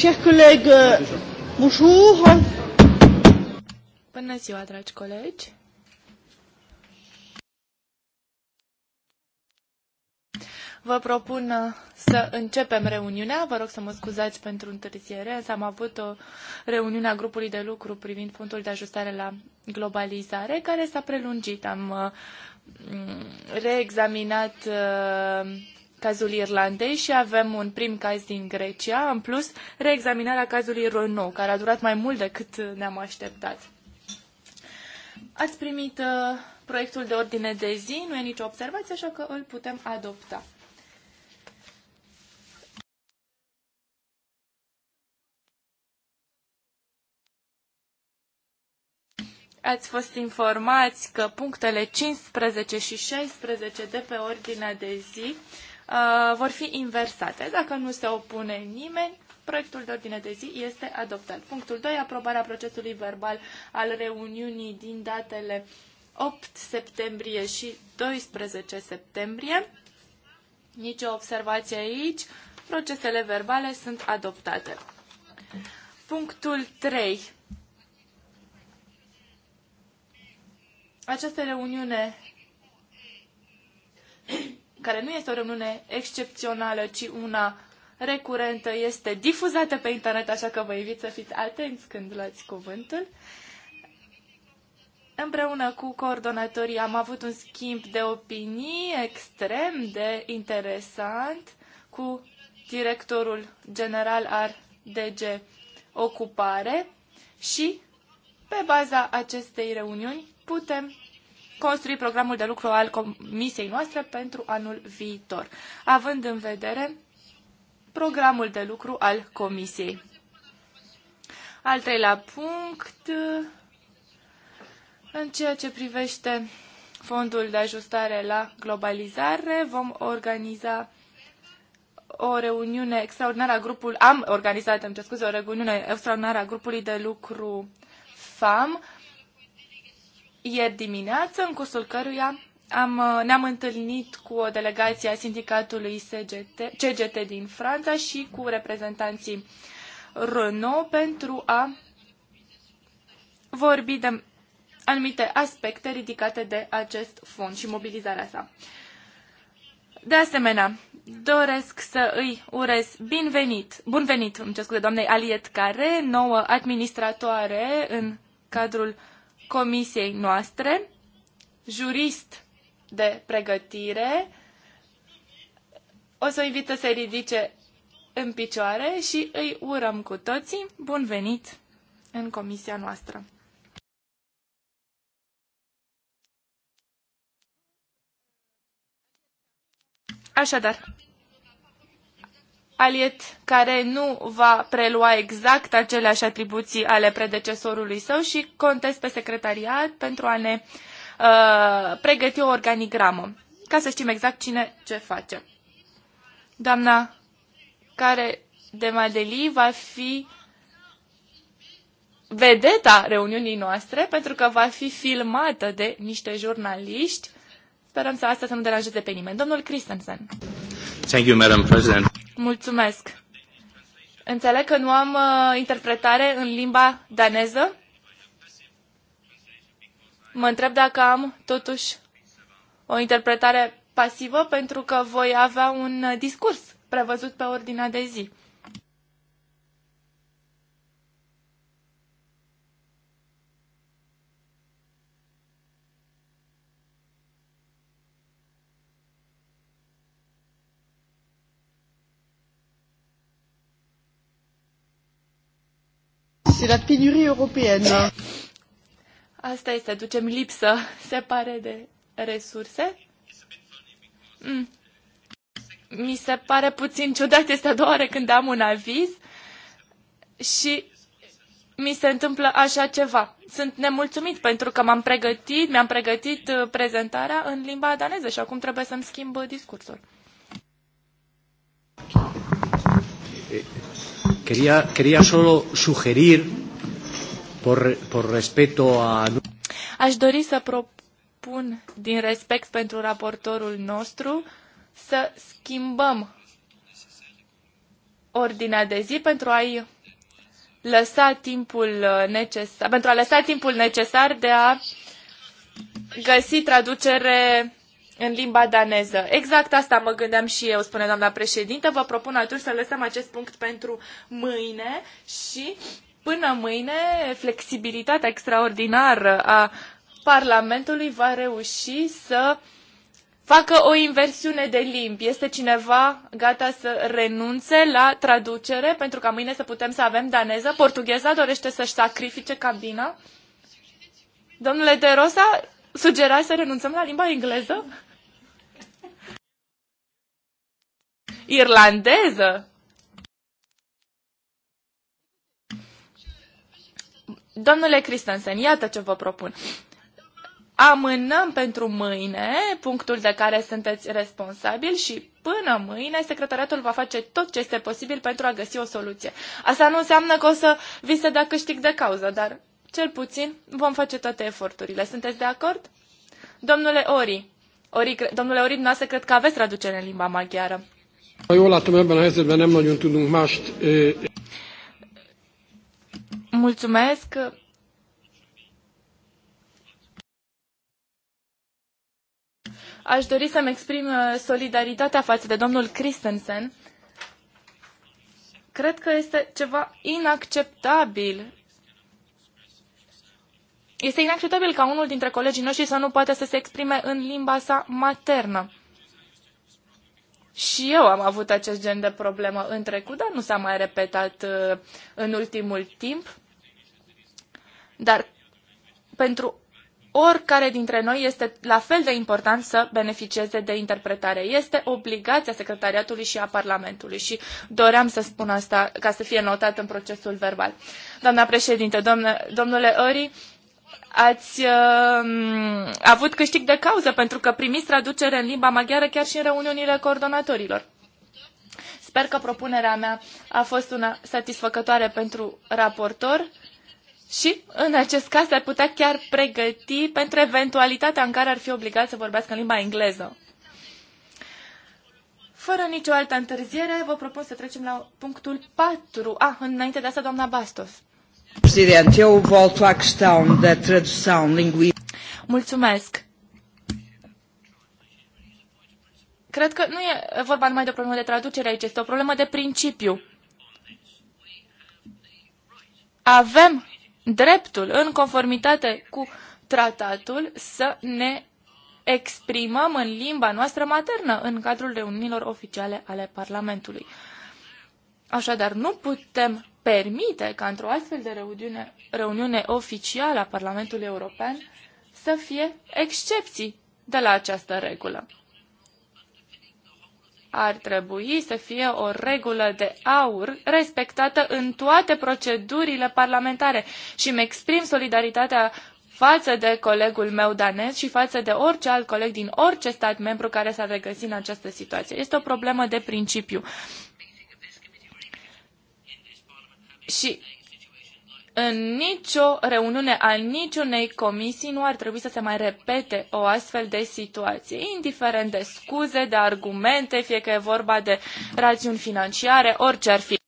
Chers collègues, euh, bonjour. Bună ziua, dragi colegi. Vă propun uh, să începem reuniunea. Vă rog să mă scuzați pentru întârziere, însă am avut o reuniune a grupului de lucru privind punctul de ajustare la globalizare, care s-a prelungit. Am uh, mm, reexaminat uh, cazul Irlandei și avem un prim caz din Grecia, în plus reexaminarea cazului Renault, care a durat mai mult decât ne-am așteptat. Ați primit uh, proiectul de ordine de zi, nu e nicio observație, așa că îl putem adopta. Ați fost informați că punctele 15 și 16 de pe ordinea de zi Uh, vor fi inversate. Dacă nu se opune nimeni, proiectul de ordine de zi este adoptat. Punctul 2. Aprobarea procesului verbal al reuniunii din datele 8 septembrie și 12 septembrie. Nici o observație aici. Procesele verbale sunt adoptate. Punctul 3. Această reuniune care nu este o reuniune excepțională, ci una recurentă, este difuzată pe internet, așa că vă invit să fiți atenți când luați cuvântul. Împreună cu coordonatorii am avut un schimb de opinii extrem de interesant cu directorul general al DG Ocupare și pe baza acestei reuniuni putem construi programul de lucru al comisiei noastre pentru anul viitor, având în vedere programul de lucru al comisiei. Al treilea punct, în ceea ce privește fondul de ajustare la globalizare, vom organiza o reuniune extraordinară a grupului, am organizat, îmi scuze, o reuniune extraordinară a grupului de lucru FAM ieri dimineață, în cursul căruia am, uh, ne-am întâlnit cu o delegație a sindicatului CGT, CGT din Franța și cu reprezentanții Renault pentru a vorbi de anumite aspecte ridicate de acest fond și mobilizarea sa. De asemenea, doresc să îi urez binvenit, bun venit, îmi cer scuze, doamnei Aliet Care, nouă administratoare în cadrul comisiei noastre, jurist de pregătire. O să o invit să se ridice în picioare și îi urăm cu toții bun venit în comisia noastră. Așadar, Aliet, care nu va prelua exact aceleași atribuții ale predecesorului său și contest pe secretariat pentru a ne uh, pregăti o organigramă, ca să știm exact cine ce face. Doamna care de Madeli va fi vedeta reuniunii noastre, pentru că va fi filmată de niște jurnaliști. Sperăm să asta să nu deranjeze pe nimeni. Domnul Christensen. Mulțumesc. Înțeleg că nu am uh, interpretare în limba daneză. Mă întreb dacă am totuși o interpretare pasivă pentru că voi avea un uh, discurs prevăzut pe ordinea de zi. c'est la pénurie européenne. Asta este, ducem lipsă, se pare, de resurse. Mm. Mi se pare puțin ciudat, este a doua oară când am un aviz și mi se întâmplă așa ceva. Sunt nemulțumit pentru că m-am pregătit, mi-am pregătit uh, prezentarea în limba daneză și acum trebuie să-mi schimb discursul. Quería, quería solo sugerir, por, por respeto a... Aș dori să propun, din respect pentru raportorul nostru, să schimbăm ordinea de zi pentru a-i lăsa timpul necesar, pentru a lăsa timpul necesar de a găsi traducere în limba daneză. Exact asta mă gândeam și eu, spune doamna președintă. Vă propun atunci să lăsăm acest punct pentru mâine și până mâine flexibilitatea extraordinară a Parlamentului va reuși să facă o inversiune de limbi. Este cineva gata să renunțe la traducere pentru ca mâine să putem să avem daneză? Portugheza dorește să-și sacrifice cabina? Domnule De Rosa, Sugerai să renunțăm la limba engleză? Irlandeză? Domnule Christensen, iată ce vă propun. Amânăm pentru mâine punctul de care sunteți responsabil și până mâine secretariatul va face tot ce este posibil pentru a găsi o soluție. Asta nu înseamnă că o să vi se dea câștig de cauză, dar cel puțin vom face toate eforturile. Sunteți de acord? Domnule Ori, Ori domnule Ori, dumneavoastră cred că aveți traducere în limba maghiară. Mulțumesc. Aș dori să-mi exprim uh, solidaritatea față de domnul Christensen. Cred că este ceva inacceptabil este inacceptabil ca unul dintre colegii noștri să nu poată să se exprime în limba sa maternă. Și eu am avut acest gen de problemă în trecut, dar nu s-a mai repetat uh, în ultimul timp. Dar pentru oricare dintre noi este la fel de important să beneficieze de interpretare. Este obligația secretariatului și a Parlamentului și doream să spun asta ca să fie notat în procesul verbal. Doamna președinte, domnule Ori, ați uh, avut câștig de cauză pentru că primiți traducere în limba maghiară chiar și în reuniunile coordonatorilor. Sper că propunerea mea a fost una satisfăcătoare pentru raportor și, în acest caz, ar putea chiar pregăti pentru eventualitatea în care ar fi obligat să vorbească în limba engleză. Fără nicio altă întârziere, vă propun să trecem la punctul 4. Ah, înainte de asta, doamna Bastos. Presidente, eu volto à questão da tradução linguística. Mulțumesc. Cred că nu e vorba numai de o problemă de traducere aici, este o problemă de principiu. Avem dreptul, în conformitate cu tratatul, să ne exprimăm în limba noastră maternă în cadrul reuniunilor oficiale ale Parlamentului. Așadar, nu putem permite ca într-o astfel de reuniune, reuniune oficială a Parlamentului European să fie excepții de la această regulă. Ar trebui să fie o regulă de aur respectată în toate procedurile parlamentare și îmi exprim solidaritatea față de colegul meu danez și față de orice alt coleg din orice stat membru care s-ar regăsi în această situație. Este o problemă de principiu. Și în nicio reuniune al niciunei comisii nu ar trebui să se mai repete o astfel de situație, indiferent de scuze, de argumente, fie că e vorba de rațiuni financiare, orice ar fi.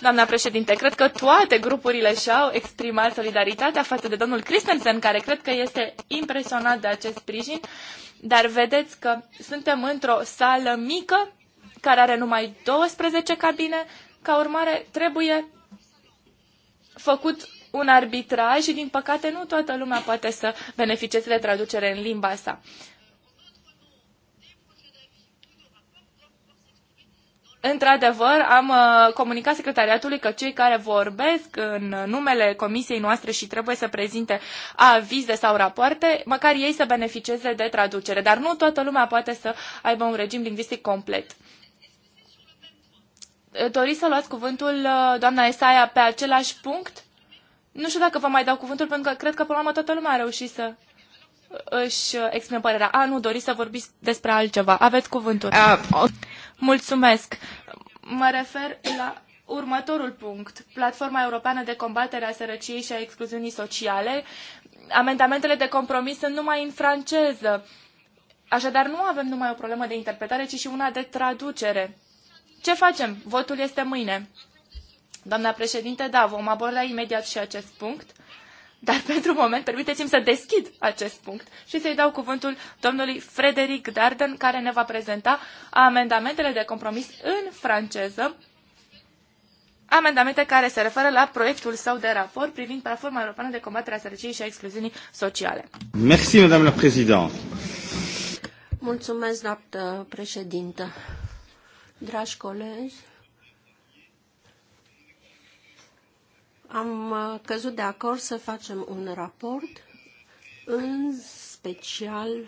Doamna președinte, cred că toate grupurile și-au exprimat solidaritatea față de domnul Christensen, care cred că este impresionat de acest sprijin, dar vedeți că suntem într-o sală mică, care are numai 12 cabine, ca urmare trebuie făcut un arbitraj și, din păcate, nu toată lumea poate să beneficieze de traducere în limba sa. Într-adevăr, am uh, comunicat secretariatului că cei care vorbesc în numele comisiei noastre și trebuie să prezinte avize sau rapoarte, măcar ei să beneficieze de traducere. Dar nu toată lumea poate să aibă un regim lingvistic complet doriți să luați cuvântul, uh, doamna Esaia, pe același punct? Nu știu dacă vă mai dau cuvântul, pentru că cred că, până la urmă, toată lumea a reușit să uh, își uh, exprime părerea. A, nu, doriți să vorbiți despre altceva. Aveți cuvântul. Mulțumesc. Mă refer la următorul punct. Platforma Europeană de Combatere a Sărăciei și a Excluziunii Sociale. Amendamentele de compromis sunt numai în franceză. Așadar, nu avem numai o problemă de interpretare, ci și una de traducere. Ce facem? Votul este mâine. Doamna președinte, da, vom aborda imediat și acest punct, dar pentru moment permiteți-mi să deschid acest punct și să-i dau cuvântul domnului Frederic Darden, care ne va prezenta amendamentele de compromis în franceză, amendamente care se referă la proiectul său de raport privind platforma europeană de combatere a sărăciei și a excluziunii sociale. Mulțumesc, madame președinte. Mulțumesc, doamnă președinte dragi colegi, am uh, căzut de acord să facem un raport, în special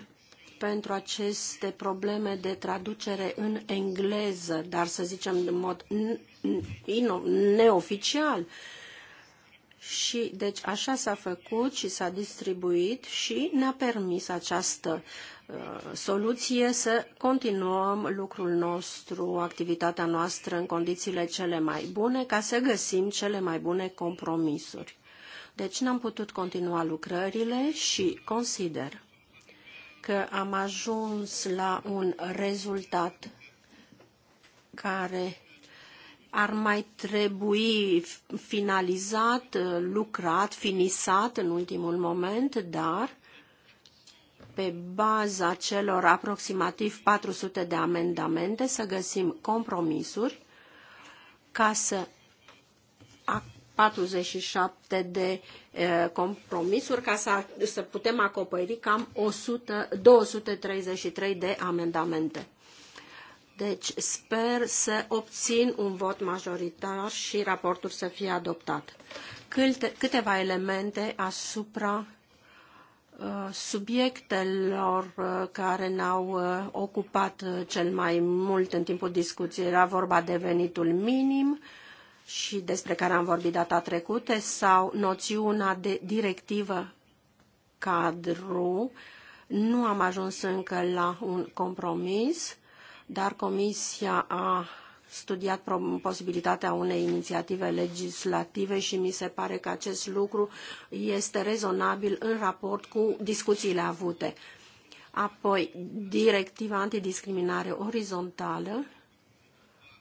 pentru aceste probleme de traducere în engleză, dar să zicem în mod neoficial, și deci așa s-a făcut și s-a distribuit și ne-a permis această uh, soluție să continuăm lucrul nostru, activitatea noastră în condițiile cele mai bune, ca să găsim cele mai bune compromisuri. Deci n-am putut continua lucrările și consider că am ajuns la un rezultat care ar mai trebui finalizat, uh, lucrat, finisat în ultimul moment, dar pe baza celor aproximativ 400 de amendamente să găsim compromisuri ca să 47 de uh, compromisuri ca să, să putem acoperi cam 100, 233 de amendamente. Deci sper să obțin un vot majoritar și raportul să fie adoptat. Câteva elemente asupra uh, subiectelor uh, care ne-au uh, ocupat cel mai mult în timpul discuției. Era vorba de venitul minim și despre care am vorbit data trecută sau noțiunea de directivă cadru. Nu am ajuns încă la un compromis dar Comisia a studiat posibilitatea unei inițiative legislative și mi se pare că acest lucru este rezonabil în raport cu discuțiile avute. Apoi, directiva antidiscriminare orizontală,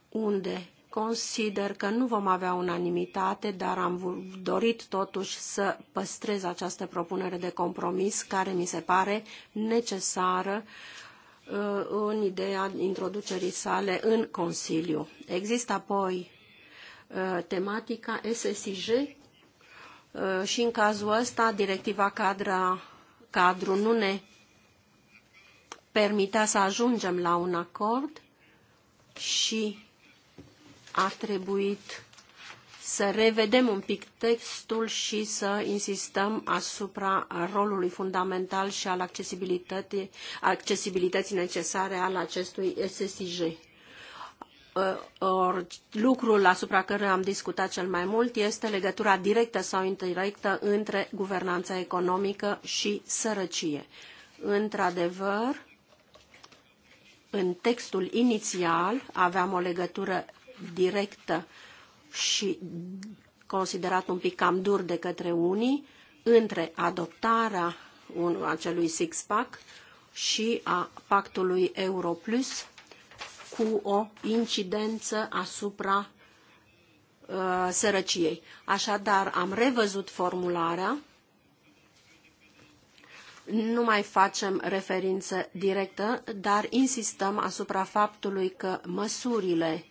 unde consider că nu vom avea unanimitate, dar am dorit totuși să păstrez această propunere de compromis care mi se pare necesară uh, Uh, în ideea introducerii sale în Consiliu. Există apoi uh, tematica SSIJ uh, și în cazul ăsta directiva cadra, cadru nu ne permitea să ajungem la un acord și a trebuit să revedem un pic textul și să insistăm asupra rolului fundamental și al accesibilității, accesibilității necesare al acestui SSIJ. Uh, or, lucrul asupra care am discutat cel mai mult este legătura directă sau indirectă între guvernanța economică și sărăcie. Într-adevăr, în textul inițial aveam o legătură directă și considerat un pic cam dur de către unii între adoptarea un, acelui six-pack și a pactului Euro Plus cu o incidență asupra uh, sărăciei. Așadar, am revăzut formularea, nu mai facem referință directă, dar insistăm asupra faptului că măsurile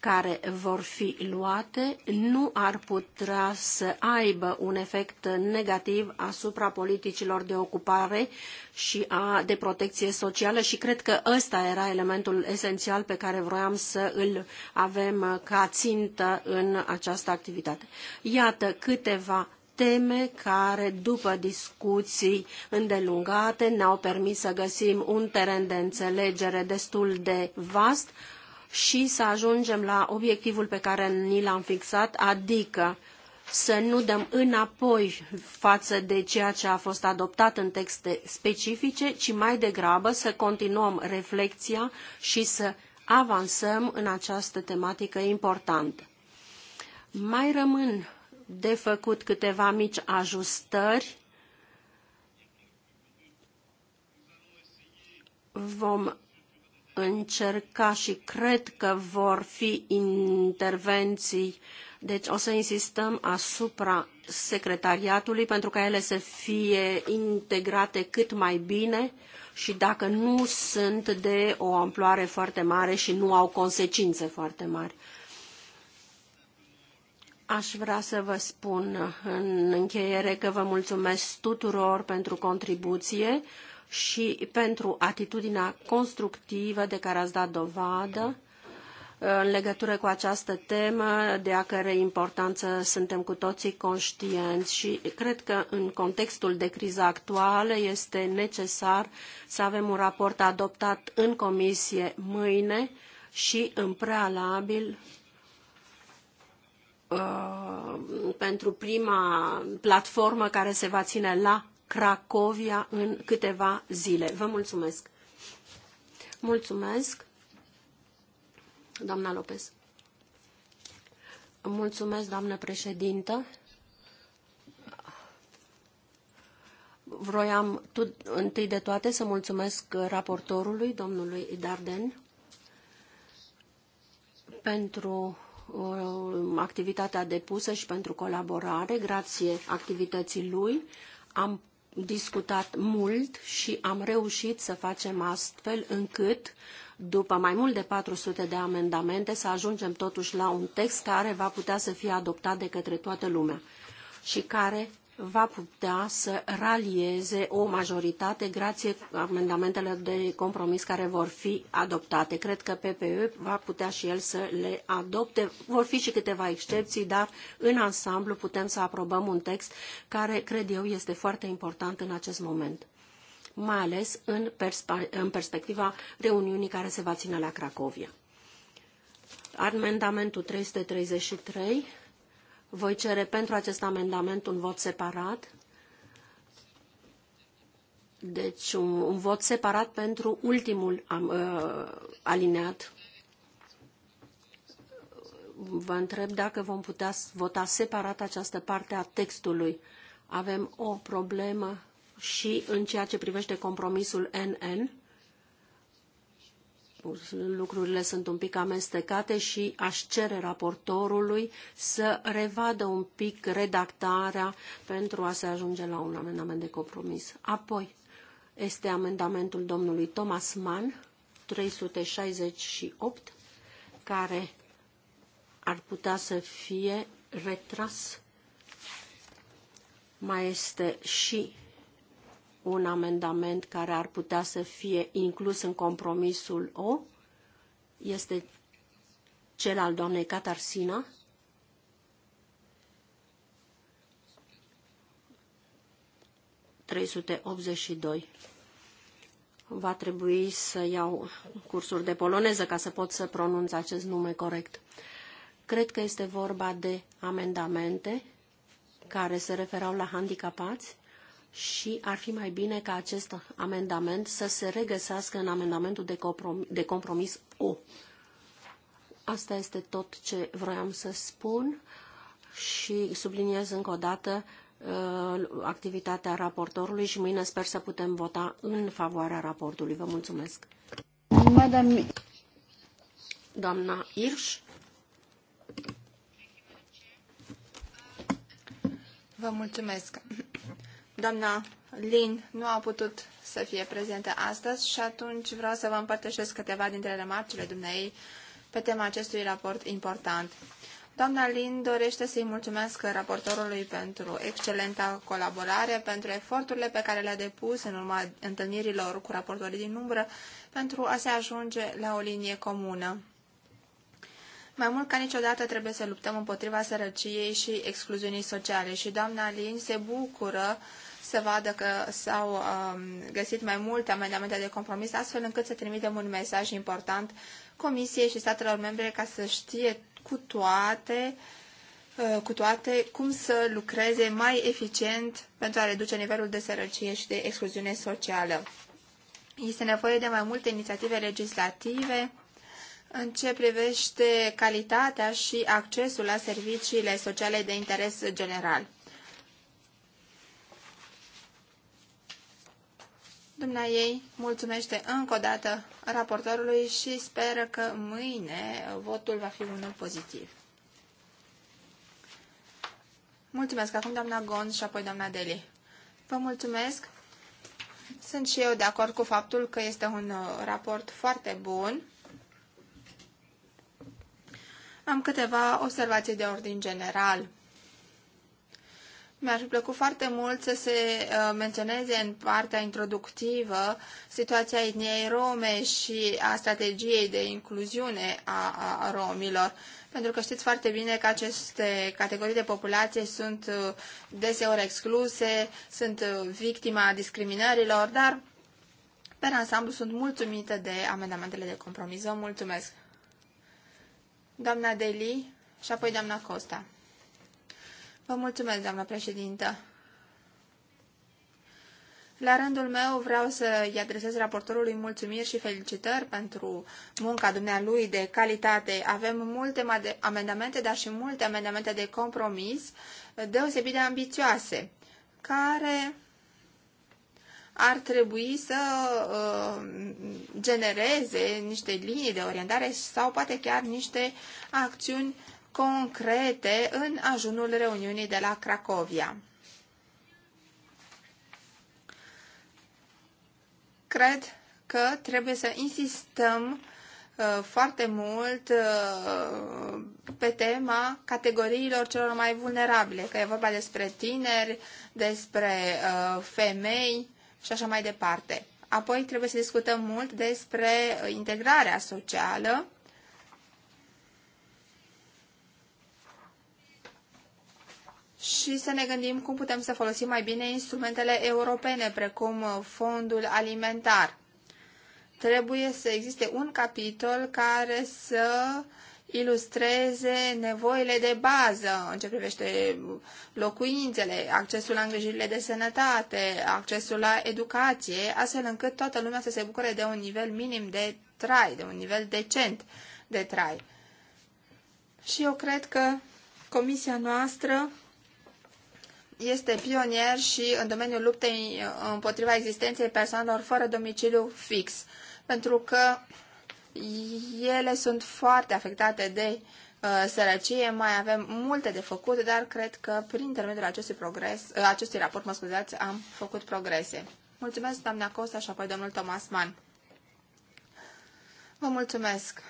care vor fi luate nu ar putea să aibă un efect negativ asupra politicilor de ocupare și a, de protecție socială și cred că ăsta era elementul esențial pe care vroiam să îl avem ca țintă în această activitate. Iată câteva teme care, după discuții îndelungate, ne-au permis să găsim un teren de înțelegere destul de vast, și să ajungem la obiectivul pe care ni l-am fixat, adică să nu dăm înapoi față de ceea ce a fost adoptat în texte specifice, ci mai degrabă să continuăm reflexia și să avansăm în această tematică importantă. Mai rămân de făcut câteva mici ajustări. Vom încerca și cred că vor fi intervenții. Deci o să insistăm asupra secretariatului pentru ca ele să fie integrate cât mai bine și dacă nu sunt de o amploare foarte mare și nu au consecințe foarte mari. Aș vrea să vă spun în încheiere că vă mulțumesc tuturor pentru contribuție și pentru atitudinea constructivă de care ați dat dovadă în legătură cu această temă, de a cărei importanță suntem cu toții conștienți și cred că în contextul de criză actuală este necesar să avem un raport adoptat în comisie mâine și în prealabil uh, pentru prima platformă care se va ține la Cracovia în câteva zile. Vă mulțumesc! Mulțumesc, doamna Lopez. Mulțumesc, doamnă președintă. Vroiam tu, întâi de toate să mulțumesc raportorului, domnului Darden, pentru uh, activitatea depusă și pentru colaborare, grație activității lui. Am discutat mult și am reușit să facem astfel încât, după mai mult de 400 de amendamente, să ajungem totuși la un text care va putea să fie adoptat de către toată lumea și care va putea să ralieze o majoritate grație amendamentelor de compromis care vor fi adoptate. Cred că PPE va putea și el să le adopte. Vor fi și câteva excepții, dar în ansamblu putem să aprobăm un text care, cred eu, este foarte important în acest moment mai ales în, în perspectiva reuniunii care se va ține la Cracovia. Amendamentul 333 voi cere pentru acest amendament un vot separat. Deci un, un vot separat pentru ultimul am, uh, alineat. Vă întreb dacă vom putea vota separat această parte a textului. Avem o problemă și în ceea ce privește compromisul NN lucrurile sunt un pic amestecate și aș cere raportorului să revadă un pic redactarea pentru a se ajunge la un amendament de compromis. Apoi este amendamentul domnului Thomas Mann, 368, care ar putea să fie retras. Mai este și un amendament care ar putea să fie inclus în compromisul O. Este cel al doamnei Catarsina. ...382. Va trebui să iau cursuri de poloneză ca să pot să pronunț acest nume corect. Cred că este vorba de amendamente care se referau la handicapați și ar fi mai bine ca acest amendament să se regăsească în amendamentul de compromis, de compromis O. Asta este tot ce vroiam să spun și subliniez încă o dată uh, activitatea raportorului și mâine sper să putem vota în favoarea raportului. Vă mulțumesc. Madame... Doamna Irș. Vă mulțumesc. Doamna Lin nu a putut să fie prezentă astăzi și atunci vreau să vă împărtășesc câteva dintre remarcile dumneei pe tema acestui raport important. Doamna Lin dorește să-i mulțumesc raportorului pentru excelenta colaborare, pentru eforturile pe care le-a depus în urma întâlnirilor cu raportorii din umbră pentru a se ajunge la o linie comună. Mai mult ca niciodată trebuie să luptăm împotriva sărăciei și excluziunii sociale și doamna Lin se bucură uh, să vadă că s-au um, găsit mai multe amendamente de compromis, astfel încât să trimitem un mesaj important Comisiei și statelor membre ca să știe cu toate uh, cu toate cum să lucreze mai eficient pentru a reduce nivelul de sărăcie și de excluziune socială. Este nevoie de mai multe inițiative legislative în ce privește calitatea și accesul la serviciile sociale de interes general. Dumna ei mulțumește încă o dată raportorului și speră că mâine votul va fi unul pozitiv. Mulțumesc. Acum doamna Gon și apoi doamna Deli. Vă mulțumesc. Sunt și eu de acord cu faptul că este un uh, raport foarte bun. Am câteva observații de ordin general. Mi-ar fi plăcut foarte mult să se uh, menționeze în partea introductivă situația etniei rome și a strategiei de incluziune a, a romilor, pentru că știți foarte bine că aceste categorii de populație sunt uh, deseori excluse, sunt uh, victima discriminărilor, dar pe ansamblu sunt mulțumită de amendamentele de compromis. Vă mulțumesc! Doamna Deli și apoi doamna Costa. Vă mulțumesc, doamnă președintă. La rândul meu vreau să-i adresez raportorului mulțumiri și felicitări pentru munca dumnealui de calitate. Avem multe amendamente, dar și multe amendamente de compromis deosebit de ambițioase, care ar trebui să uh, genereze niște linii de orientare sau poate chiar niște acțiuni concrete în ajunul reuniunii de la Cracovia. Cred că trebuie să insistăm uh, foarte mult uh, pe tema categoriilor celor mai vulnerabile, că e vorba despre tineri, despre uh, femei și așa mai departe. Apoi trebuie să discutăm mult despre integrarea socială și să ne gândim cum putem să folosim mai bine instrumentele europene, precum uh, fondul alimentar. Trebuie să existe un capitol care să ilustreze nevoile de bază în ce privește locuințele, accesul la îngrijirile de sănătate, accesul la educație, astfel încât toată lumea să se bucure de un nivel minim de trai, de un nivel decent de trai. Și eu cred că comisia noastră este pionier și în domeniul luptei uh, împotriva existenței persoanelor fără domiciliu fix, pentru că ele sunt foarte afectate de uh, sărăcie, mai avem multe de făcut, dar cred că prin intermediul acestui, progres, uh, acestui raport, mă scuzați, am făcut progrese. Mulțumesc, doamna Costa și apoi domnul Thomas Mann. Vă mulțumesc,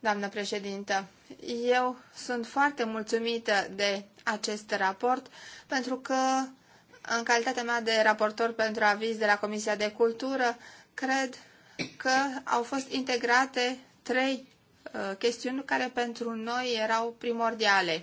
doamnă președintă. Eu sunt foarte mulțumită de acest raport, pentru că, în calitatea mea de raportor pentru aviz de la Comisia de Cultură, cred că au fost integrate trei uh, chestiuni care pentru noi erau primordiale.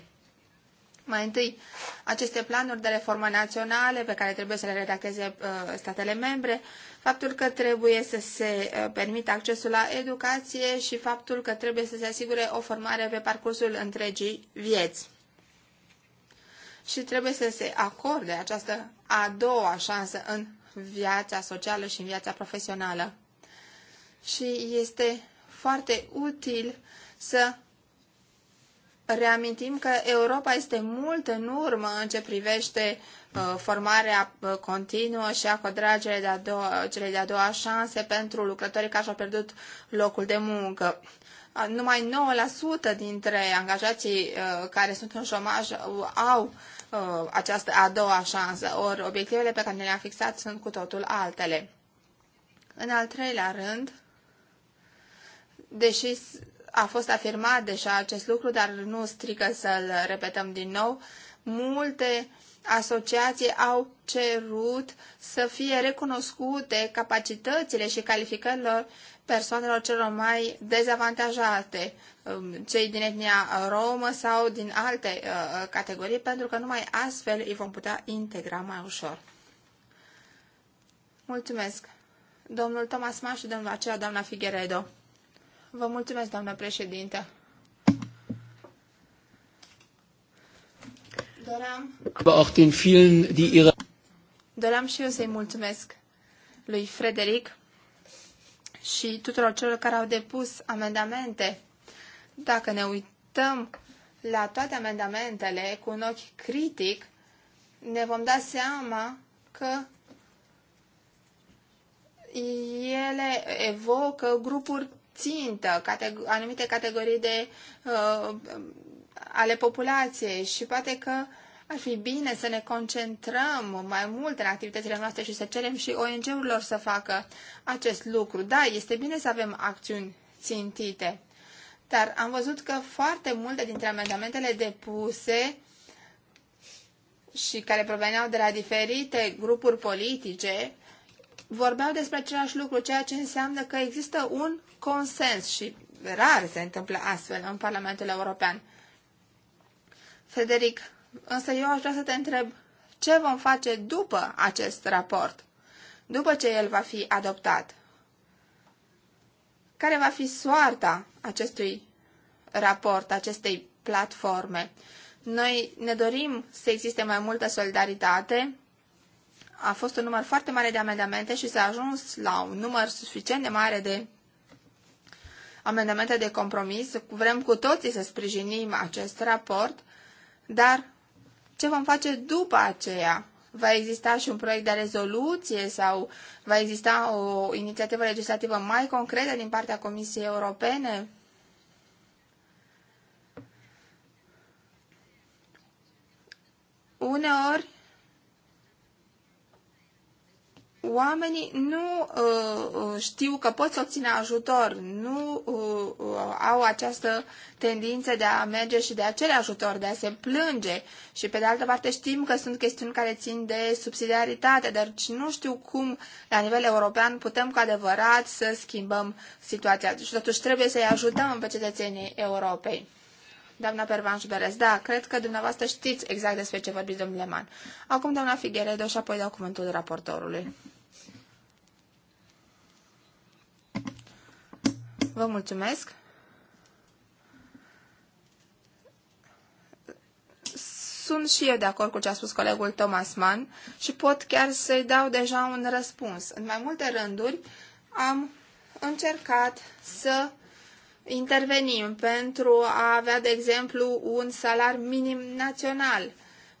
Mai întâi, aceste planuri de reformă naționale pe care trebuie să le redacteze uh, statele membre, faptul că trebuie să se uh, permită accesul la educație și faptul că trebuie să se asigure o formare pe parcursul întregii vieți și trebuie să se acorde această a doua șansă în viața socială și în viața profesională. Și este foarte util să reamintim că Europa este mult în urmă în ce privește uh, formarea uh, continuă și acordarea celei de-a doua, cele de-a doua șanse pentru lucrătorii care și-au pierdut locul de muncă numai 9% dintre angajații uh, care sunt în șomaj uh, au uh, această a doua șansă, ori obiectivele pe care ne le-am fixat sunt cu totul altele. În al treilea rând, deși a fost afirmat deja acest lucru, dar nu strică să-l repetăm din nou, multe asociații au cerut să fie recunoscute capacitățile și calificările persoanelor celor mai dezavantajate, um, cei din etnia romă sau din alte uh, uh, categorii, pentru că numai astfel îi vom putea integra mai ușor. Mulțumesc. Domnul Thomas Mann și domnul aceea, doamna Figueredo. Vă mulțumesc, doamnă președinte. Doream... Aber auch den vielen, die ihre... Doream și eu să-i mulțumesc lui Frederic și tuturor celor care au depus amendamente. Dacă ne uităm la toate amendamentele cu un ochi critic, ne vom da seama că ele evocă grupuri țintă, categ- anumite categorii de, uh, ale populației și poate că ar fi bine să ne concentrăm mai mult în activitățile noastre și să cerem și ONG-urilor să facă acest lucru. Da, este bine să avem acțiuni țintite, dar am văzut că foarte multe dintre amendamentele depuse și care proveneau de la diferite grupuri politice vorbeau despre același lucru, ceea ce înseamnă că există un consens și rar se întâmplă astfel în Parlamentul European. Frederic însă eu aș vrea să te întreb ce vom face după acest raport, după ce el va fi adoptat. Care va fi soarta acestui raport, acestei platforme? Noi ne dorim să existe mai multă solidaritate. A fost un număr foarte mare de amendamente și s-a ajuns la un număr suficient de mare de amendamente de compromis. Vrem cu toții să sprijinim acest raport, dar ce vom face după aceea. Va exista și un proiect de rezoluție sau va exista o inițiativă legislativă mai concretă din partea Comisiei Europene? Uneori, oamenii nu uh, uh, știu că pot să obțină ajutor, nu uh, uh, au această tendință de a merge și de a cere ajutor, de a se plânge. Și pe de altă parte știm că sunt chestiuni care țin de subsidiaritate, deci nu știu cum la nivel european putem cu adevărat să schimbăm situația. Și totuși trebuie să-i ajutăm pe cetățenii Europei doamna Pervanș Berez. Da, cred că dumneavoastră știți exact despre ce vorbiți, domnule Man. Acum, doamna Figueredo și apoi dau cuvântul raportorului. Vă mulțumesc. Sunt și eu de acord cu ce a spus colegul Thomas Mann și pot chiar să-i dau deja un răspuns. În mai multe rânduri am încercat să intervenim pentru a avea, de exemplu, un salar minim național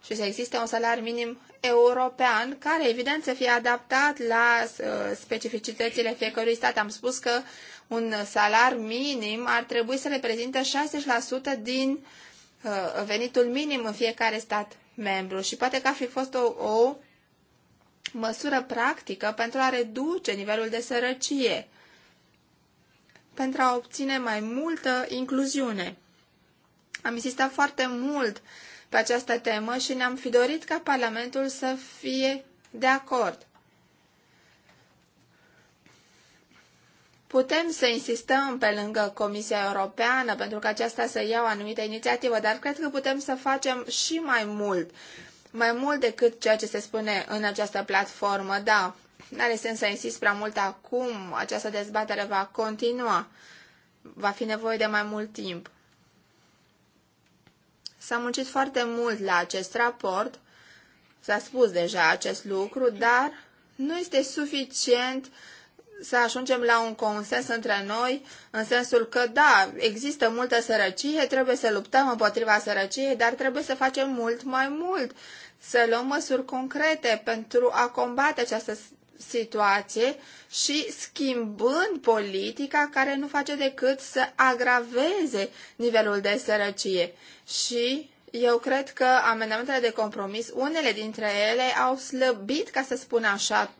și să existe un salar minim european, care evident să fie adaptat la uh, specificitățile fiecărui stat. Am spus că un salar minim ar trebui să reprezinte 60% din uh, venitul minim în fiecare stat membru și poate că ar fi fost o, o măsură practică pentru a reduce nivelul de sărăcie pentru a obține mai multă incluziune. Am insistat foarte mult pe această temă și ne-am fi dorit ca Parlamentul să fie de acord. Putem să insistăm pe lângă Comisia Europeană pentru că aceasta să ia o anumită inițiativă, dar cred că putem să facem și mai mult, mai mult decât ceea ce se spune în această platformă. Da, nu are sens să insist prea mult acum, această dezbatere va continua. Va fi nevoie de mai mult timp. S-a muncit foarte mult la acest raport, s-a spus deja acest lucru, dar nu este suficient să ajungem la un consens între noi, în sensul că, da, există multă sărăcie, trebuie să luptăm împotriva sărăciei, dar trebuie să facem mult mai mult, să luăm măsuri concrete pentru a combate această situație și schimbând politica care nu face decât să agraveze nivelul de sărăcie. Și eu cred că amendamentele de compromis, unele dintre ele au slăbit, ca să spun așa,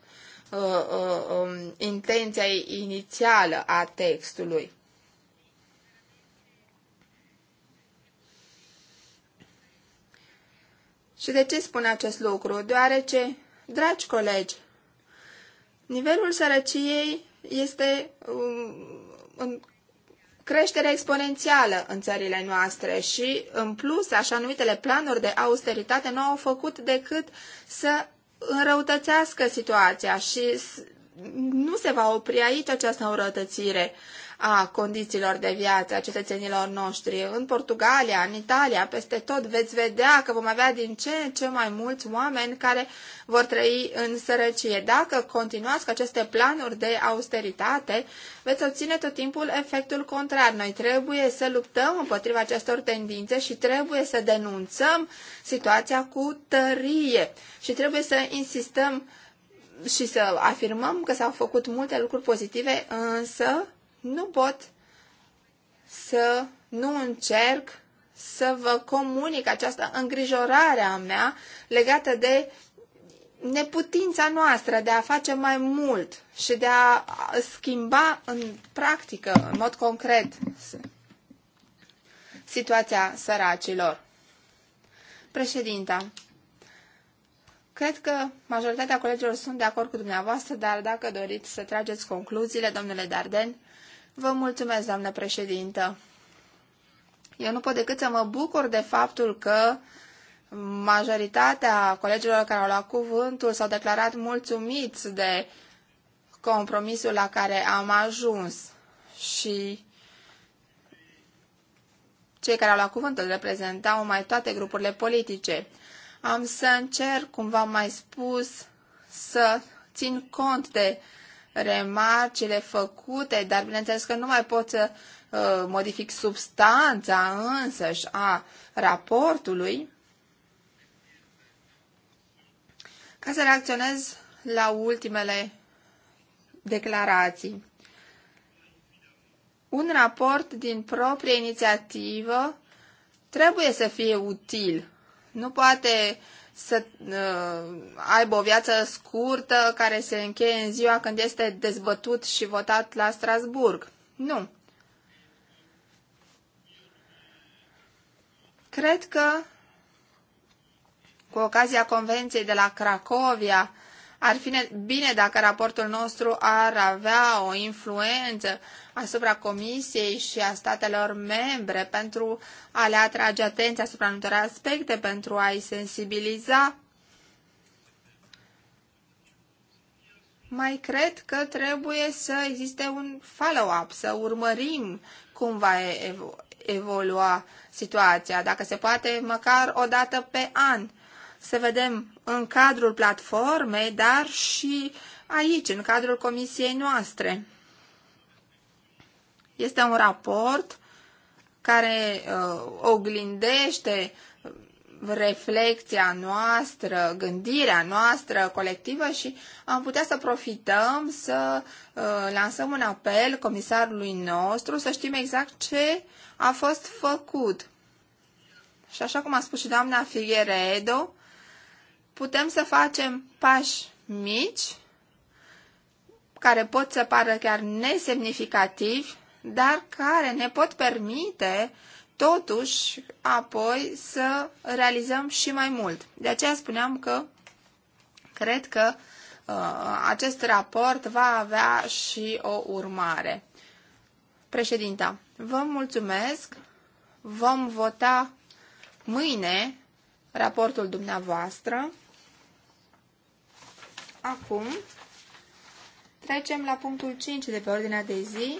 uh, uh, um, intenția inițială a textului. Și de ce spun acest lucru? Deoarece, dragi colegi, Nivelul sărăciei este um, în creștere exponențială în țările noastre și, în plus, așa numitele planuri de austeritate nu au făcut decât să înrăutățească situația și nu se va opri aici această înrăutățire a condițiilor de viață a cetățenilor noștri. În Portugalia, în Italia, peste tot veți vedea că vom avea din ce în ce mai mulți oameni care vor trăi în sărăcie. Dacă continuați cu aceste planuri de austeritate, veți obține tot timpul efectul contrar. Noi trebuie să luptăm împotriva acestor tendințe și trebuie să denunțăm situația cu tărie și trebuie să insistăm și să afirmăm că s-au făcut multe lucruri pozitive, însă nu pot să nu încerc să vă comunic această îngrijorare a mea legată de neputința noastră de a face mai mult și de a schimba în practică, în mod concret, situația săracilor. Președinta, cred că majoritatea colegilor sunt de acord cu dumneavoastră, dar dacă doriți să trageți concluziile, domnule Darden, Vă mulțumesc, doamnă președintă. Eu nu pot decât să mă bucur de faptul că majoritatea colegilor care au luat cuvântul s-au declarat mulțumiți de compromisul la care am ajuns și cei care au luat cuvântul reprezentau mai toate grupurile politice. Am să încerc, cum v-am mai spus, să țin cont de uh, remarcile făcute, dar bineînțeles că nu mai pot să uh, modific substanța însăși a raportului, ca să reacționez la ultimele declarații. Un raport din proprie inițiativă trebuie să fie util. Nu poate uh, să uh, aibă o viață scurtă care se încheie în ziua când este dezbătut și votat la Strasburg. Nu. Cred că cu ocazia convenției de la Cracovia, ar fi bine dacă raportul nostru ar avea o influență asupra Comisiei și a statelor membre pentru a le atrage atenția asupra anumitor aspecte, pentru a-i sensibiliza. Mai cred că trebuie să existe un follow-up, să urmărim cum va evolua situația, dacă se poate măcar o dată pe an să vedem în cadrul platformei, dar și aici, în cadrul comisiei noastre. Este un raport care uh, oglindește reflecția noastră, gândirea noastră colectivă și am putea să profităm să uh, lansăm un apel comisarului nostru să știm exact ce a fost făcut. Și așa cum a spus și doamna Figueredo, putem să facem pași mici, care pot să pară chiar nesemnificativi, dar care ne pot permite totuși apoi să realizăm și mai mult. De aceea spuneam că cred că uh, acest raport va avea și o urmare. Președinta, vă mulțumesc. Vom vota mâine raportul dumneavoastră. Acum trecem la punctul 5 de pe ordinea de zi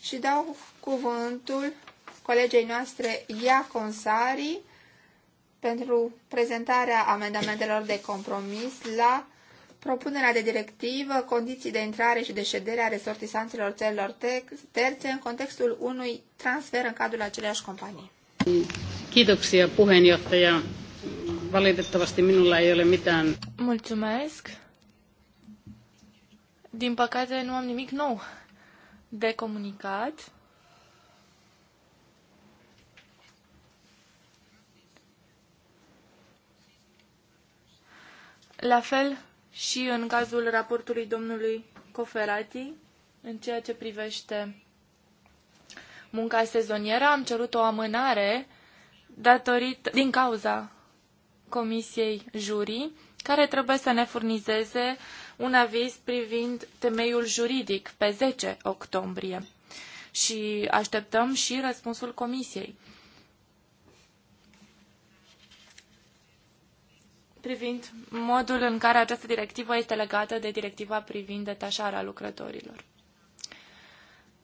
și dau cuvântul colegei noastre Consari pentru prezentarea amendamentelor de compromis la propunerea de directivă, condiții de intrare și de ședere a resortisanților țărilor terțe în contextul unui transfer în cadrul aceleași companii. Kiitoksia puheenjohtaja. Valitettavasti minulla ei ole mitään. Mulțumesc. Din păcate, nu am nimic nou de comunicat. La fel și în cazul raportului domnului Coferati, în ceea ce privește munca sezonieră, am cerut o amânare datorită, din cauza Comisiei Jurii, care trebuie să ne furnizeze un aviz privind temeiul juridic pe 10 octombrie și așteptăm și răspunsul comisiei. privind modul în care această directivă este legată de directiva privind detașarea lucrătorilor.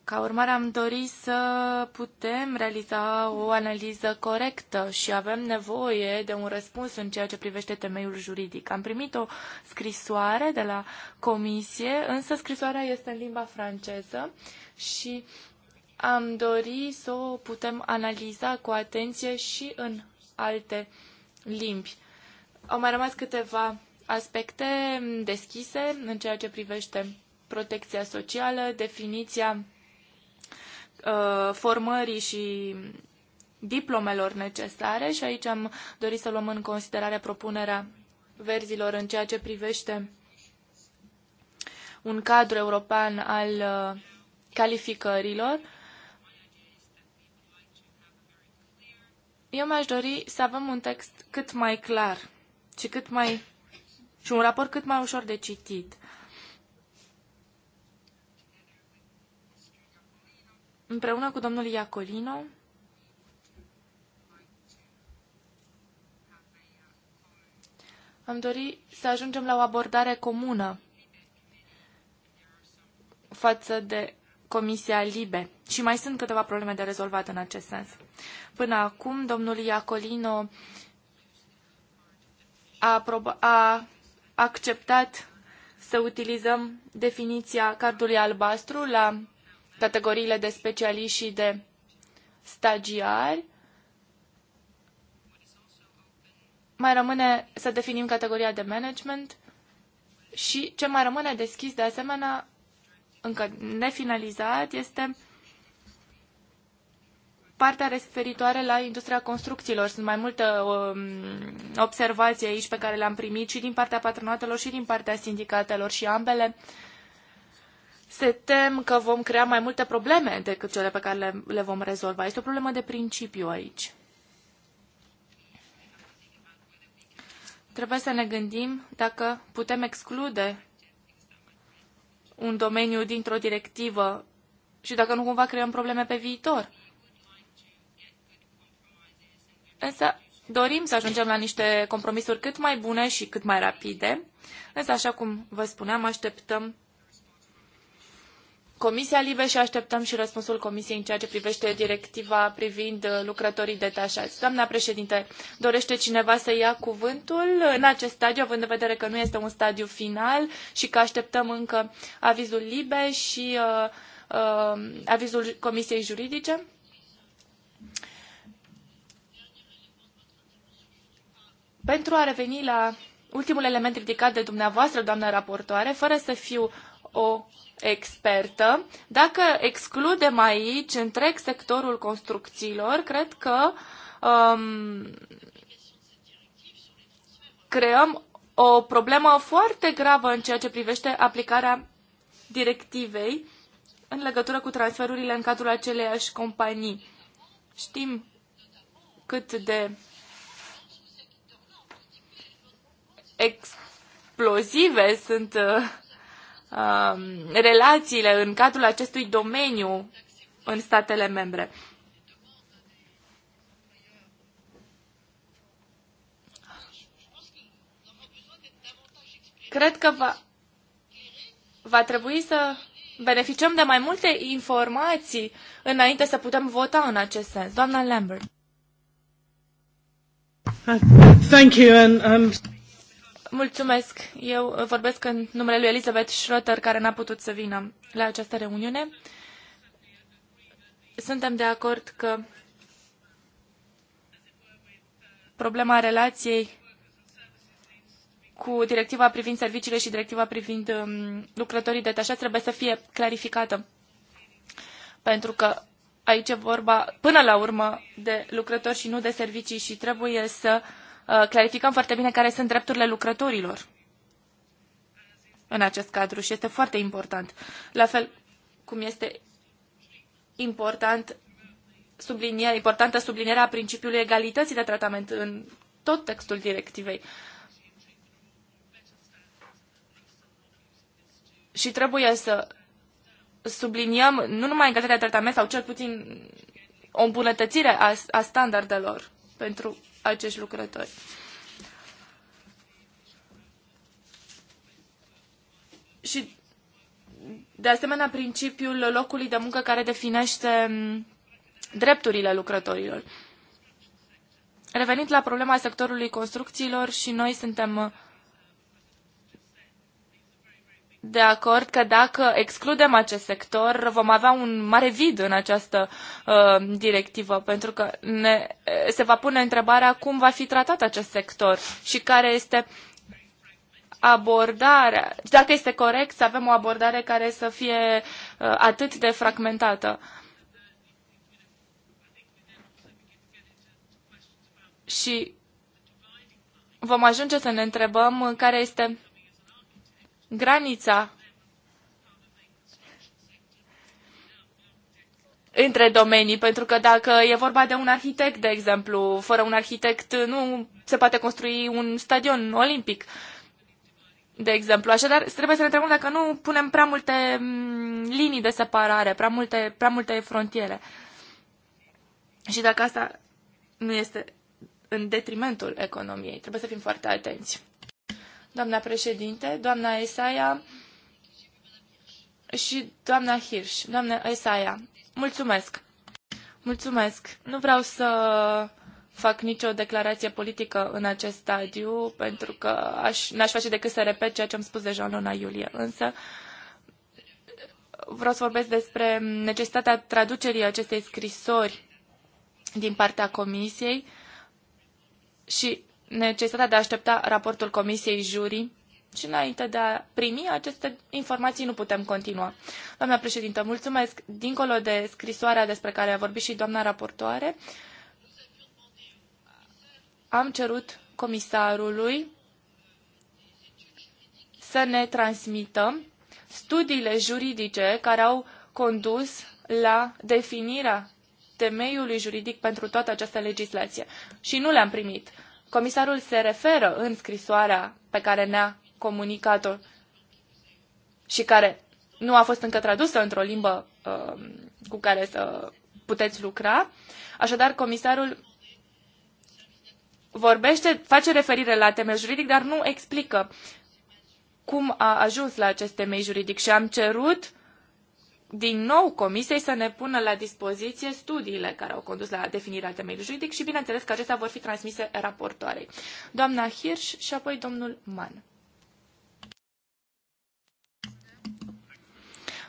Ca urmare, am dorit să putem realiza o analiză corectă și avem nevoie de un răspuns în ceea ce privește temeiul juridic. Am primit o scrisoare de la comisie, însă scrisoarea este în limba franceză și am dorit să o putem analiza cu atenție și în alte limbi. Au mai rămas câteva aspecte deschise în ceea ce privește protecția socială, definiția Uh, formării și diplomelor necesare și aici am dorit să luăm în considerare propunerea verzilor în ceea ce privește un cadru european al uh, calificărilor. Eu mi-aș dori să avem un text cât mai clar și cât mai și un raport cât mai ușor de citit. împreună cu domnul Iacolino am dorit să ajungem la o abordare comună față de Comisia Libe. Și mai sunt câteva probleme de rezolvat în acest sens. Până acum, domnul Iacolino a, a acceptat să utilizăm definiția cardului albastru la categoriile de specialiști și de stagiari. Mai rămâne să definim categoria de management și ce mai rămâne deschis de asemenea, încă nefinalizat, este partea referitoare la industria construcțiilor. Sunt mai multe um, observații aici pe care le-am primit și din partea patronatelor și din partea sindicatelor și ambele uh, se tem că vom crea mai multe probleme decât cele pe care le, le vom rezolva. Este o problemă de principiu aici. Trebuie să ne gândim dacă putem exclude un domeniu dintr-o directivă și dacă nu cumva creăm probleme pe viitor. Însă dorim să ajungem la niște compromisuri cât mai bune și cât mai rapide, însă, așa cum vă spuneam, așteptăm Comisia Libe și așteptăm și răspunsul Comisiei în ceea ce privește directiva privind uh, lucrătorii detașați. Doamna președinte, dorește cineva să ia cuvântul în acest stadiu, având în vedere că nu este un stadiu final și că așteptăm încă avizul Libe și uh, uh, avizul Comisiei Juridice? Pentru a reveni la ultimul element ridicat de dumneavoastră, doamna raportoare, fără să fiu o expertă. Dacă excludem aici întreg sectorul construcțiilor, cred că um, creăm o problemă foarte gravă în ceea ce privește aplicarea directivei în legătură cu transferurile în cadrul aceleiași companii. Știm cât de explozive sunt uh, Um, relațiile în cadrul acestui domeniu în statele membre. Cred că va, va trebui să beneficiem de mai multe informații înainte să putem vota în acest sens. Doamna Lambert. Thank you and, um... Mulțumesc. Eu uh, vorbesc în numele lui Elizabeth Schroeter, care n-a putut să vină la această reuniune. Suntem de acord că problema relației cu directiva privind serviciile și directiva privind um, lucrătorii detașați trebuie să fie clarificată. Pentru că aici e vorba, până la urmă, de lucrători și nu de servicii și trebuie să uh, Uh, clarificăm foarte bine care sunt drepturile lucrătorilor în acest cadru și este foarte important. La fel cum este important sublinierea, importantă sublinierea principiului egalității de tratament în tot textul directivei. Și trebuie să subliniem nu numai egalitatea de tratament, sau cel puțin o îmbunătățire a, a standardelor pentru acești lucrători. Și, de asemenea, principiul locului de muncă care definește mm, drepturile lucrătorilor. Revenind la problema sectorului construcțiilor și noi suntem de acord că dacă excludem acest sector, vom avea un mare vid în această uh, directivă, pentru că ne, eh, se va pune întrebarea cum va fi tratat acest sector și care este abordarea, dacă este corect să avem o abordare care să fie uh, atât de fragmentată. Și vom ajunge să ne întrebăm care este granița între domenii, pentru că dacă e vorba de un arhitect, de exemplu, fără un arhitect nu se poate construi un stadion olimpic, de exemplu. Așadar, trebuie să ne întrebăm dacă nu punem prea multe mm, linii de separare, prea multe, prea multe frontiere. Și dacă asta nu este în detrimentul economiei, trebuie să fim foarte atenți doamna președinte, doamna Esaia și doamna Hirsch. Doamna Esaia, mulțumesc! Mulțumesc! Nu vreau să fac nicio declarație politică în acest stadiu, pentru că aș, n-aș face decât să repet ceea ce am spus deja în luna iulie. Însă vreau să vorbesc despre necesitatea traducerii acestei scrisori din partea Comisiei și necesitatea de a aștepta raportul Comisiei Jurii și înainte de a primi aceste informații nu putem continua. Doamna președintă, mulțumesc. Dincolo de scrisoarea despre care a vorbit și doamna raportoare, am cerut comisarului să ne transmită studiile juridice care au condus la definirea temeiului juridic pentru toată această legislație. Și nu le-am primit. Comisarul se referă în scrisoarea pe care ne-a comunicat-o și care nu a fost încă tradusă într-o limbă uh, cu care să puteți lucra. Așadar, comisarul vorbește, face referire la teme juridic, dar nu explică cum a ajuns la acest temei juridic și am cerut uh, din nou Comisiei să ne pună la dispoziție studiile care au condus la definirea temeiului juridic și, bineînțeles, că acestea vor fi transmise raportoarei. Doamna Hirsch și apoi domnul Mann.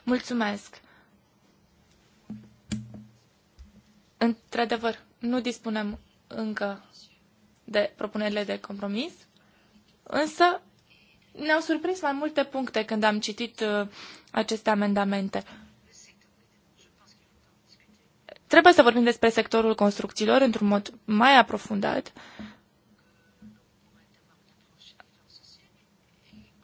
Mulțumesc! Într-adevăr, nu dispunem încă de propunerile de compromis, însă ne-au surprins mai multe puncte când am citit uh, aceste amendamente. Trebuie să vorbim despre sectorul construcțiilor într-un mod mai aprofundat.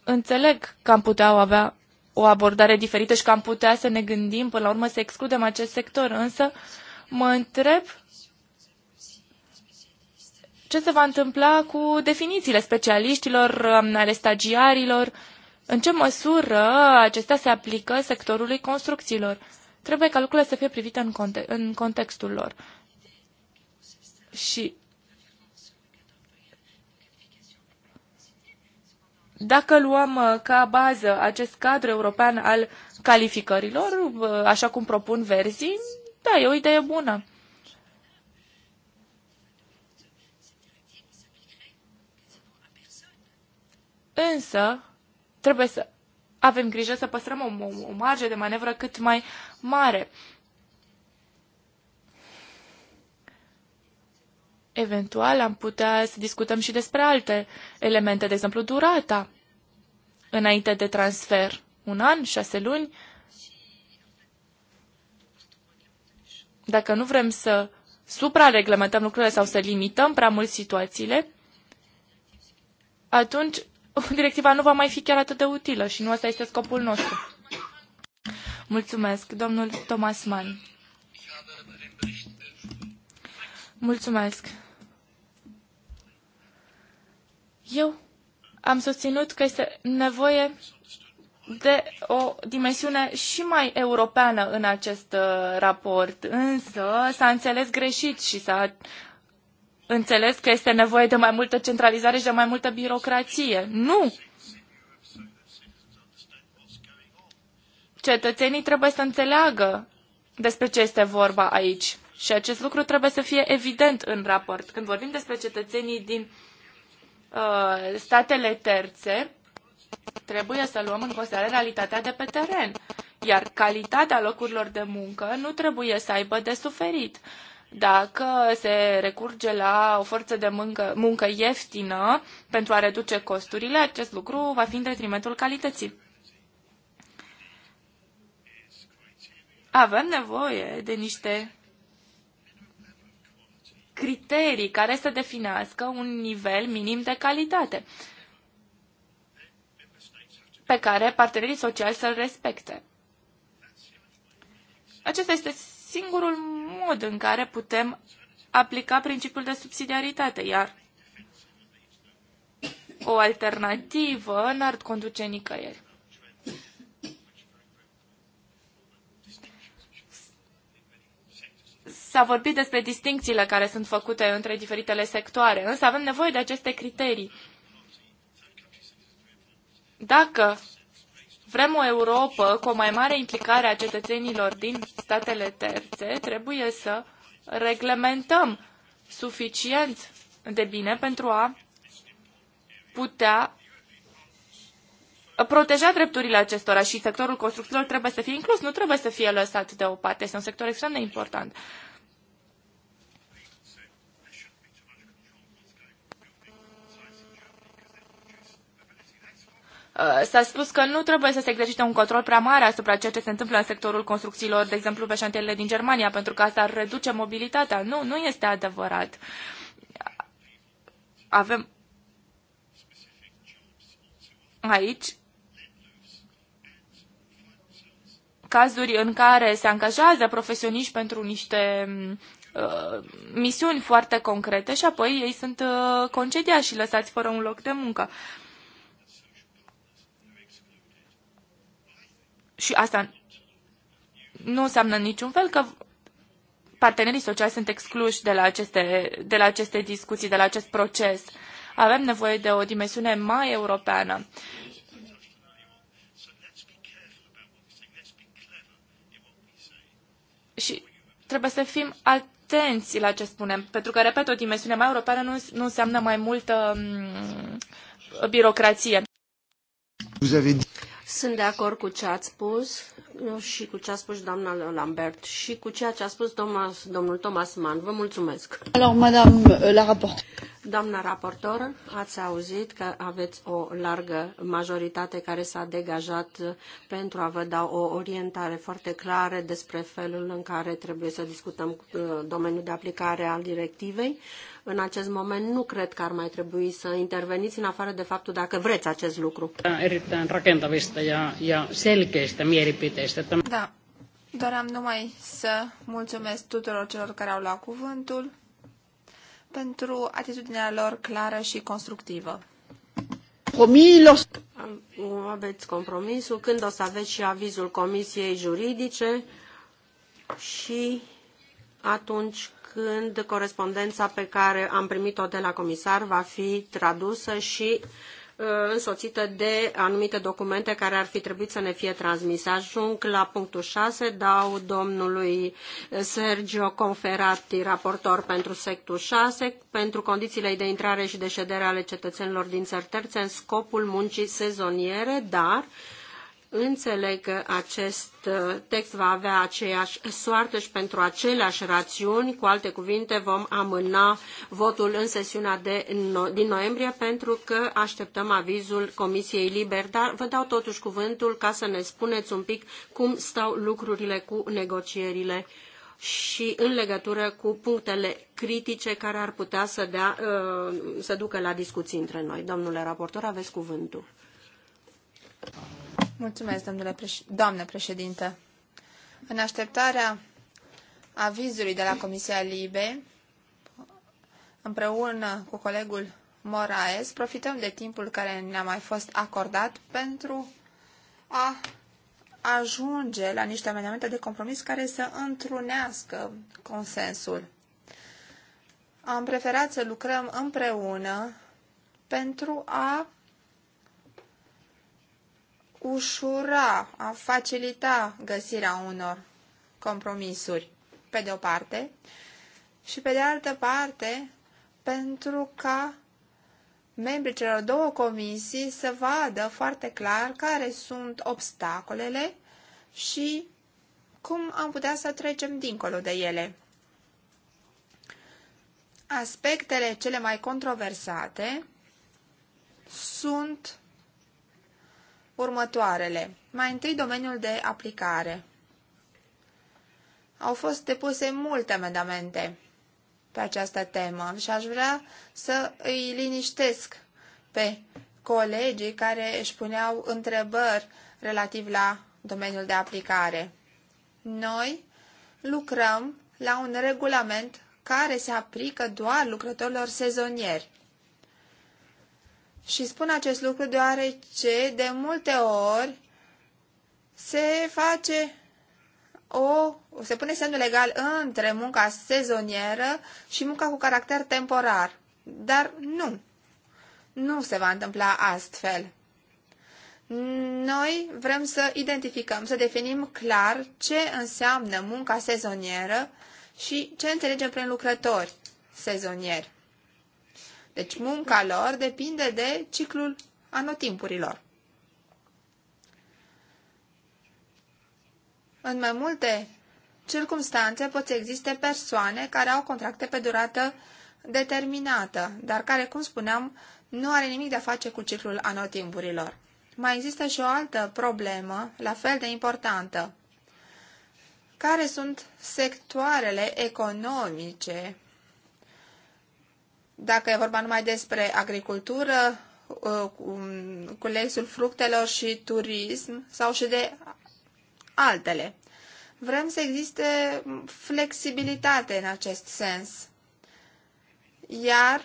Înțeleg că am putea avea o abordare diferită și că am putea să ne gândim până la urmă să excludem acest sector, însă mă întreb ce se va întâmpla cu definițiile specialiștilor, ale stagiarilor, în ce măsură acestea se aplică sectorului construcțiilor. Trebuie ca lucrurile să fie privite în, conte- în contextul lor. Și dacă luăm uh, ca bază acest cadru european al calificărilor, uh, așa cum propun verzii, da, e o idee bună. Însă, trebuie să avem grijă să păstrăm o, o, o marge de manevră cât mai mare. Eventual am putea să discutăm și despre alte elemente, de exemplu durata înainte de transfer. Un an, șase luni. Dacă nu vrem să suprareglementăm lucrurile sau să limităm prea mult situațiile, atunci directiva nu va mai fi chiar atât de utilă și nu ăsta este scopul nostru. Mulțumesc, domnul Thomas Mann. Mulțumesc. Eu am susținut că este nevoie de o dimensiune și mai europeană în acest uh, raport, însă s-a înțeles greșit și s-a înțeles că este nevoie de mai multă centralizare și de mai multă birocrație. Nu! Cetățenii trebuie să înțeleagă despre ce este vorba aici. Și acest lucru trebuie să fie evident în raport. Când vorbim despre cetățenii din uh, statele terțe, trebuie să luăm în considerare realitatea de pe teren. Iar calitatea locurilor de muncă nu trebuie să aibă de suferit. Uh, dacă se recurge la o forță de muncă, muncă ieftină pentru a reduce costurile, acest lucru va fi în detrimentul calității. Avem nevoie de niște criterii care să definească un nivel minim de calitate pe care partenerii sociali să-l respecte. Acesta este singurul mod în care putem aplica principiul de subsidiaritate, iar o alternativă n-ar conduce nicăieri. S-a vorbit despre distincțiile care sunt făcute între diferitele sectoare, însă avem nevoie de aceste criterii. Dacă Vrem o Europă cu o mai mare implicare a cetățenilor din statele terțe, trebuie să reglementăm suficient de bine pentru a putea proteja drepturile acestora și sectorul construcțiilor trebuie să fie inclus, nu trebuie să fie lăsat deoparte. Este un sector extrem de important. Uh, s-a spus că nu trebuie să se exercite un control prea mare asupra ceea ce se întâmplă în sectorul construcțiilor, de exemplu pe șantierele din Germania, pentru că asta ar reduce mobilitatea. Nu, nu este adevărat. Avem aici cazuri în care se angajează profesioniști pentru niște uh, misiuni foarte concrete și apoi ei sunt uh, concediați și lăsați fără un loc de muncă. și asta nu înseamnă niciun fel că partenerii sociali sunt excluși de la aceste, de la aceste discuții, de la acest proces. Avem nevoie de o dimensiune mai europeană. Și trebuie să fim atenți la ce spunem, pentru că, repet, o dimensiune mai europeană nu, nu înseamnă mai multă um, birocrație. Sunt de acord cu ce ați spus uh, și cu ce a spus doamna Lambert și cu ceea ce a spus Thomas, domnul Thomas Mann. Vă mulțumesc. Alors, madame euh, la raport. Doamna raportor, ați auzit că aveți o largă majoritate care s-a degajat uh, pentru a vă da o orientare foarte clară despre felul în care trebuie să discutăm uh, domeniul de aplicare al directivei în acest moment nu cred că ar mai trebui să interveniți în afară de faptul dacă vreți acest lucru. Erittäin rakentavista ja, Da, doream numai să mulțumesc tuturor celor care au luat cuvântul pentru atitudinea lor clară și constructivă. Comilos. Aveți compromisul când o să aveți și avizul Comisiei Juridice și atunci când corespondența pe care am primit-o de la comisar va fi tradusă și uh, însoțită de anumite documente care ar fi trebuit să ne fie transmise. Ajung la punctul 6, dau domnului Sergio Conferati, raportor pentru sectul 6, pentru condițiile de intrare și de ședere ale cetățenilor din țări terțe în scopul muncii sezoniere, dar Înțeleg că acest uh, text va avea aceeași soartă și pentru aceleași rațiuni. Cu alte cuvinte, vom amâna votul în sesiunea de no- din noiembrie pentru că așteptăm avizul Comisiei Liber. Dar vă dau totuși cuvântul ca să ne spuneți un pic cum stau lucrurile cu negocierile și în legătură cu punctele critice care ar putea să, dea, uh, să ducă la discuții între noi. Domnule raportor, aveți cuvântul. Mulțumesc, domnule preș- doamnă În așteptarea avizului de la Comisia Libe, împreună cu colegul Moraes, profităm de timpul care ne-a mai fost acordat pentru a ajunge la niște amendamente de compromis care să întrunească consensul. Am preferat să lucrăm împreună pentru a ușura, a facilita găsirea unor compromisuri, pe de o parte, și pe de altă parte, pentru ca membrii celor două comisii să vadă foarte clar care sunt obstacolele și cum am putea să trecem dincolo de ele. Aspectele cele mai controversate sunt următoarele. Mai întâi, domeniul de aplicare. Au fost depuse multe amendamente pe această temă și aș vrea să îi liniștesc pe colegii care își puneau întrebări relativ la domeniul de aplicare. Noi lucrăm la un regulament care se aplică doar lucrătorilor sezonieri. Și spun acest lucru deoarece de multe ori se face o, se pune semnul legal între munca sezonieră și munca cu caracter temporar. Dar nu, nu se va întâmpla astfel. Noi vrem să identificăm, să definim clar ce înseamnă munca sezonieră și ce înțelegem prin lucrători sezonieri. Deci munca lor depinde de ciclul anotimpurilor. În mai multe circumstanțe pot să existe persoane care au contracte pe durată determinată, dar care, cum spuneam, nu are nimic de a face cu ciclul anotimpurilor. Mai există și o altă problemă, la fel de importantă. Care sunt sectoarele economice dacă e vorba numai despre agricultură, uh, culesul fructelor și turism sau și de altele. Vrem să existe flexibilitate în acest sens. Iar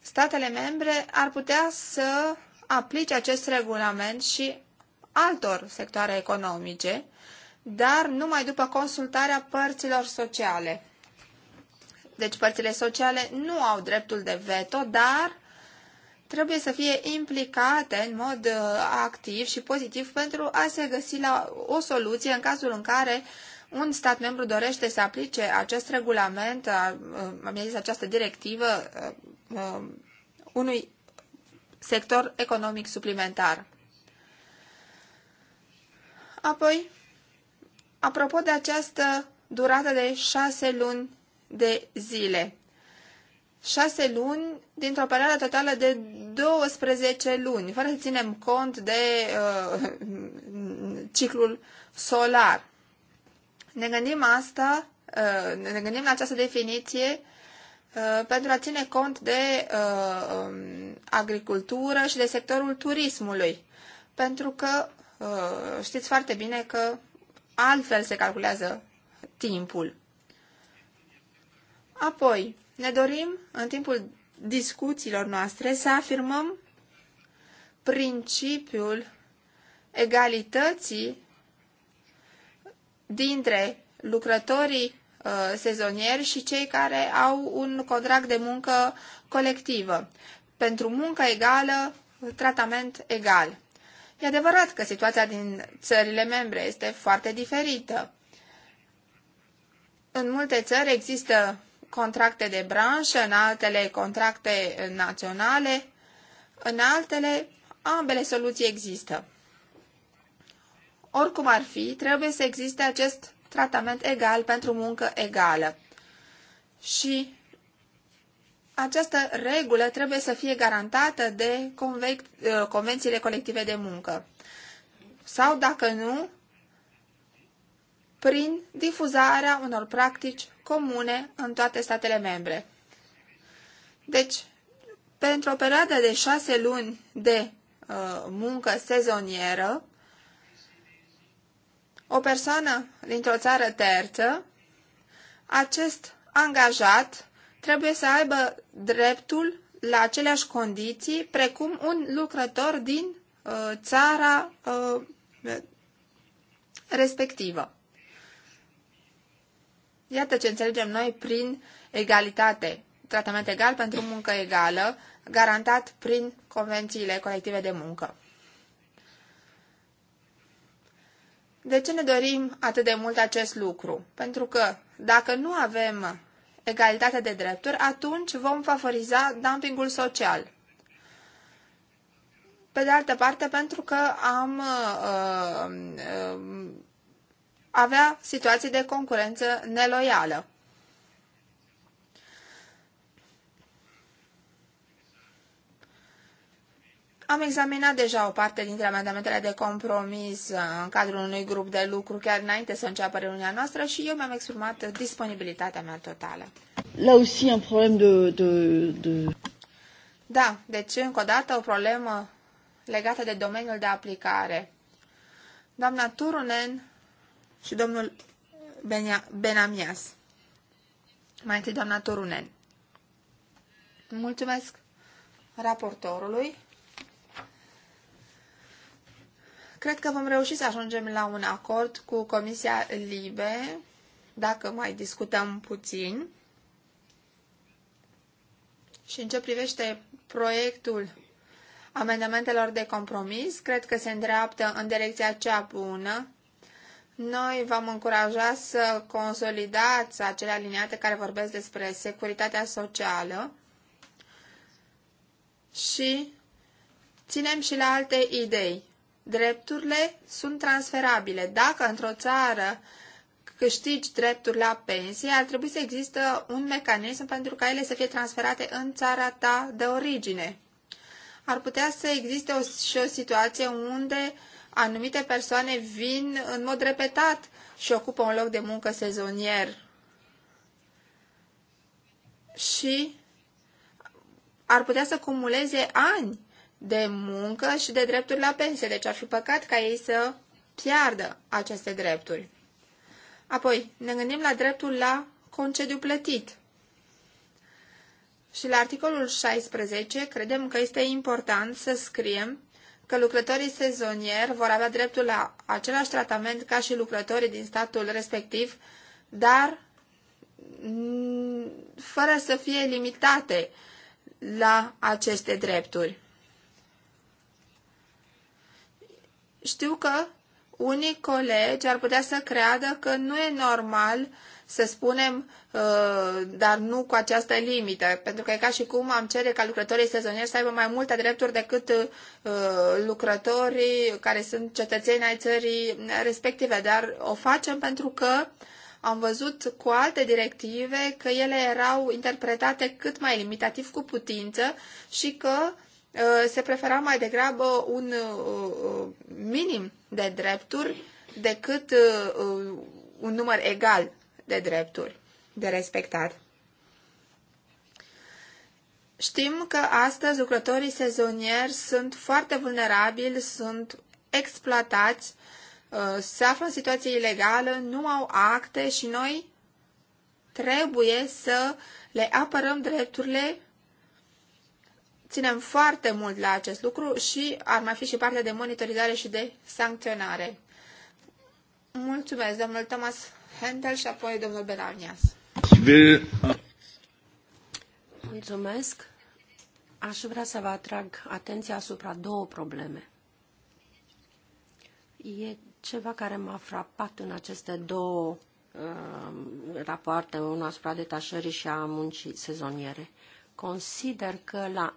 statele membre ar putea să aplice acest regulament și altor sectoare economice, dar numai după consultarea părților sociale. Deci părțile sociale nu au dreptul de veto, dar trebuie să fie implicate în mod uh, activ și pozitiv pentru a se găsi la o soluție în cazul în care un stat membru dorește să aplice acest regulament, am uh, zis această directivă, uh, unui sector economic suplimentar. Apoi, apropo de această durată de șase luni de zile. 6 luni dintr-o perioadă totală de 12 luni, fără să ținem cont de uh, ciclul solar. Ne gândim asta, uh, ne gândim la această definiție uh, pentru a ține cont de uh, um, agricultură și de sectorul turismului, pentru că uh, știți foarte bine că altfel se calculează timpul. Apoi, ne dorim, în timpul discuțiilor noastre, să afirmăm principiul egalității dintre lucrătorii uh, sezonieri și cei care au un contract de muncă colectivă. Pentru muncă egală, tratament egal. E adevărat că situația din țările membre este foarte diferită. În multe țări există contracte de branșă, în altele contracte naționale, în altele ambele soluții există. Oricum ar fi, trebuie să existe acest tratament egal pentru muncă egală. Și această regulă trebuie să fie garantată de eh, convențiile colective de muncă. Sau, dacă nu, prin difuzarea unor practici comune în toate statele membre. Deci, pentru o perioadă de șase luni de uh, muncă sezonieră, o persoană dintr-o țară terță, acest angajat trebuie să aibă dreptul la aceleași condiții precum un lucrător din uh, țara uh, respectivă. Iată ce înțelegem noi prin egalitate, tratament egal pentru muncă egală, garantat prin convențiile colective de muncă. De ce ne dorim atât de mult acest lucru? Pentru că dacă nu avem egalitate de drepturi, atunci vom favoriza dumpingul social. Pe de altă parte, pentru că am uh, uh, avea situații de concurență neloială. Am examinat deja o parte dintre amendamentele de compromis uh, în cadrul unui grup de lucru chiar înainte să înceapă reuniunea noastră și eu mi-am exprimat disponibilitatea mea totală. La aussi un problem de, de, de... Da, deci încă o dată o problemă legată de domeniul de aplicare. Doamna Turunen și domnul Benamias. Mai întâi doamna Torunen. Mulțumesc raportorului. Cred că vom reuși să ajungem la un acord cu Comisia Libe, dacă mai discutăm puțin. Și în ce privește proiectul amendamentelor de compromis, cred că se îndreaptă în direcția cea bună. Noi v-am încuraja să consolidați acele aliniate care vorbesc despre securitatea socială și ținem și la alte idei. Drepturile sunt transferabile. Dacă într-o țară câștigi drepturi la pensie, ar trebui să există un mecanism pentru ca ele să fie transferate în țara ta de origine. Ar putea să existe o, și o situație unde anumite persoane vin în mod repetat și ocupă un loc de muncă sezonier. Și ar putea să cumuleze ani de muncă și de drepturi la pensie, deci ar fi păcat ca ei să piardă aceste drepturi. Apoi, ne gândim la dreptul la concediu plătit. Și la articolul 16 credem că este important să scriem că lucrătorii sezonieri vor avea dreptul la același tratament ca și lucrătorii din statul respectiv, dar fără să fie limitate la aceste drepturi. Știu că unii colegi ar putea să creadă că nu e normal să spunem, uh, dar nu cu această limită, pentru că e ca și cum am cere ca lucrătorii sezonieri să aibă mai multe drepturi decât uh, lucrătorii care sunt cetățeni ai țării respective, dar o facem pentru că am văzut cu alte directive că ele erau interpretate cât mai limitativ cu putință și că uh, se prefera mai degrabă un minim de drepturi decât un număr egal de drepturi de respectat. Știm că astăzi lucrătorii sezonieri sunt foarte vulnerabili, sunt exploatați, uh, se află în situație ilegală, nu au acte și noi trebuie să le apărăm drepturile. Ținem foarte mult la acest lucru și ar mai fi și partea de monitorizare și de sancționare. Mulțumesc, domnul Thomas Handel și apoi domnul Belanias. Mulțumesc. Aș vrea să vă atrag atenția asupra două probleme. E ceva care m-a frapat în aceste două uh, rapoarte, una asupra detașării și a muncii sezoniere. Uh, Consider că la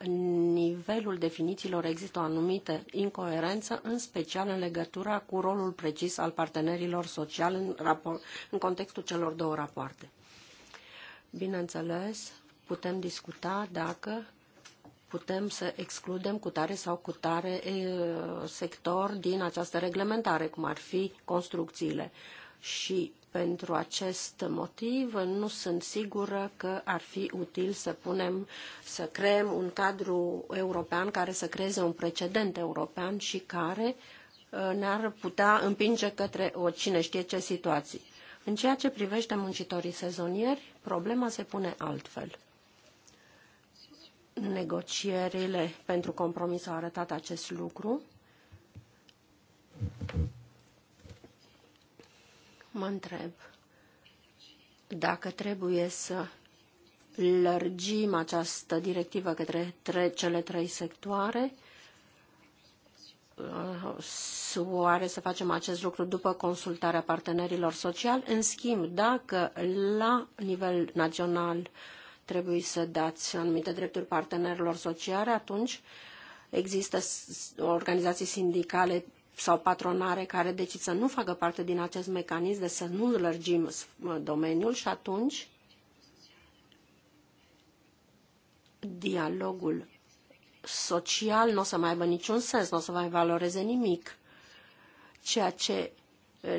nivelul definițiilor există o anumită incoerență, în special în legătura cu rolul precis al partenerilor sociali în, în contextul celor două rapoarte. Bineînțeles, putem discuta dacă putem să excludem cu tare sau cu tare sector din această reglementare, cum ar fi construcțiile. Și pentru acest motiv nu sunt sigură că ar fi util să punem, să creăm un cadru european care să creeze un precedent european și care uh, ne-ar putea împinge către o cine știe ce situații. În ceea ce privește muncitorii sezonieri, problema se pune altfel. Negocierile pentru compromis au arătat acest lucru mă întreb dacă trebuie să lărgim această directivă către tre- cele trei sectoare. Uh, oare să facem acest lucru după consultarea partenerilor sociali? În schimb, dacă la nivel național trebuie să dați anumite drepturi partenerilor sociale, atunci există organizații sindicale sau patronare care decid să nu facă parte din acest mecanism, de să nu lărgim domeniul și atunci dialogul social nu o să mai aibă niciun sens, nu o să mai valoreze nimic. Ceea ce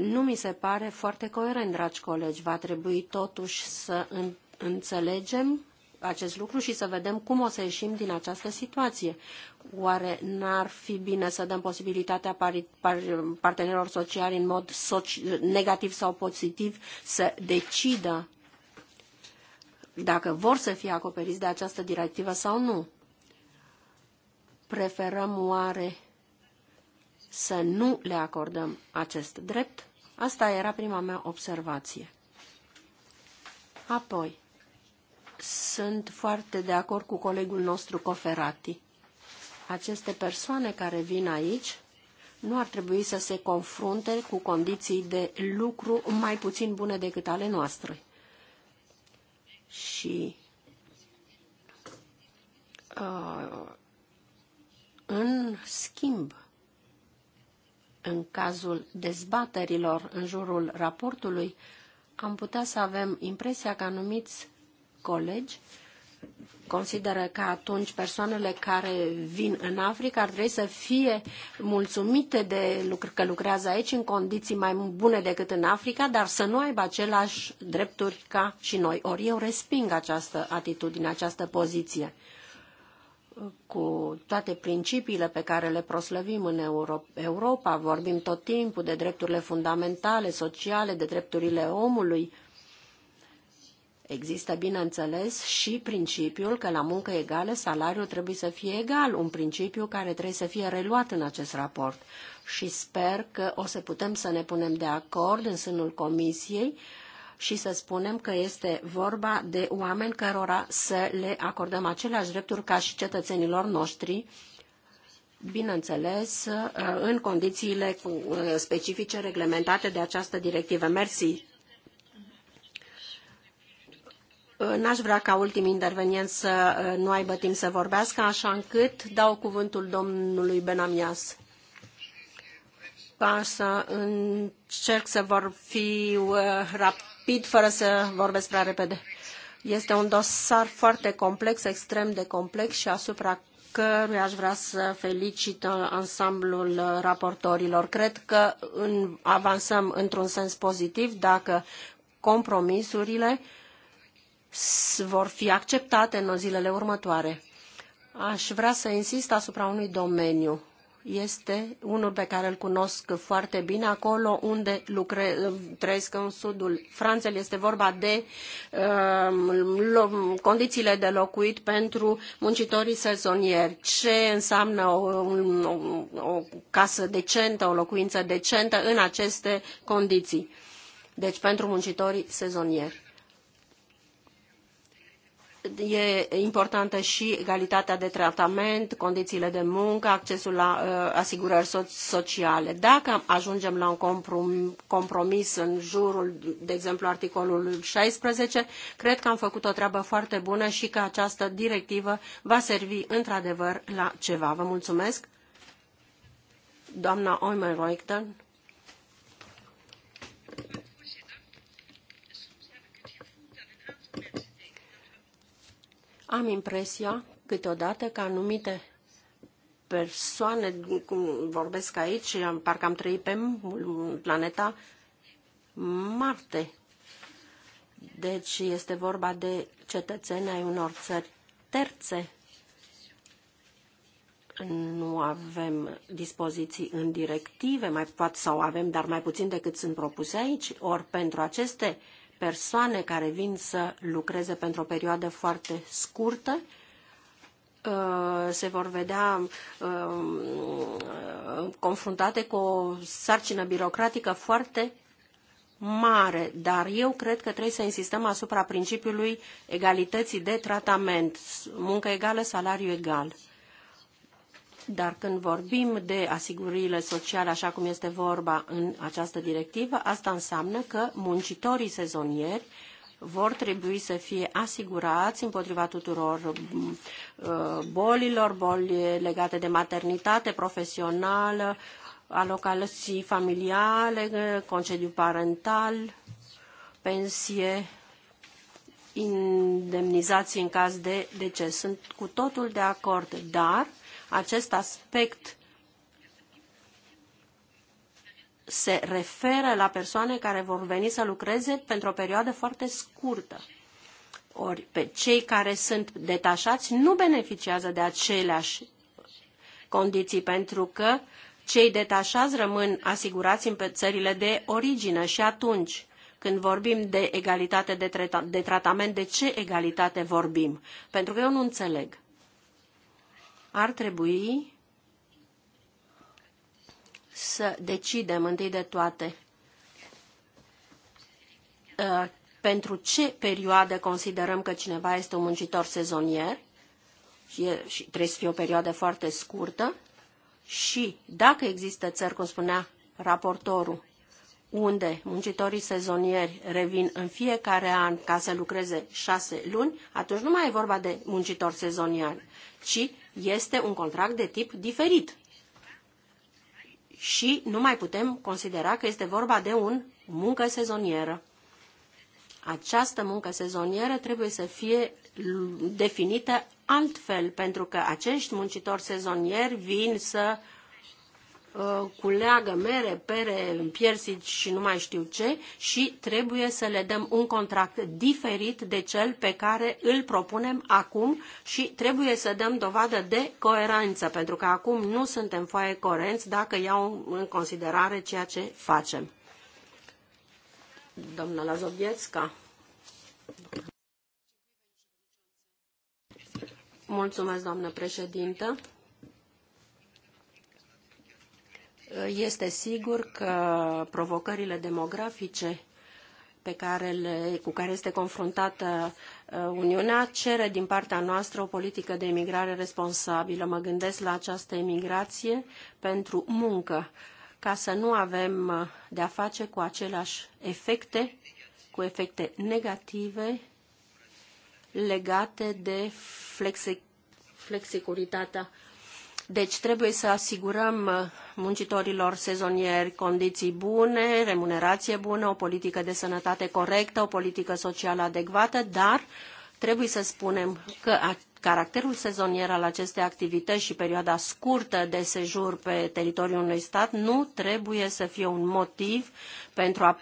nu mi se pare foarte coerent, dragi colegi. Va trebui totuși să înțelegem acest lucru și să vedem cum o să ieșim din această situație. Oare n-ar fi bine să dăm posibilitatea partenerilor sociali în mod soci- negativ sau pozitiv să decidă dacă vor să fie acoperiți de această directivă sau nu? Preferăm oare să nu le acordăm acest drept? Asta era prima mea observație. Apoi, sunt foarte de acord cu colegul nostru Coferati. Aceste persoane care vin aici nu ar trebui să se confrunte cu condiții de lucru mai puțin bune decât ale noastre. Și uh, în schimb, în cazul dezbaterilor în jurul raportului, am putea să avem impresia că anumiți colegi consideră că atunci persoanele care vin în Africa ar trebui să fie mulțumite de lucr- că lucrează aici în condiții mai bune decât în Africa, dar să nu aibă aceleași drepturi ca și noi. Ori eu resping această atitudine, această poziție cu toate principiile pe care le proslăvim în Europa, vorbim tot timpul de drepturile fundamentale, sociale, de drepturile omului, Există, bineînțeles, și principiul că la muncă egală salariul trebuie să fie egal, un principiu care trebuie să fie reluat în acest raport. Și sper că o să putem să ne punem de acord în sânul comisiei și să spunem că este vorba de oameni cărora să le acordăm aceleași drepturi ca și cetățenilor noștri, bineînțeles, în condițiile uh, specifice reglementate de această directivă. Mersi, N-aș vrea ca ultimii intervenienți să uh, nu aibă timp să vorbească, așa încât dau cuvântul domnului Benamias. Ca să încerc să vor fi uh, rapid, fără să vorbesc prea repede. Este un dosar foarte complex, extrem de complex și asupra căruia aș vrea să felicit uh, ansamblul raportorilor. Cred că avansăm într-un sens pozitiv dacă compromisurile uh, vor fi acceptate în zilele următoare. Aș vrea să insist asupra unui domeniu. Este unul pe care îl cunosc foarte bine, acolo unde lucre, trăiesc în sudul Franței. Este vorba de uh, condițiile de locuit pentru muncitorii sezonieri. Ce înseamnă o, o, o casă decentă, o locuință decentă în aceste condiții? Deci pentru muncitorii sezonieri e importantă și egalitatea de tratament, condițiile de muncă, accesul la uh, asigurări so- sociale. Dacă ajungem la un compromis în jurul, de exemplu, articolul 16, cred că am făcut o treabă foarte bună și că această directivă va servi într-adevăr la ceva. Vă mulțumesc. Doamna Oimer Reuchten. Am impresia câteodată că anumite persoane, cum vorbesc aici, parcă am trăit pe planeta Marte. Deci este vorba de cetățeni ai unor țări terțe. Nu avem dispoziții în directive, mai poate sau avem, dar mai puțin decât sunt propuse aici. Ori pentru aceste uh, persoane care vin să lucreze pentru o perioadă foarte scurtă uh, se vor vedea uh, confruntate cu o sarcină birocratică foarte mare, dar eu cred că trebuie să insistăm asupra principiului egalității de tratament, muncă egală, salariu egal. Dar când vorbim de asigurările sociale, așa cum este vorba în această directivă, asta înseamnă că muncitorii sezonieri vor trebui să fie asigurați împotriva tuturor uh, bolilor, boli legate de maternitate profesională, alocații familiale, uh, concediu parental, pensie, indemnizații în caz de deces. Sunt cu totul de acord, dar acest aspect se referă la persoane care vor veni să lucreze pentru o perioadă foarte scurtă. Ori pe cei care sunt detașați nu beneficiază de aceleași condiții, pentru că cei detașați rămân asigurați în țările de origine și atunci când vorbim de egalitate de, tra- de tratament, de ce egalitate vorbim? Pentru că eu nu înțeleg ar trebui să decidem întâi de toate uh, pentru ce perioadă considerăm că cineva este un muncitor sezonier și trebuie să fie o perioadă foarte scurtă și dacă există țări, cum spunea raportorul, unde muncitorii sezonieri revin în fiecare an ca să lucreze șase luni, atunci nu mai e vorba de muncitori sezonieri, ci este un contract de tip diferit. Și nu mai putem considera că este vorba de un muncă sezonieră. Această muncă sezonieră trebuie să fie definită altfel, pentru că acești muncitori sezonieri vin să Uh, culeagă mere, pere, piersici și nu mai știu ce și trebuie să le dăm un contract diferit de cel pe care îl propunem acum și trebuie să dăm dovadă de coerență, pentru că acum nu suntem foaie coerenți dacă iau în considerare ceea ce facem. Doamna Lazovietska. Mulțumesc, doamnă președintă. Este sigur că provocările demografice pe care le, cu care este confruntată uh, Uniunea cere din partea noastră o politică de emigrare responsabilă. Mă gândesc la această emigrație pentru muncă, ca să nu avem uh, de-a face cu aceleași efecte, cu efecte negative legate de flexi, flexicuritatea deci trebuie să asigurăm uh, muncitorilor sezonieri condiții bune, remunerație bună, o politică de sănătate corectă, o politică socială adecvată, dar trebuie să spunem că caracterul sezonier al acestei activități și perioada scurtă de sejur pe teritoriul unui stat nu trebuie să fie un motiv pentru a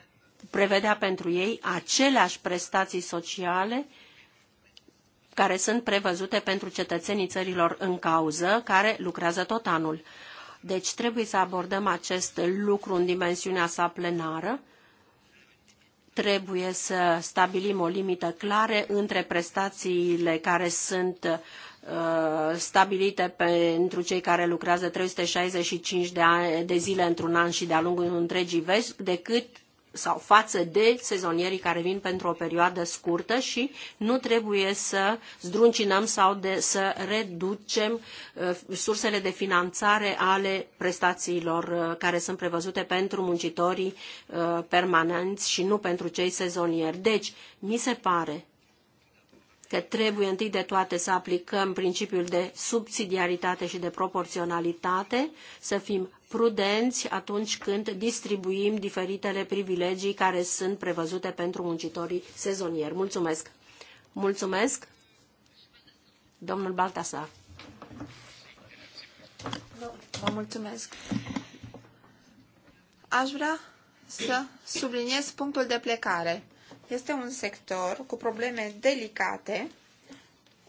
prevedea pentru ei aceleași prestații sociale care sunt prevăzute pentru cetățenii țărilor în cauză, care lucrează tot anul. Deci trebuie să abordăm acest lucru în dimensiunea sa plenară. Trebuie să stabilim o limită clare între prestațiile care sunt uh, stabilite pentru cei care lucrează 365 de, ani, de zile într-un an și de-a lungul întregii veci, decât sau față de sezonierii care vin pentru o perioadă scurtă și nu trebuie să zdruncinăm sau de, să reducem uh, sursele de finanțare ale prestațiilor uh, care sunt prevăzute pentru muncitorii uh, permanenți și nu pentru cei sezonieri. Deci, mi se pare că trebuie întâi de toate să aplicăm principiul de subsidiaritate și de proporționalitate, să fim prudenți atunci când distribuim diferitele privilegii care sunt prevăzute pentru muncitorii sezonieri. Mulțumesc! Mulțumesc! Domnul Baltasar. Vă mulțumesc. Aș vrea să subliniez punctul de plecare este un sector cu probleme delicate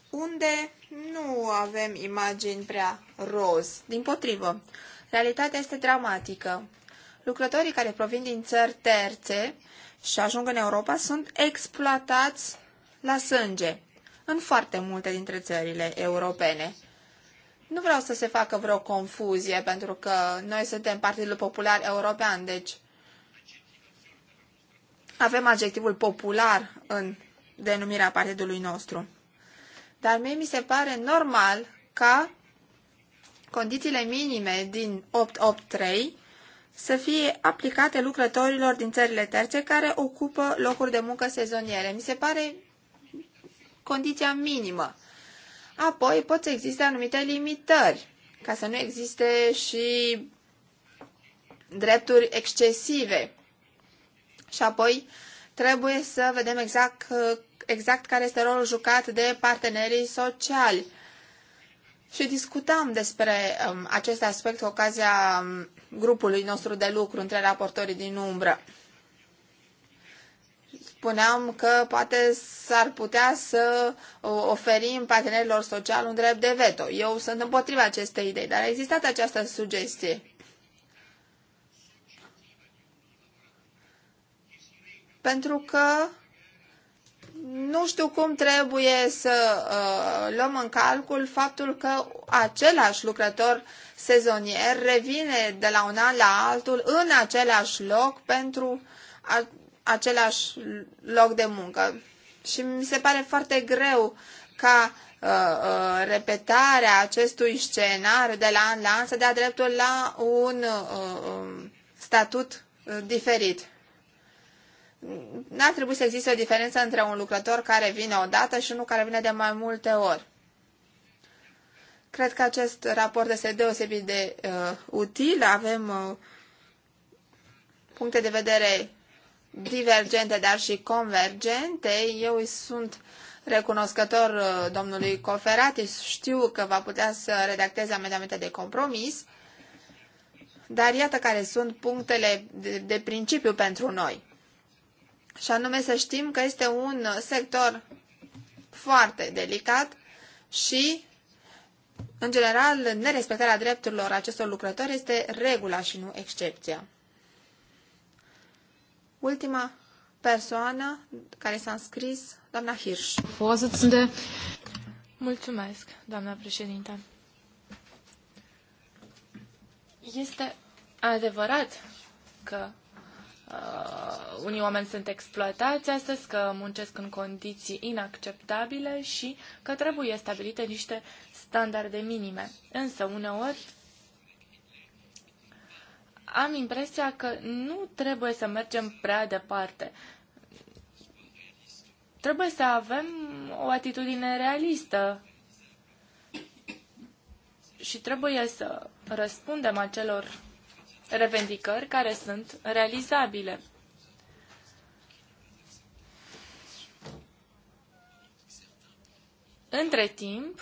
unde nu avem imagini prea roz. Din potrivă, realitatea este dramatică. Lucrătorii care provin din țări terțe și ajung în Europa sunt exploatați la sânge în foarte multe dintre țările europene. Nu vreau să se facă vreo confuzie, pentru că noi suntem Partidul Popular European, deci avem adjectivul popular în denumirea partidului nostru. Dar mie mi se pare normal ca condițiile minime din 883 să fie aplicate lucrătorilor din țările terțe care ocupă locuri de muncă sezoniere. Mi se pare condiția minimă. Apoi pot să existe anumite limitări, ca să nu existe și drepturi excesive și apoi trebuie să vedem exact, exact care este rolul jucat de partenerii sociali. Și discutam despre um, acest aspect cu ocazia um, grupului nostru de lucru între raportorii din umbră. Spuneam că poate s-ar putea să oferim partenerilor sociali un drept de veto. Eu sunt împotriva acestei idei, dar a existat această sugestie. pentru că nu știu cum trebuie să uh, luăm în calcul faptul că același lucrător sezonier revine de la un an la altul în același loc pentru a, același loc de muncă. Și mi se pare foarte greu ca uh, uh, repetarea acestui scenar de la an la an să dea dreptul la un uh, um, statut uh, diferit n-ar trebui să existe o diferență între un lucrător care vine o dată și unul care vine de mai multe ori. Cred că acest raport este deosebit de uh, util. Avem uh, puncte de vedere divergente, dar și convergente. Eu îi sunt recunoscător uh, domnului Coferati. Știu că va putea să redacteze amendamente de compromis. Dar iată care sunt punctele de, de principiu pentru noi și anume să știm că este un sector foarte delicat și, în general, nerespectarea drepturilor acestor lucrători este regula și nu excepția. Ultima persoană care s-a înscris, doamna Hirsch. Mulțumesc, doamna președinte. Este adevărat că Uh, unii oameni sunt exploatați astăzi, că muncesc în condiții inacceptabile și că trebuie stabilite niște standarde minime. Însă, uneori, am impresia că nu trebuie să mergem prea departe. Trebuie să avem o atitudine realistă și trebuie să răspundem acelor revendicări care sunt realizabile. Între timp,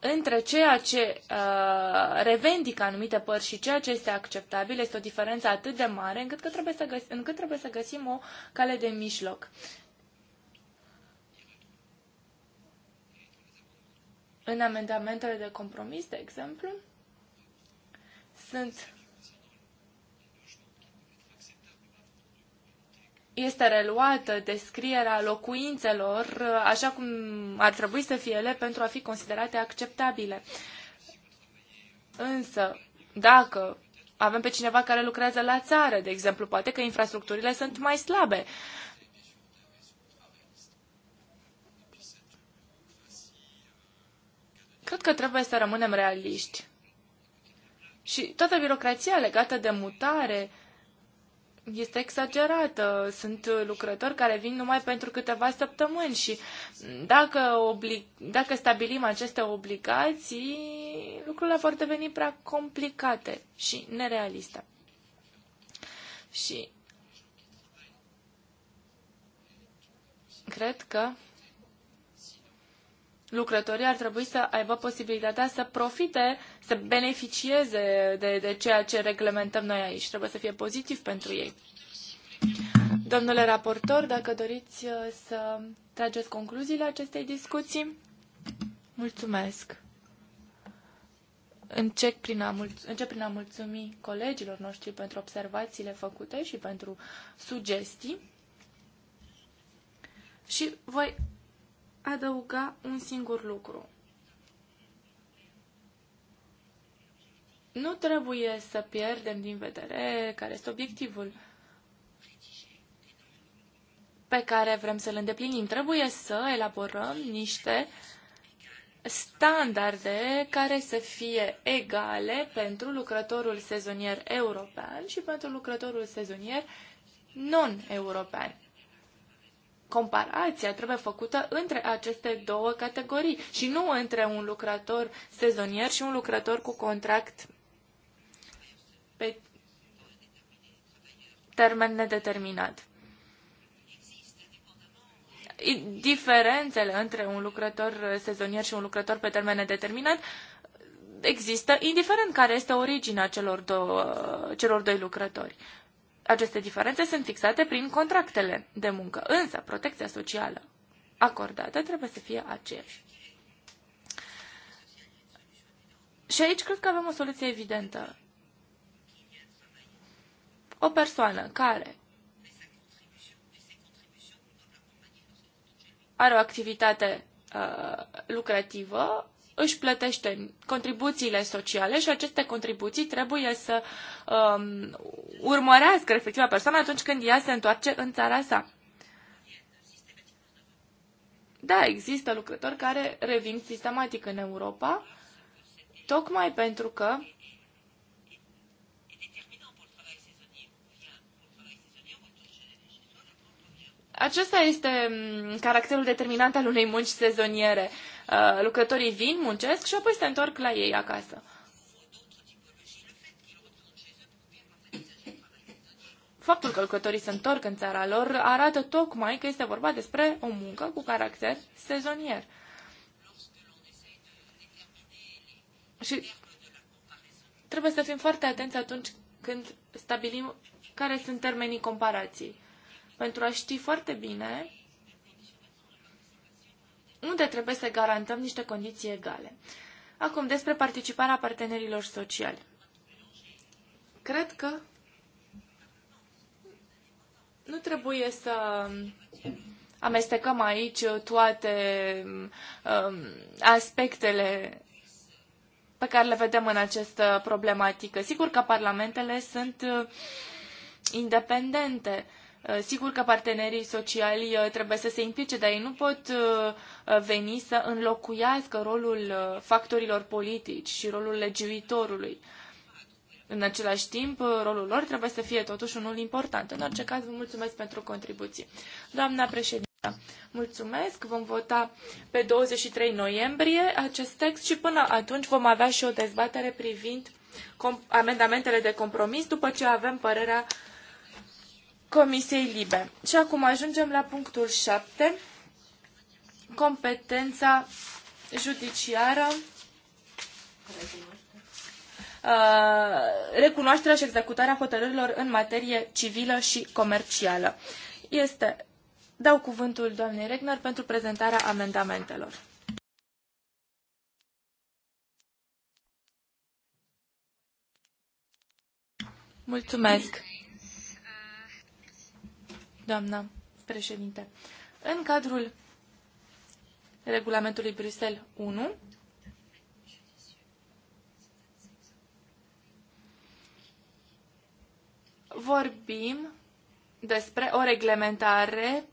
între ceea ce uh, revendică anumite părți și ceea ce este acceptabil este o diferență atât de mare încât, că trebuie, să găs- încât trebuie să găsim o cale de mijloc. În amendamentele de compromis, de exemplu, sunt este reluată descrierea locuințelor așa cum ar trebui să fie ele pentru a fi considerate acceptabile. Însă, dacă avem pe cineva care lucrează la țară, de exemplu, poate că infrastructurile sunt mai slabe Cred că trebuie să rămânem realiști. Și toată birocrația legată de mutare este exagerată. Sunt lucrători care vin numai pentru câteva săptămâni și dacă, oblig... dacă stabilim aceste obligații, lucrurile vor deveni prea complicate și nerealiste. Și cred că lucrătorii ar trebui să aibă posibilitatea să profite, să beneficieze de, de ceea ce reglementăm noi aici. Trebuie să fie pozitiv pentru ei. Domnule raportor, dacă doriți uh, să trageți concluziile acestei discuții, mulțumesc. Încep prin, a mulț- încep prin a mulțumi colegilor noștri pentru observațiile făcute și pentru sugestii. Și voi adăuga un singur lucru. Nu trebuie să pierdem din vedere care este obiectivul pe care vrem să-l îndeplinim. Trebuie să elaborăm niște standarde care să fie egale pentru lucrătorul sezonier european și pentru lucrătorul sezonier non-european comparația trebuie făcută între aceste două categorii și nu între un lucrător sezonier și un lucrător cu contract pe termen nedeterminat. Diferențele între un lucrător sezonier și un lucrător pe termen nedeterminat există, indiferent care este originea celor, două, celor doi lucrători. Aceste diferențe sunt fixate prin contractele de muncă, însă protecția socială acordată trebuie să fie aceeași. Și aici cred că avem o soluție evidentă. O persoană care are o activitate uh, lucrativă își plătește contribuțiile sociale și aceste contribuții trebuie să um, urmărească respectiva persoană atunci când ea se întoarce în țara sa. Da, există lucrători care revin sistematic în Europa, tocmai pentru că acesta este mm, caracterul determinant al unei munci sezoniere. Uh, lucrătorii vin, muncesc și apoi se întorc la ei acasă. Faptul că lucrătorii se întorc în țara lor arată tocmai că este vorba despre o muncă cu caracter sezonier. Și trebuie să fim foarte atenți atunci când stabilim care sunt termenii comparației. Pentru a ști foarte bine unde trebuie să garantăm niște condiții egale. Acum, despre participarea partenerilor sociali. Cred că nu trebuie să amestecăm aici toate um, aspectele pe care le vedem în această problematică. Sigur că parlamentele sunt uh, independente, Uh, sigur că partenerii sociali uh, trebuie să se implice, dar ei nu pot uh, veni să înlocuiască rolul factorilor politici și rolul legiuitorului. În același timp, rolul lor trebuie să fie totuși unul important. În orice caz, vă mulțumesc pentru contribuție. Doamna președintă. mulțumesc. Vom vota pe 23 noiembrie acest text și până atunci vom avea și o dezbatere privind amendamentele de compromis după ce avem părerea Comisiei Libe. Și acum ajungem la punctul 7, competența judiciară, uh, recunoașterea și executarea hotărârilor în materie civilă și comercială. Este, dau cuvântul doamnei Regner pentru prezentarea amendamentelor. Mulțumesc! doamnă președinte. În cadrul regulamentului Bruxelles 1, vorbim despre o reglementare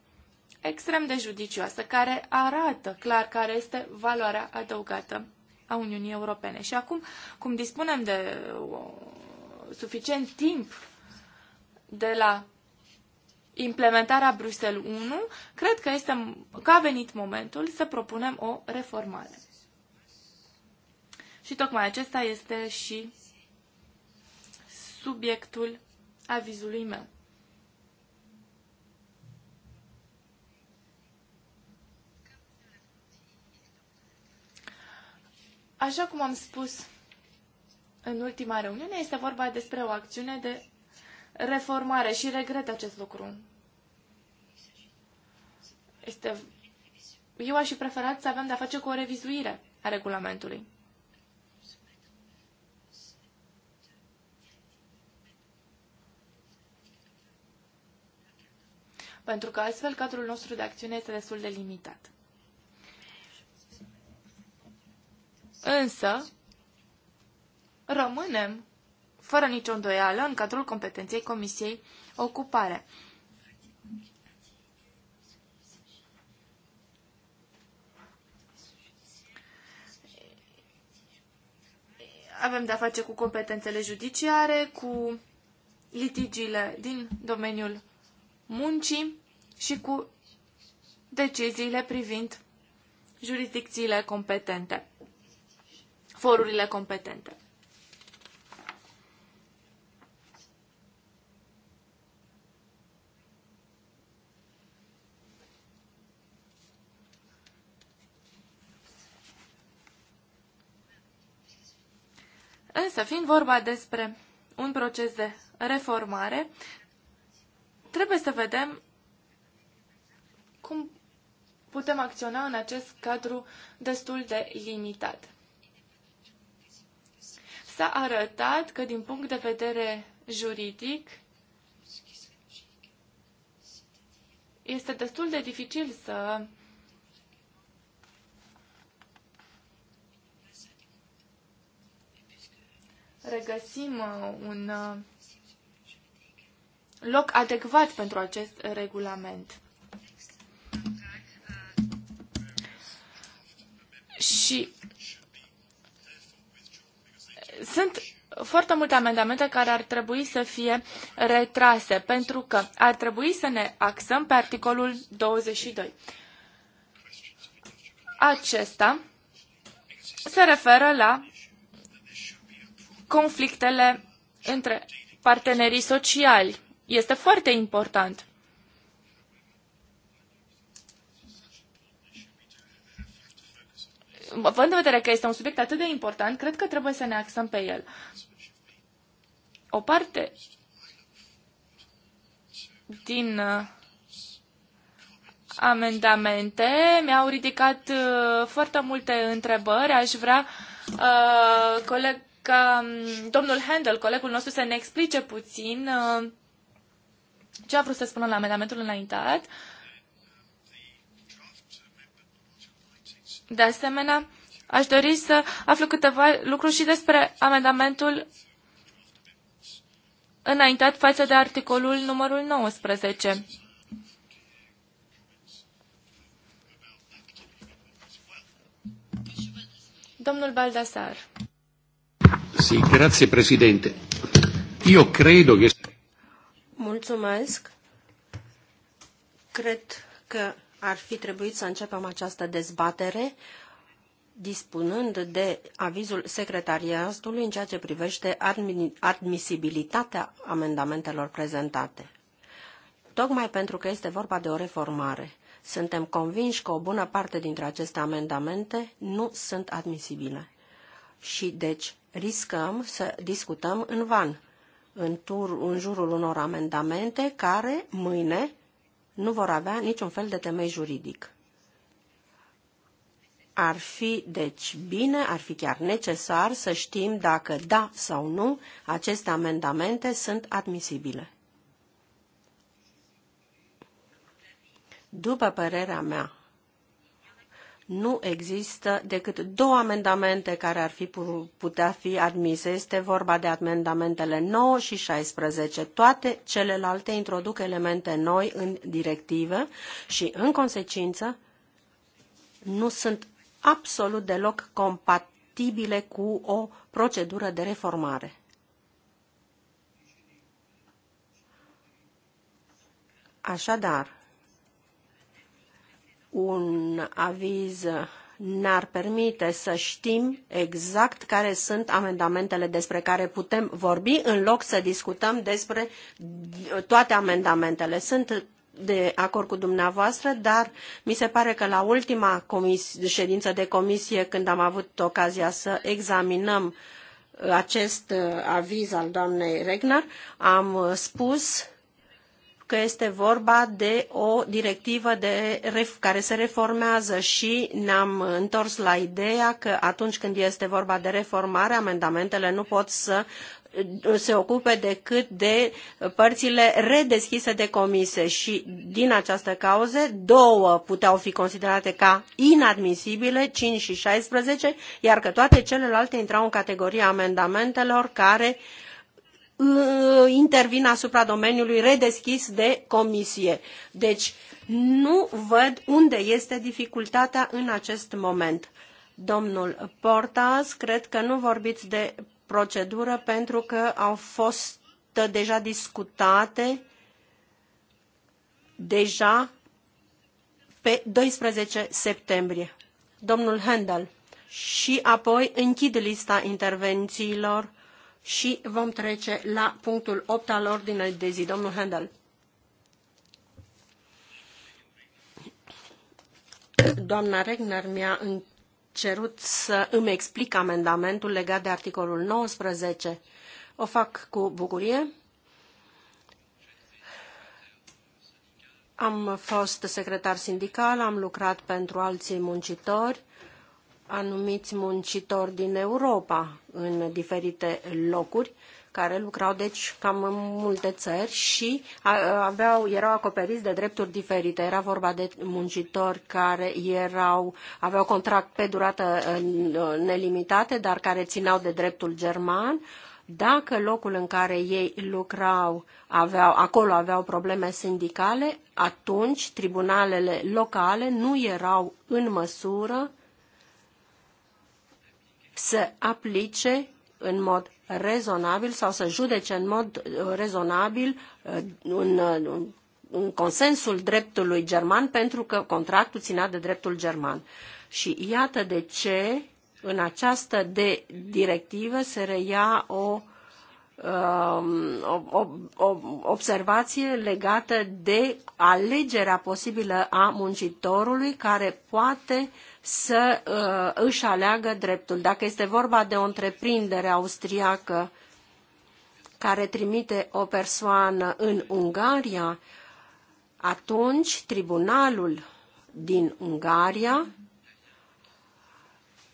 extrem de judicioasă, care arată clar care este valoarea adăugată a Uniunii Europene. Și acum, cum dispunem de o, uh, suficient timp de la implementarea Bruxelles 1, cred că, este, că a venit momentul să propunem o reformare. Și tocmai acesta este și subiectul avizului meu. Așa cum am spus în ultima reuniune, este vorba despre o acțiune de reformare și regret acest lucru. Este... Eu aș fi preferat să avem de-a face cu o revizuire a regulamentului. pentru că astfel cadrul nostru de acțiune este destul de limitat. Însă, rămânem fără nicio îndoială, în cadrul competenței Comisiei Ocupare. Avem de-a face cu competențele judiciare, cu litigiile din domeniul muncii și cu deciziile privind jurisdicțiile competente, forurile competente. Însă, fiind vorba despre un proces de reformare, trebuie să vedem cum putem acționa în acest cadru destul de limitat. S-a arătat că, din punct de vedere juridic, este destul de dificil să regăsim uh, un uh, loc adecvat pentru acest regulament. Și sunt foarte multe amendamente care ar trebui să fie retrase, pentru că ar trebui să ne axăm pe articolul 22. Acesta se referă la conflictele între partenerii sociali. Este foarte important. Având în vedere că este un subiect atât de important, cred că trebuie să ne axăm pe el. O parte din uh, amendamente mi-au ridicat uh, foarte multe întrebări. Aș vrea, uh, coleg, ca mm, domnul Handel, colegul nostru, să ne explice puțin uh, ce a vrut să spună la amendamentul înaintat. De asemenea, aș dori să aflu câteva lucruri și despre amendamentul înaintat față de articolul numărul 19. Domnul Baldassar. Sì, grazie Presidente. Io credo che... Mulțumesc. Cred că ar fi trebuit să începem această dezbatere dispunând de avizul secretariatului în ceea ce privește admisibilitatea amendamentelor prezentate. Tocmai pentru că este vorba de o reformare, suntem convinși că o bună parte dintre aceste amendamente nu sunt admisibile. Și deci riscăm să discutăm în van, în, tur, în jurul unor amendamente care mâine nu vor avea niciun fel de temei juridic. Ar fi, deci, bine, ar fi chiar necesar să știm dacă da sau nu aceste amendamente sunt admisibile. După părerea mea, nu există decât două amendamente care ar fi putea fi admise. Este vorba de amendamentele 9 și 16. Toate celelalte introduc elemente noi în directivă și, în consecință, nu sunt absolut deloc compatibile cu o procedură de reformare. Așadar, un aviz ne-ar permite să știm exact care sunt amendamentele despre care putem vorbi, în loc să discutăm despre toate amendamentele. Sunt de acord cu dumneavoastră, dar mi se pare că la ultima comis- ședință de comisie, când am avut ocazia să examinăm acest uh, aviz al doamnei Regner, am uh, spus că este vorba de o directivă de care se reformează și ne-am întors la ideea că atunci când este vorba de reformare, amendamentele nu pot să uh, se ocupe decât de părțile redeschise de comise și din această cauză două puteau fi considerate ca inadmisibile, 5 și 16, iar că toate celelalte intrau în categoria amendamentelor care uh, Mm, intervin asupra domeniului redeschis de comisie. Deci nu văd unde este dificultatea în acest moment. Domnul Portas, cred că nu vorbiți de procedură pentru că au fost deja discutate deja pe 12 septembrie. Domnul Handel. Și apoi închid lista intervențiilor și vom trece la punctul 8 al ordinei de zi. Domnul Handel. Doamna Regner mi-a cerut să îmi explic amendamentul legat de articolul 19. O fac cu bucurie. Am fost secretar sindical, am lucrat pentru alții muncitori anumiți muncitori din Europa în diferite locuri care lucrau deci cam în multe țări și aveau, erau acoperiți de drepturi diferite. Era vorba de muncitori care erau, aveau contract pe durată nelimitate, dar care țineau de dreptul german. Dacă locul în care ei lucrau aveau, acolo aveau probleme sindicale, atunci tribunalele locale nu erau în măsură să aplice în mod rezonabil sau să judece în mod uh, rezonabil un, uh, un, uh, un consensul dreptului german pentru că contractul ținea de dreptul german. Și iată de ce în această de directivă se reia o, um, o, o, o observație legată de alegerea posibilă a muncitorului care poate uh, să uh, își aleagă dreptul. Dacă este vorba de o întreprindere austriacă care trimite o persoană în Ungaria, atunci tribunalul din Ungaria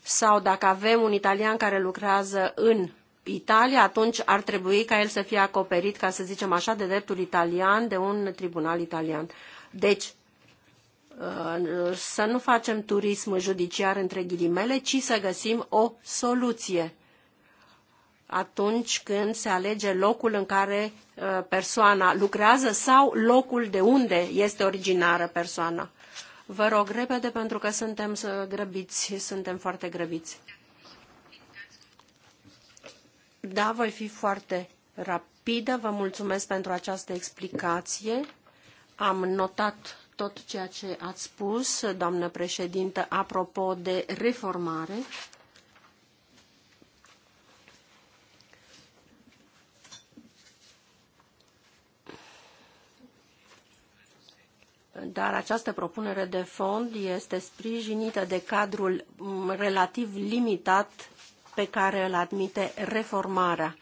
sau dacă avem un italian care lucrează în Italia, atunci ar trebui ca el să fie acoperit, ca să zicem așa, de dreptul italian, de un tribunal italian. Deci, Uh, să nu facem turism judiciar între ghilimele, ci să găsim o soluție atunci când se alege locul în care uh, persoana lucrează sau locul de unde este originară persoana. Vă rog repede pentru că suntem grăbiți, suntem foarte grăbiți. Da, voi fi foarte rapidă. Vă mulțumesc pentru această explicație. Am notat tot ceea ce ați spus, doamnă președintă, apropo de reformare. Dar această propunere de fond este sprijinită de cadrul mm, relativ limitat pe care îl admite reformarea.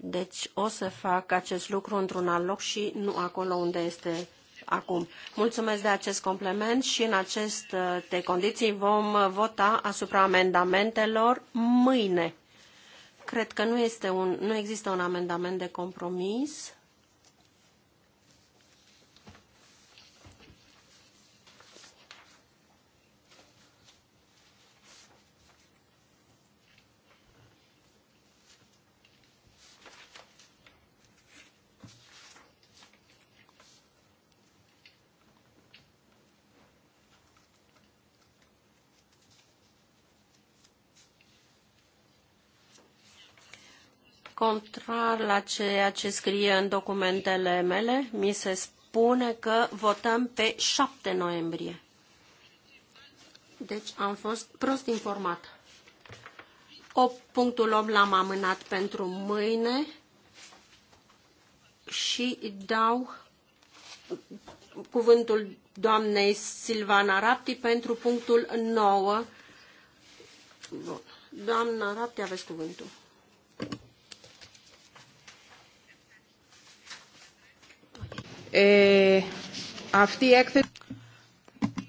Deci o să fac acest lucru într-un alt loc și nu acolo unde este acum. Mulțumesc de acest complement și în aceste uh, condiții vom uh, vota asupra amendamentelor mâine. Cred că nu, este un, nu există un amendament de compromis. contrar la ceea ce scrie în documentele mele, mi se spune că votăm pe 7 noiembrie. Deci am fost prost informat. O punctul 8 l-am amânat pentru mâine și dau cuvântul doamnei Silvana Rapti pentru punctul 9. Bun. Doamna Rapti, aveți cuvântul. Eh,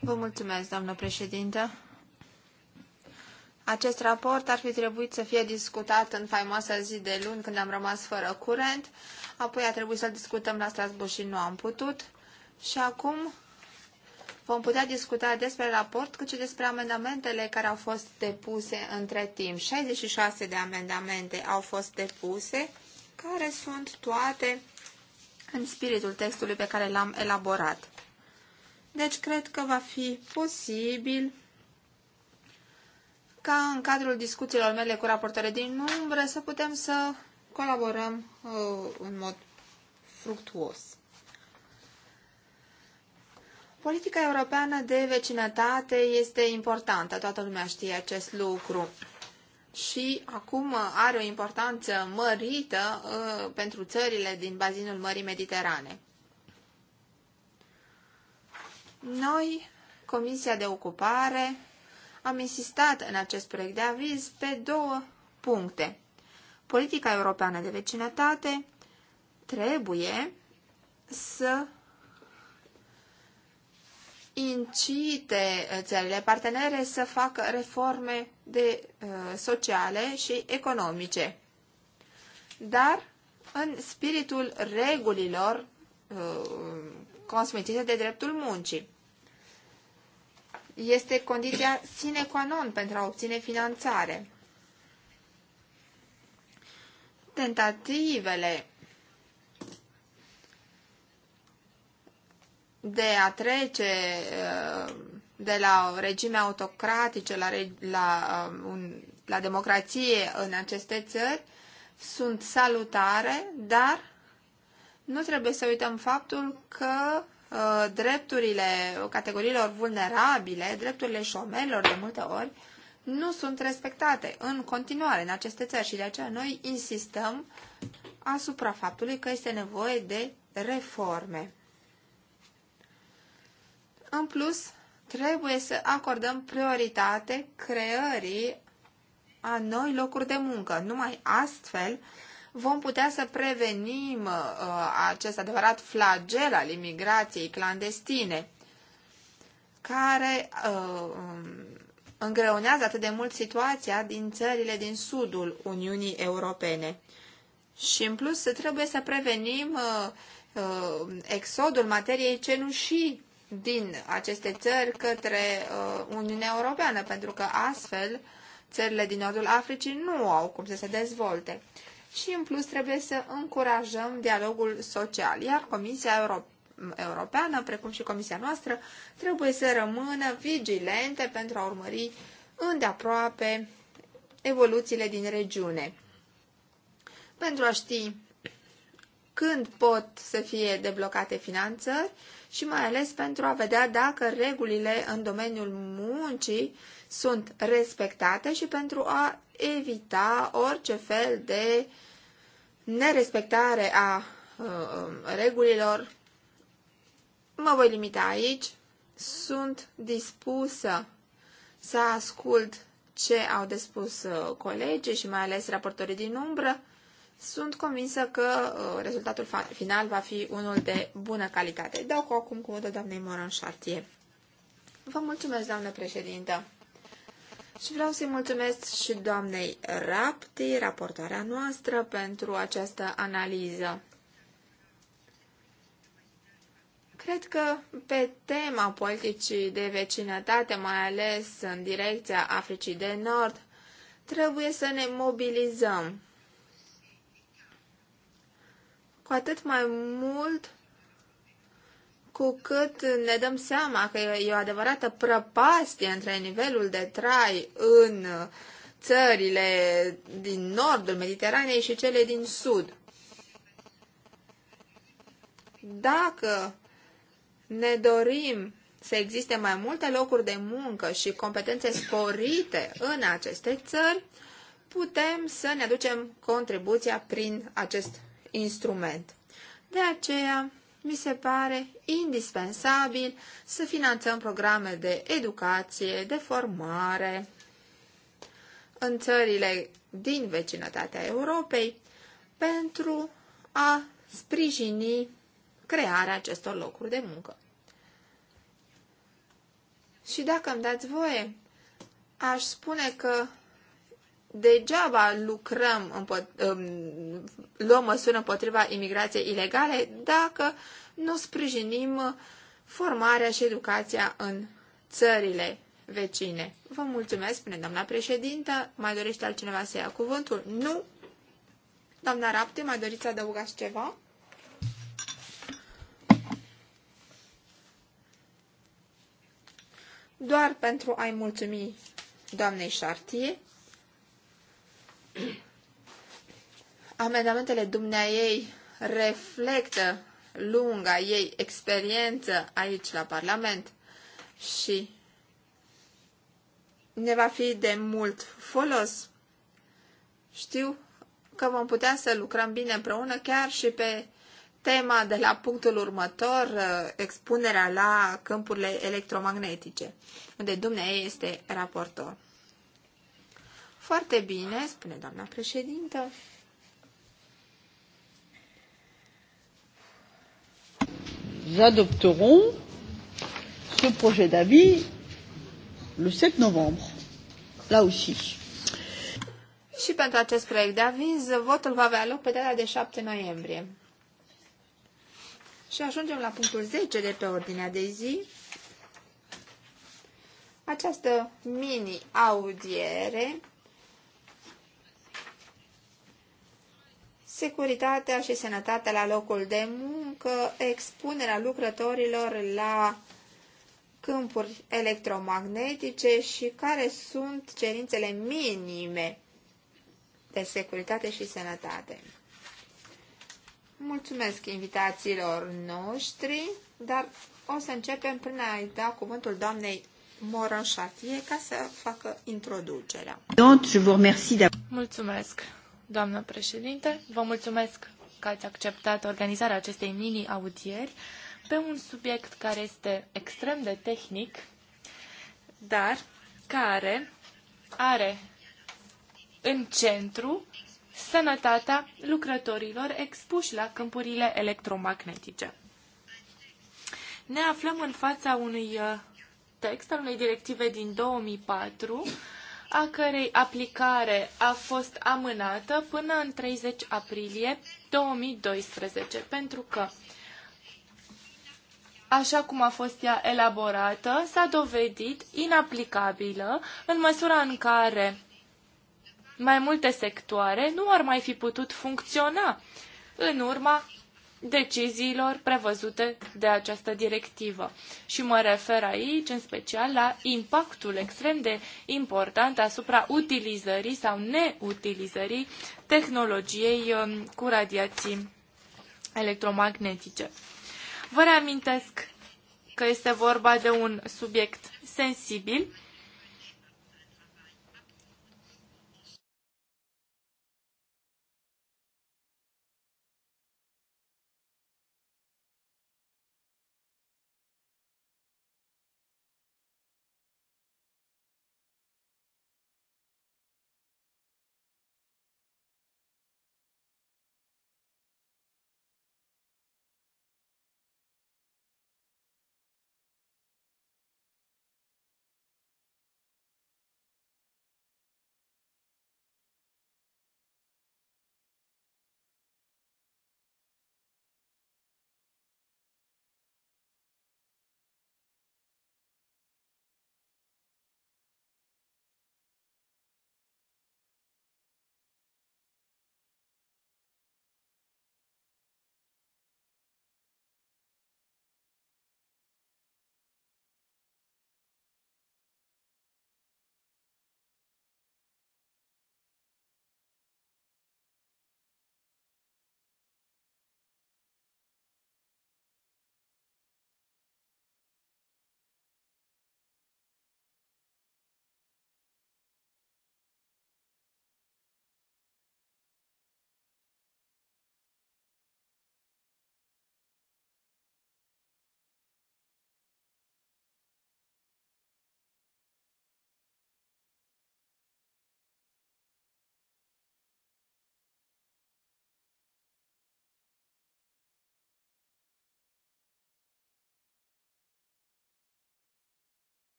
Vă mulțumesc, doamnă președintă. Acest raport ar fi trebuit să fie discutat în faimoasa zi de luni, când am rămas fără curent, apoi a trebuit să-l discutăm la Strasbourg și nu am putut, și acum vom putea discuta despre raport, cât și despre amendamentele care au fost depuse între timp. 66 de amendamente au fost depuse, care sunt toate în spiritul textului pe care l-am elaborat. Deci cred că va fi posibil ca în cadrul discuțiilor mele cu raportare din umbră să putem să colaborăm uh, în mod fructuos. Politica europeană de vecinătate este importantă, toată lumea știe acest lucru și acum are o importanță mărită uh, pentru țările din bazinul Mării Mediterane. Noi, Comisia de Ocupare, am insistat în acest proiect de aviz pe două puncte. Politica europeană de vecinătate trebuie să incite uh, țările partenere să facă reforme de, uh, sociale și economice. Dar în spiritul regulilor uh, consfințite de dreptul muncii. Este condiția sine qua non pentru a obține finanțare. Tentativele de a trece uh, de la regime autocratice la, la, um, un, la democrație în aceste țări sunt salutare, dar nu trebuie să uităm faptul că uh, drepturile categoriilor vulnerabile, drepturile șomerilor de multe ori, nu sunt respectate în continuare în aceste țări și de aceea noi insistăm asupra faptului că este nevoie de reforme. În plus, trebuie să acordăm prioritate creării a noi locuri de muncă. Numai astfel vom putea să prevenim uh, acest adevărat flagel al imigrației clandestine, care uh, îngreunează atât de mult situația din țările din sudul Uniunii Europene. Și în plus trebuie să prevenim uh, uh, exodul materiei cenușii din aceste țări către uh, Uniunea Europeană, pentru că astfel țările din nordul Africii nu au cum să se dezvolte. Și în plus trebuie să încurajăm dialogul social, iar Comisia Europeană Europeană, precum și Comisia noastră, trebuie să rămână vigilente pentru a urmări îndeaproape evoluțiile din regiune. Pentru a ști când pot să fie deblocate finanțări și mai ales pentru a vedea dacă regulile în domeniul muncii sunt respectate și pentru a evita orice fel de nerespectare a uh, um, regulilor. Mă voi limita aici. Sunt dispusă să ascult ce au de spus uh, colegii și mai ales raportorii din umbră sunt convinsă că uh, rezultatul final va fi unul de bună calitate. Dau cu acum cuvântul doamnei Moran Chartier. Vă mulțumesc, doamnă președintă. Și vreau să-i mulțumesc și doamnei Rapti, raportoarea noastră, pentru această analiză. Cred că pe tema politicii de vecinătate, mai ales în direcția Africii de Nord, trebuie să ne mobilizăm cu atât mai mult cu cât ne dăm seama că e o adevărată prăpastie între nivelul de trai în țările din nordul Mediteranei și cele din sud. Dacă ne dorim să existe mai multe locuri de muncă și competențe sporite în aceste țări, putem să ne aducem contribuția prin acest instrument. De aceea, mi se pare indispensabil să finanțăm programe de educație, de formare în țările din vecinătatea Europei pentru a sprijini crearea acestor locuri de muncă. Și dacă îmi dați voie, aș spune că degeaba lucrăm, luăm măsuri împotriva imigrației ilegale dacă nu sprijinim formarea și educația în țările vecine. Vă mulțumesc, spune doamna președintă. Mai dorește altcineva să ia cuvântul? Nu? Doamna Rapte, mai doriți să adăugați ceva? Doar pentru a-i mulțumi doamnei Șartie Amendamentele dumneaei reflectă lunga ei experiență aici la Parlament și ne va fi de mult folos. Știu că vom putea să lucrăm bine împreună chiar și pe tema de la punctul următor, uh, expunerea la câmpurile electromagnetice, unde dumneavoastră este raportor. Foarte bine, spune doamna președintă. Nous adopterons ce projet d'avis le 7 novembre, là aussi. Și pentru acest proiect de aviz, votul va avea loc pe data de 7 noiembrie. Și ajungem la punctul 10 de pe ordinea de zi. Această mini-audiere securitatea și sănătatea la locul de muncă, expunerea lucrătorilor la câmpuri electromagnetice și care sunt cerințele minime de securitate și sănătate. Mulțumesc invitațiilor noștri, dar o să începem prin a-i da cuvântul doamnei Moran ca să facă introducerea. Mulțumesc! doamnă președinte. Vă mulțumesc că ați acceptat organizarea acestei mini-audieri pe un subiect care este extrem de tehnic, dar care are în centru sănătatea lucrătorilor expuși la câmpurile electromagnetice. Ne aflăm în fața unui uh, text al unei directive din 2004 a cărei aplicare a fost amânată până în 30 aprilie 2012, pentru că, așa cum a fost ea elaborată, s-a dovedit inaplicabilă în măsura în care mai multe sectoare nu ar mai fi putut funcționa în urma deciziilor prevăzute de această directivă. Și mă refer aici în special la impactul extrem de important asupra utilizării sau neutilizării tehnologiei um, cu radiații electromagnetice. Vă reamintesc că este vorba de un subiect sensibil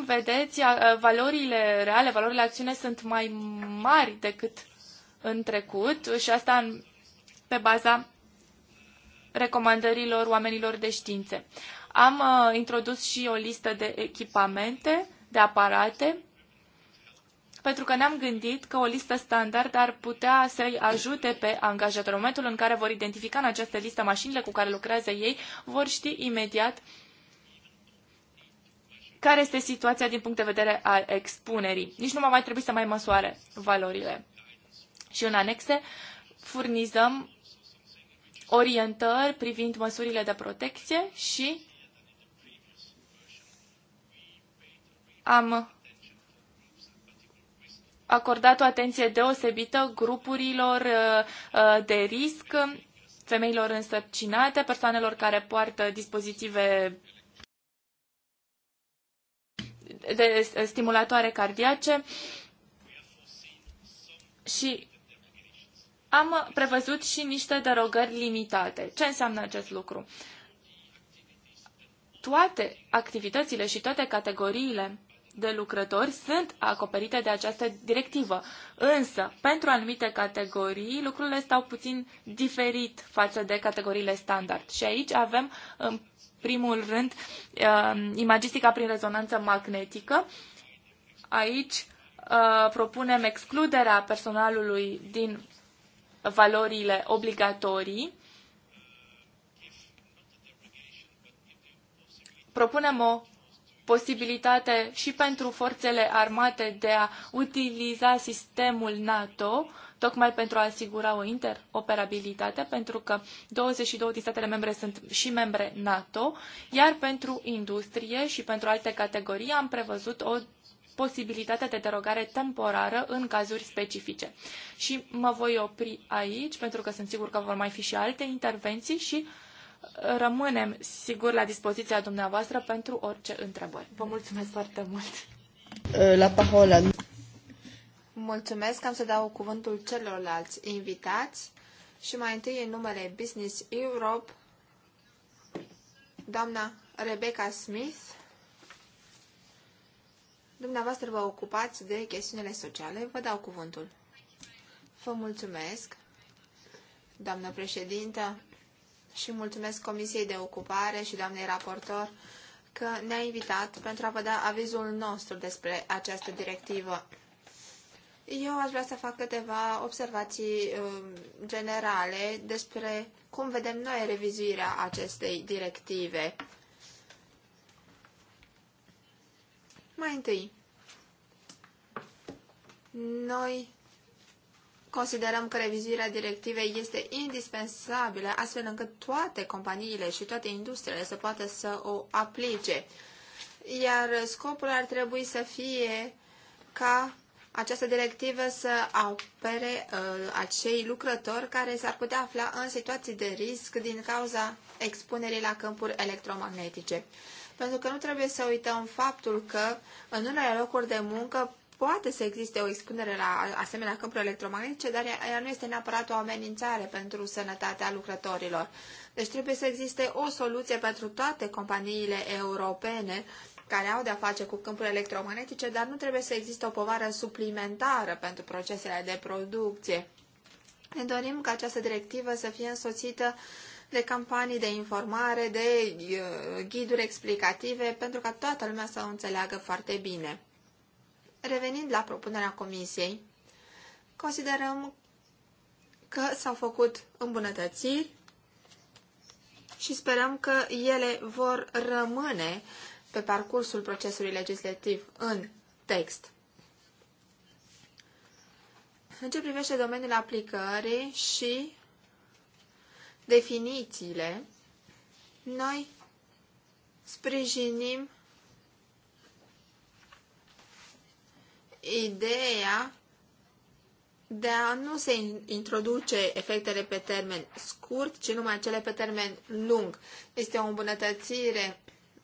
vedeți, valorile reale, valorile acțiune sunt mai mari decât în trecut și asta pe baza recomandărilor oamenilor de științe. Am uh, introdus și o listă de echipamente, de aparate, pentru că ne-am gândit că o listă standard ar putea să-i ajute pe angajator. În momentul în care vor identifica în această listă mașinile cu care lucrează ei, vor ști imediat uh, care este situația din punct de vedere al expunerii. Nici nu va mai trebui să mai măsoare valorile. Și în anexe furnizăm orientări privind măsurile de protecție și am acordat o atenție deosebită grupurilor uh, de risc, femeilor însărcinate, persoanelor care poartă dispozitive de stimulatoare cardiace și am prevăzut și niște derogări limitate. Ce înseamnă acest lucru? Toate activitățile și toate categoriile de lucrători sunt acoperite de această directivă. Însă, pentru anumite categorii, lucrurile stau puțin diferit față de categoriile standard. Și aici avem, în primul rând, uh, imagistica prin rezonanță magnetică. Aici uh, propunem excluderea personalului din valorile obligatorii. Propunem o posibilitate și pentru forțele armate de a utiliza sistemul NATO, tocmai pentru a asigura o interoperabilitate, pentru că 22 din statele membre sunt și membre NATO, iar pentru industrie și pentru alte categorii am prevăzut o posibilitatea de derogare temporară în cazuri specifice. Și mă voi opri aici, pentru că sunt sigur că vor mai fi și alte intervenții și rămânem sigur la dispoziția dumneavoastră pentru orice întrebări. Vă mulțumesc foarte mult! Uh, la parola. Mulțumesc, am să dau cuvântul celorlalți invitați și mai întâi în numele Business Europe, doamna Rebecca Smith. Dumneavoastră vă ocupați de chestiunile sociale, vă dau cuvântul. Vă mulțumesc, doamnă președintă, și mulțumesc Comisiei de Ocupare și doamnei raportor că ne-a invitat pentru a vă da avizul nostru despre această directivă. Eu aș vrea să fac câteva observații um, generale despre cum vedem noi revizuirea acestei directive. Mai întâi, noi Considerăm că revizuirea directivei este indispensabilă astfel încât toate companiile și toate industriile să poată să o aplice. Iar scopul ar trebui să fie ca această directivă să apere uh, acei lucrători care s-ar putea afla în situații de risc din cauza expunerii la câmpuri electromagnetice. Pentru că nu trebuie să uităm faptul că în unele locuri de muncă poate să existe o expunere la asemenea câmpuri electromagnetice, dar ea nu este neapărat o amenințare pentru sănătatea lucrătorilor. Deci trebuie să existe o soluție pentru toate companiile europene care au de-a face cu câmpuri electromagnetice, dar nu trebuie să existe o povară suplimentară pentru procesele de producție. Ne dorim ca această directivă să fie însoțită de campanii de informare, de uh, ghiduri explicative, pentru ca toată lumea să o înțeleagă foarte bine. Revenind la propunerea comisiei, considerăm că s-au făcut îmbunătățiri și sperăm că ele vor rămâne pe parcursul procesului legislativ în text. În ce privește domeniul aplicării și definițiile, noi sprijinim ideea de a nu se introduce efectele pe termen scurt, ci numai cele pe termen lung. Este o îmbunătățire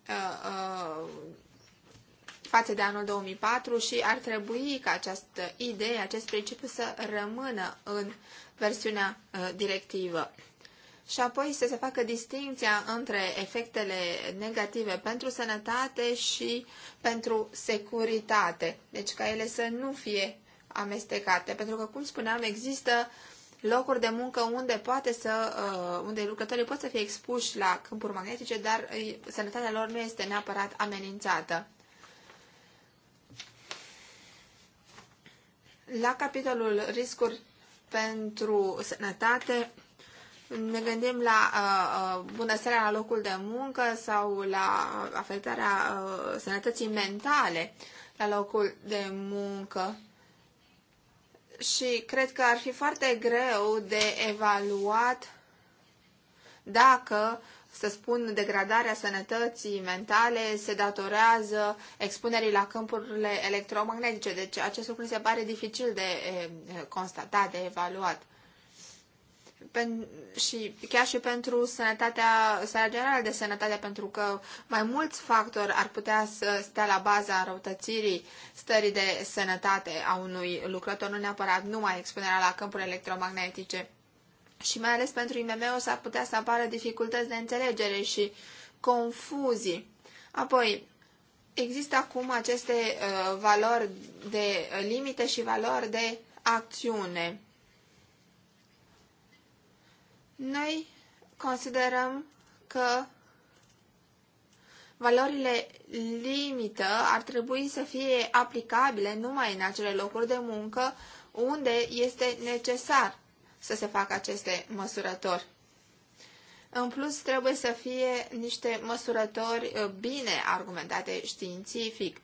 uh, uh, față de anul 2004 și ar trebui ca această idee, acest principiu să rămână în versiunea uh, directivă și apoi să se facă distinția între efectele negative pentru sănătate și pentru securitate. Deci ca ele să nu fie amestecate, pentru că, cum spuneam, există locuri de muncă unde poate să, uh, unde lucrătorii pot să fie expuși la câmpuri magnetice, dar uh, sănătatea lor nu este neapărat amenințată. La capitolul riscuri pentru sănătate, ne gândim la uh, uh, bunăstarea la locul de muncă sau la afectarea uh, sănătății mentale la locul de muncă. Și cred că ar fi foarte greu de evaluat dacă, să spun, degradarea sănătății mentale se datorează expunerii la câmpurile electromagnetice. Deci acest lucru se pare dificil de e, eh, constatat, de evaluat pen, și chiar și pentru sănătatea, starea generală de sănătate, pentru că mai mulți factori ar putea să stea la baza răutățirii stării de sănătate a unui lucrător, nu neapărat numai expunerea la câmpuri electromagnetice. Și mai ales pentru imm o s-ar putea să apară dificultăți de înțelegere și confuzii. Apoi, există acum aceste uh, valori de limite și valori de acțiune. Noi considerăm că valorile limită ar trebui să fie aplicabile numai în acele locuri de muncă unde este necesar să se facă aceste măsurători. În plus, trebuie să fie niște măsurători uh, bine argumentate științific.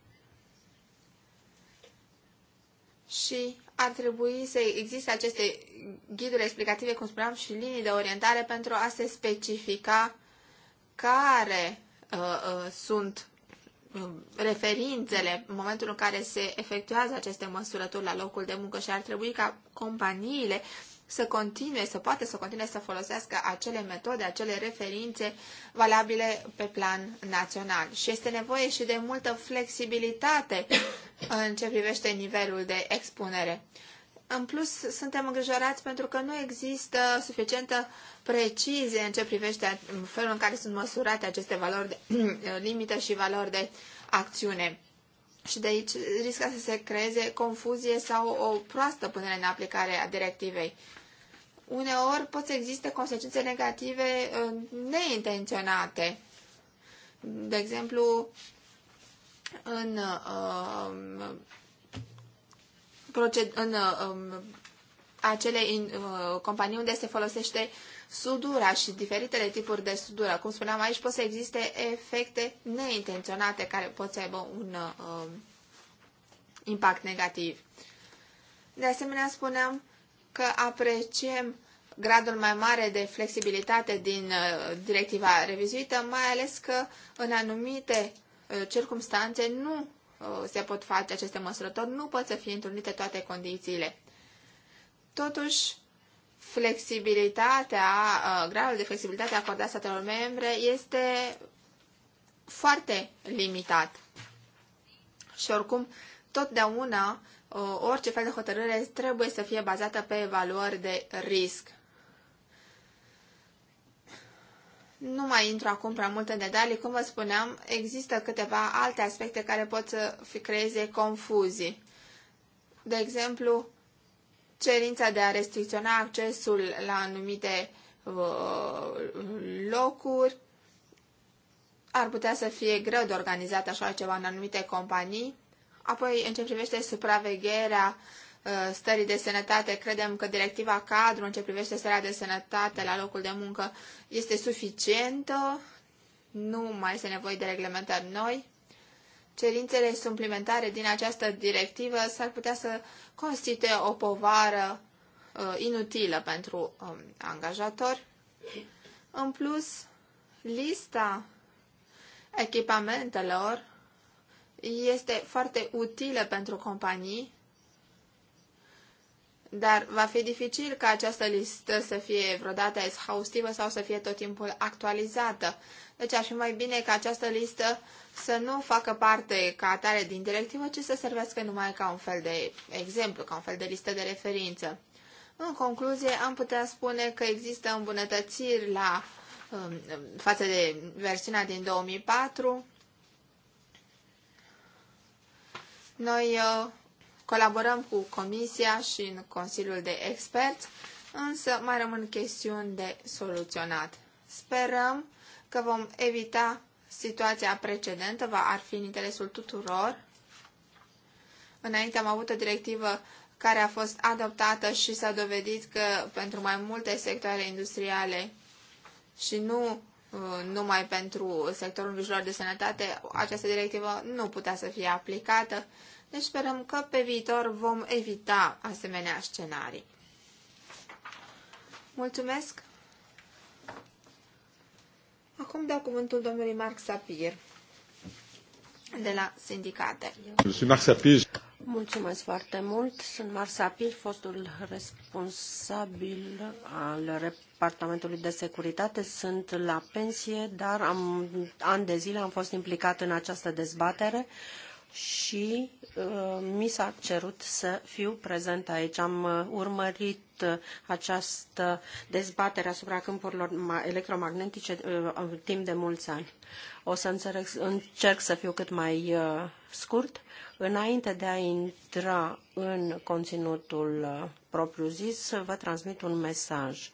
Și ar trebui să existe aceste ghiduri explicative, cum spuneam, și linii de orientare pentru a se specifica care uh, uh, sunt uh, referințele în momentul în care se efectuează aceste măsurători la locul de muncă și ar trebui ca companiile să continue, să poată să continue să folosească acele metode, acele referințe valabile pe plan național. Și este nevoie și de multă flexibilitate în ce privește nivelul de expunere. În plus, suntem îngrijorați pentru că nu există suficientă precizie în ce privește felul în care sunt măsurate aceste valori de limită și valori de acțiune și de aici riscă să se creeze confuzie sau o proastă punere în aplicare a directivei. Uneori pot să existe consecințe negative uh, neintenționate. De exemplu, în, uh, um, proced- în uh, um, acele in, uh, companii unde se folosește sudura și diferitele tipuri de sudură. Cum spuneam aici, pot să existe efecte neintenționate care pot să aibă un uh, impact negativ. De asemenea, spuneam că apreciem gradul mai mare de flexibilitate din uh, directiva revizuită, mai ales că în anumite uh, circunstanțe nu uh, se pot face aceste măsurători, nu pot să fie întrunite toate condițiile. Totuși, flexibilitatea, uh, gradul de flexibilitate acordat statelor membre este foarte limitat. Și oricum, totdeauna, uh, orice fel de hotărâre trebuie să fie bazată pe evaluări de risc. Nu mai intru acum prea mult în detalii. Cum vă spuneam, există câteva alte aspecte care pot să creeze confuzii. De exemplu, cerința de a restricționa accesul la anumite uh, locuri. Ar putea să fie greu de organizat așa ceva în anumite companii. Apoi, în ce privește supravegherea uh, stării de sănătate, credem că directiva cadru în ce privește starea de sănătate la locul de muncă este suficientă, nu mai este nevoie de reglementări noi cerințele suplimentare din această directivă s-ar putea să constituie o povară uh, inutilă pentru um, angajatori. În plus, lista echipamentelor este foarte utilă pentru companii, dar va fi dificil ca această listă să fie vreodată exhaustivă sau să fie tot timpul actualizată, deci ar fi mai bine ca această listă să nu facă parte ca atare din directivă, ci să servească numai ca un fel de exemplu, ca un fel de listă de referință. În concluzie, am putea spune că există îmbunătățiri la, um, față de versiunea din 2004. Noi uh, colaborăm cu Comisia și în Consiliul de Experți, însă mai rămân chestiuni de soluționat. Sperăm că vom evita situația precedentă, va ar fi în interesul tuturor. Înainte am avut o directivă care a fost adoptată și s-a dovedit că pentru mai multe sectoare industriale și nu uh, numai pentru sectorul îngrijilor de sănătate, această directivă nu putea să fie aplicată, deci sperăm că pe viitor vom evita asemenea scenarii. Mulțumesc! Acum dau cuvântul domnului Marc Sapir de la sindicate. Mulțumesc foarte mult. Sunt Marc Sapir, fostul responsabil al Departamentului de Securitate. Sunt la pensie, dar am, an de zile am fost implicat în această dezbatere. Uh, și uh, mi s-a cerut să fiu prezent aici. Am uh, urmărit uh, această dezbatere asupra câmpurilor electromagnetice timp de mulți ani. O să înțeleg, încerc să fiu cât mai scurt. Înainte de a intra în conținutul propriu-zis, vă transmit un mesaj.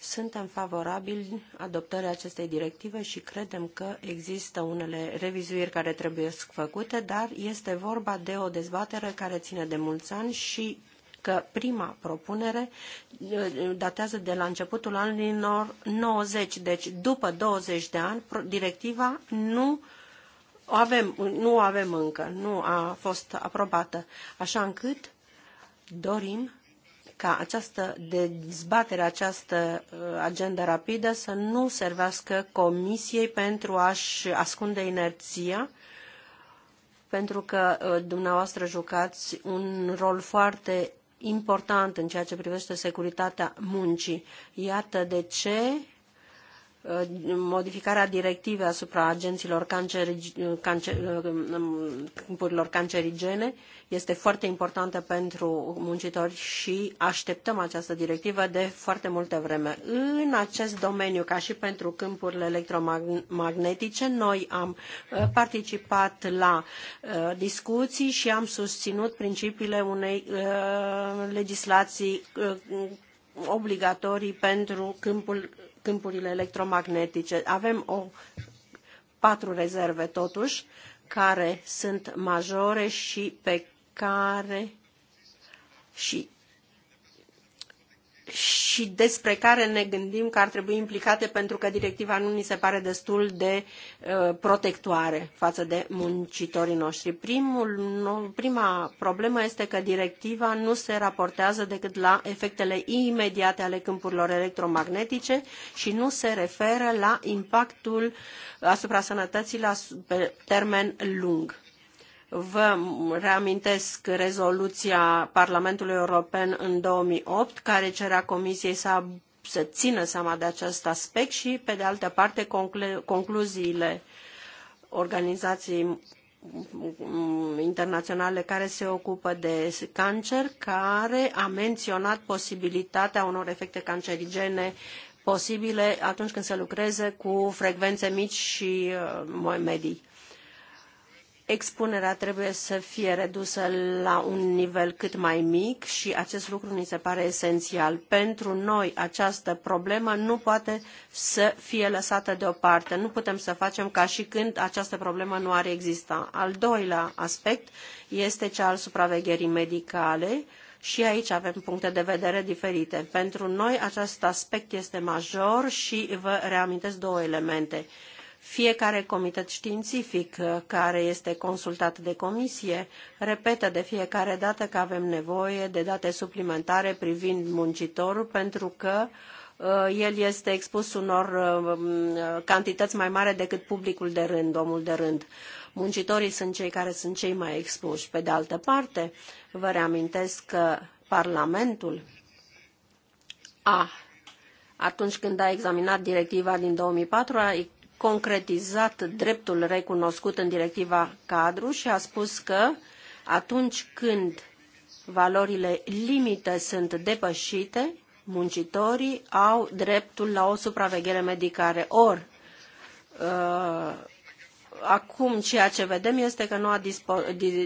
Suntem favorabili adoptării acestei directive și credem că există unele revizuiri care trebuie făcute, dar este vorba de o dezbatere care ține de mulți ani și că prima propunere eh, datează de la începutul anilor 90, deci după 20 de ani, directiva nu o avem, nu avem încă, nu a fost aprobată, așa încât dorim ca această dezbatere, această uh, agendă rapidă să nu servească Comisiei pentru a-și ascunde inerția, pentru că uh, dumneavoastră jucați un rol foarte important în ceea ce privește securitatea muncii. Iată de ce modificarea directivei asupra agenților uh, câmpurilor cancerigene este foarte importantă pentru muncitori și așteptăm această directivă de foarte multă vreme. În acest domeniu, ca și pentru câmpurile electromagnetice, noi am uh, participat la uh, discuții și am susținut principiile unei legislații obligatorii pentru câmpul câmpurile electromagnetice. Avem o, patru rezerve totuși care sunt majore și pe care și și despre care ne gândim că ar trebui implicate pentru că directiva nu ni se pare destul de uh, protectoare față de muncitorii noștri. Primul, prima problemă este că directiva nu se raportează decât la efectele imediate ale câmpurilor electromagnetice și nu se referă la impactul asupra sănătății la, pe termen lung. Vă reamintesc rezoluția Parlamentului European în 2008, care cerea Comisiei să, să țină seama de acest aspect și, pe de altă parte, conclu concluziile organizației internaționale care se ocupă de cancer, care a menționat posibilitatea unor efecte cancerigene posibile atunci când se lucreze cu frecvențe mici și uh, medii expunerea trebuie să fie redusă la un nivel cât mai mic și acest lucru ni se pare esențial. Pentru noi această problemă nu poate să fie lăsată deoparte. Nu putem să facem ca și când această problemă nu ar exista. Al doilea aspect este cel al supravegherii medicale și aici avem puncte de vedere diferite. Pentru noi acest aspect este major și vă reamintesc două elemente. Fiecare comitet științific uh, care este consultat de comisie repetă de fiecare dată că avem nevoie de date suplimentare privind muncitorul pentru că uh, el este expus unor uh, cantități mai mari decât publicul de rând, omul de rând. Muncitorii sunt cei care sunt cei mai expuși. Pe de altă parte, vă reamintesc că Parlamentul a atunci când a examinat directiva din 2004, a concretizat dreptul recunoscut în directiva cadru și a spus că atunci când valorile limite sunt depășite, muncitorii au dreptul la o supraveghere medicare. Ori, uh, acum ceea ce vedem este că noua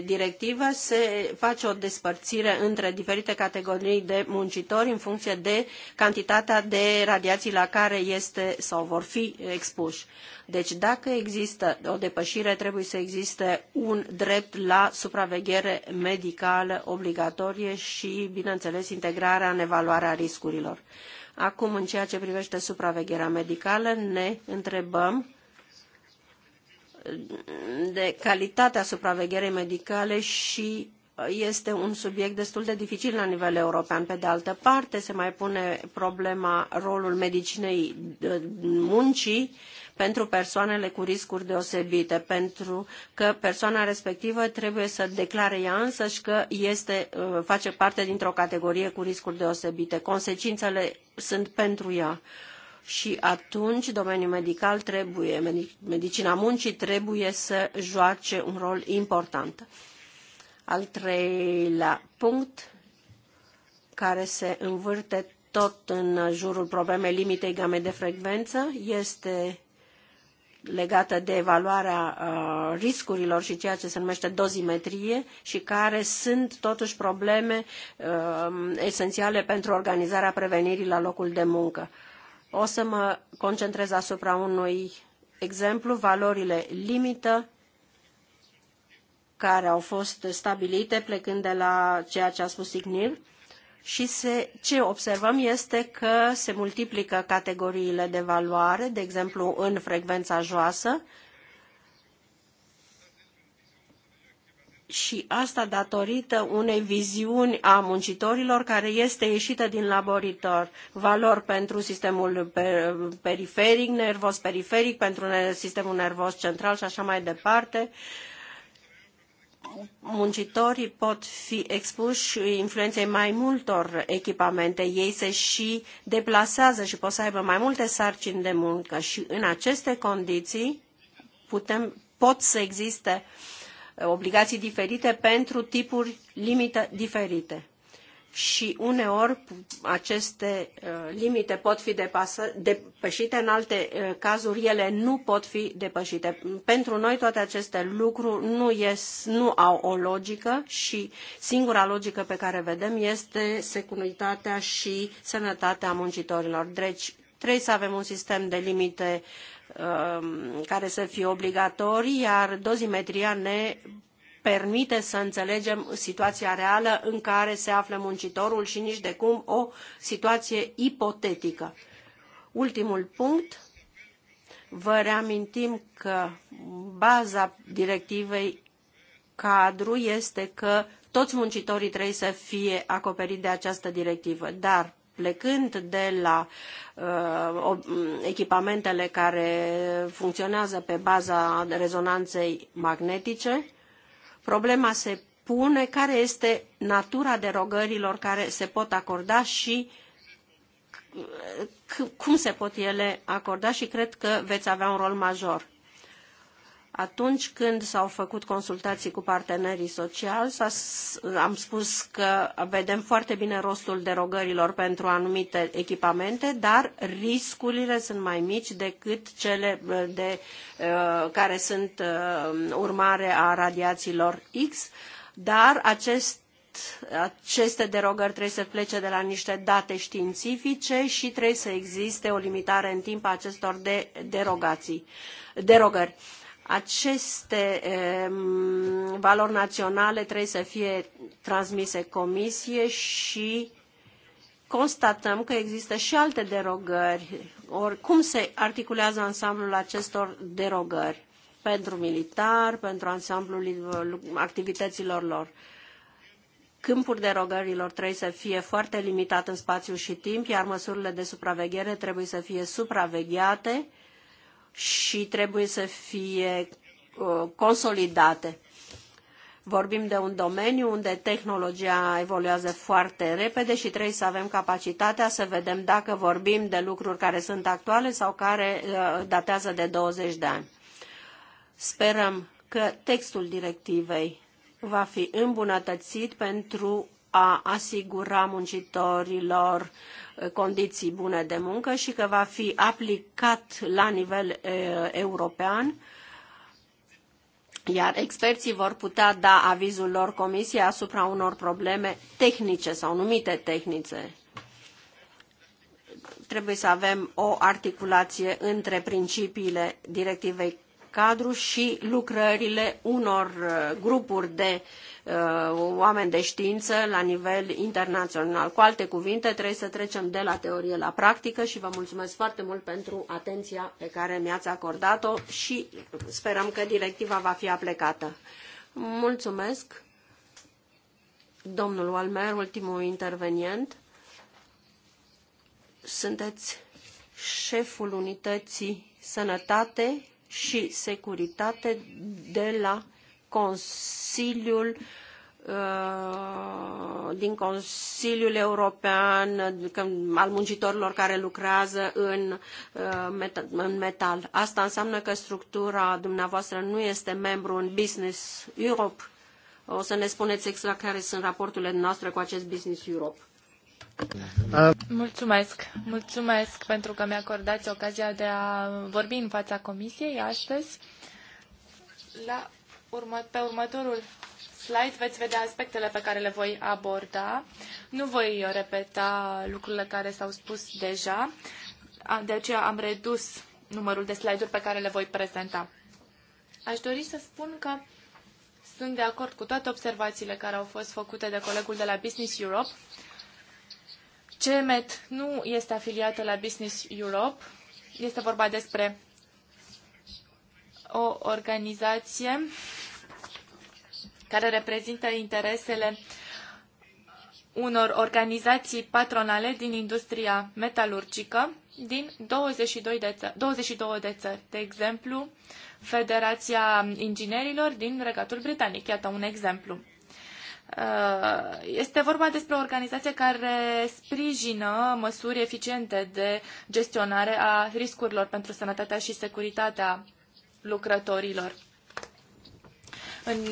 directivă se face o despărțire între diferite categorii de muncitori în funcție de cantitatea de radiații la care este sau vor fi expuși. Deci dacă există o depășire, trebuie să existe un drept la supraveghere medicală obligatorie și, bineînțeles, integrarea în evaluarea riscurilor. Acum, în ceea ce privește supravegherea medicală, ne întrebăm de calitatea supravegherii medicale și este un subiect destul de dificil la nivel european. Pe de altă parte, se mai pune problema rolul medicinei muncii pentru persoanele cu riscuri deosebite, pentru că persoana respectivă trebuie să declare ea însăși că este, uh, face parte dintr-o categorie cu riscuri deosebite. Consecințele sunt pentru ea și atunci domeniul medical trebuie, medicina muncii trebuie să joace un rol important. Al treilea punct care se învârte tot în jurul problemei limitei game de frecvență este legată de evaluarea uh, riscurilor și ceea ce se numește dozimetrie și care sunt totuși probleme uh, esențiale pentru organizarea prevenirii la locul de muncă. O să mă concentrez asupra unui exemplu, valorile limită care au fost stabilite plecând de la ceea ce a spus Ignil și se, ce observăm este că se multiplică categoriile de valoare, de exemplu în frecvența joasă, și asta datorită unei viziuni a muncitorilor care este ieșită din laboritor. Valori pentru sistemul periferic, nervos periferic, pentru sistemul nervos central și așa mai departe. Muncitorii pot fi expuși influenței mai multor echipamente. Ei se și deplasează și pot să aibă mai multe sarcini de muncă și în aceste condiții putem, pot să existe uh, Uh, obligații diferite pentru tipuri limită diferite. Și uneori aceste uh, limite pot fi depasă, depășite, în alte uh, cazuri ele nu pot fi depășite. Pentru noi toate aceste lucruri nu, ies, nu au o logică și singura logică pe care vedem este securitatea și sănătatea muncitorilor. Deci trebuie să avem un sistem de limite Um, care să fie obligatorii, iar dozimetria ne permite să înțelegem situația reală în care se află muncitorul și nici de cum o situație ipotetică. Ultimul punct, vă reamintim că baza directivei cadru este că toți muncitorii trebuie să fie acoperiți de această directivă, dar plecând de la uh, echipamentele care funcționează pe baza rezonanței magnetice, problema se pune care este natura derogărilor care se pot acorda și uh, cum se pot ele acorda și cred că veți avea un rol major. Atunci când s-au făcut consultații cu partenerii sociali, am spus că vedem foarte bine rostul derogărilor pentru anumite echipamente, dar riscurile sunt mai mici decât cele uh, de, uh, care sunt uh, urmare a radiațiilor X, dar acest aceste derogări trebuie să plece de la niște date științifice și trebuie să existe o limitare în timp a acestor de derogații, derogări. Aceste valori naționale trebuie să fie transmise comisie și constatăm că există și alte derogări. Ori cum se articulează ansamblul acestor derogări pentru militar, pentru ansamblul activităților lor? Câmpul derogărilor trebuie să fie foarte limitat în spațiu și timp, iar măsurile de supraveghere trebuie să fie supravegheate și trebuie să fie uh, consolidate. Vorbim de un domeniu unde tehnologia evoluează foarte repede și trebuie să avem capacitatea să vedem dacă vorbim de lucruri care sunt actuale sau care uh, datează de 20 de ani. Sperăm că textul directivei va fi îmbunătățit pentru a asigura muncitorilor uh, condiții bune de muncă și că va fi aplicat la nivel uh, european, iar experții vor putea da avizul lor comisiei asupra unor probleme tehnice sau numite tehnice. Trebuie să avem o articulație între principiile directivei cadru și lucrările unor uh, grupuri de uh, oameni de știință la nivel internațional. Cu alte cuvinte, trebuie să trecem de la teorie la practică și vă mulțumesc foarte mult pentru atenția pe care mi-ați acordat-o și sperăm că directiva va fi aplicată. Mulțumesc. Domnul Walmer, ultimul intervenient. Sunteți șeful unității sănătate și Securitate de la Consiliul uh, din Consiliul European al muncitorilor care lucrează în uh, metal, în metal. Asta înseamnă că structura dumneavoastră nu este membru în Business Europe. O să ne spuneți exact care sunt raporturile noastre cu acest Business Europe. Mulțumesc! Mulțumesc pentru că mi-acordați ocazia de a vorbi în fața comisiei astăzi. La urmă, pe următorul slide veți vedea aspectele pe care le voi aborda. Nu voi repeta lucrurile care s-au spus deja, de aceea am redus numărul de slide-uri pe care le voi prezenta. Aș dori să spun că sunt de acord cu toate observațiile care au fost făcute de colegul de la Business Europe CEMET nu este afiliată la Business Europe. Este vorba despre o organizație care reprezintă interesele unor organizații patronale din industria metalurgică din 22 de, țări, 22 de țări. De exemplu, Federația Inginerilor din Regatul Britanic. Iată un exemplu. Uh, este vorba despre o organizație care sprijină măsuri eficiente de gestionare a riscurilor pentru sănătatea și securitatea lucrătorilor.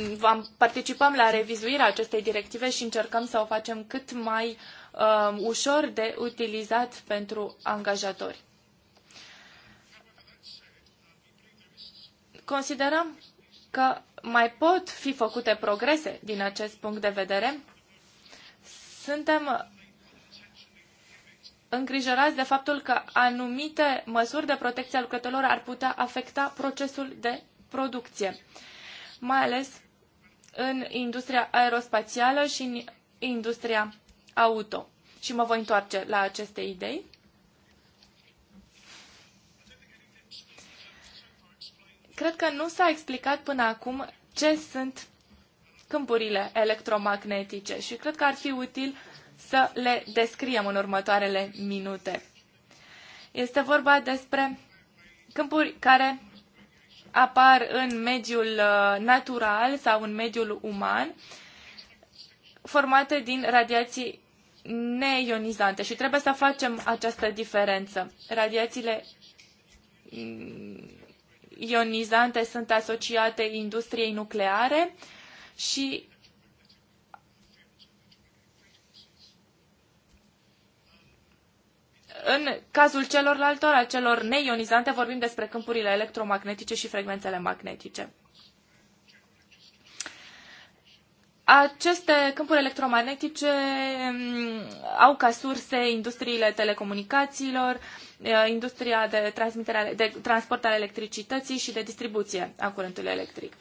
Vom participa participăm la revizuirea acestei directive și încercăm să o facem cât mai uh, ușor de utilizat pentru angajatori. Considerăm că mai pot fi făcute progrese din acest punct de vedere. Suntem îngrijorați de faptul că anumite măsuri de protecție a lucrătorilor ar putea afecta procesul de producție, mai ales în industria aerospațială și în industria auto. Și mă voi întoarce la aceste idei. cred că nu s-a explicat până acum ce sunt câmpurile electromagnetice și cred că ar fi util să le descriem în următoarele minute. Este vorba despre câmpuri care apar în mediul uh, natural sau în mediul uman, formate din radiații neionizante și trebuie să facem această diferență. Radiațiile mm, ionizante sunt asociate industriei nucleare și în cazul celorlaltor, al celor neionizante, vorbim despre câmpurile electromagnetice și frecvențele magnetice. Aceste câmpuri electromagnetice mm, au ca surse industriile telecomunicațiilor, uh, Uh, industria de, transmitere, de transport al electricității și de distribuție a curentului electric.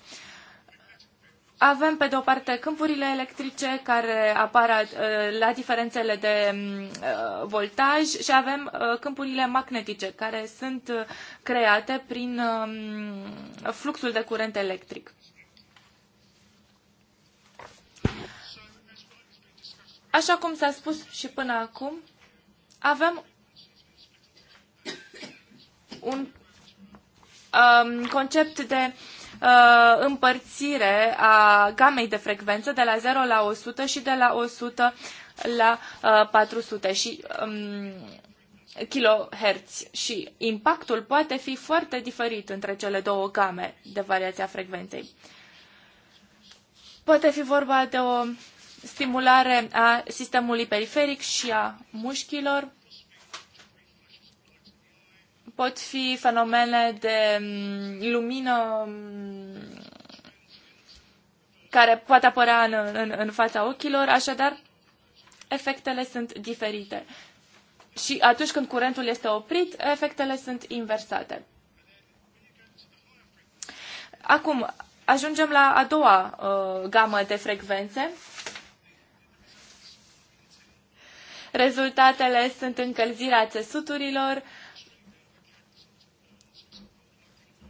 Avem, pe de o parte, câmpurile electrice care apar uh, la diferențele de mm, uh, voltaj și avem câmpurile magnetice care sunt create prin um, fluxul de curent electric. Așa cum s-a spus și până acum, avem un um, concept de uh, împărțire a gamei de frecvență de la 0 la 100 și de la 100 la uh, 400 și um, kilohertz și impactul poate fi foarte diferit între cele două game de variația frecvenței. Poate fi vorba de o stimulare a sistemului periferic și a mușchilor, pot fi fenomene de mm, lumină mm, care poate apărea în, în, în fața ochilor, așadar efectele sunt diferite. Și atunci când curentul este oprit, efectele sunt inversate. Acum, ajungem la a doua uh, gamă de frecvențe. Rezultatele sunt încălzirea țesuturilor, uh,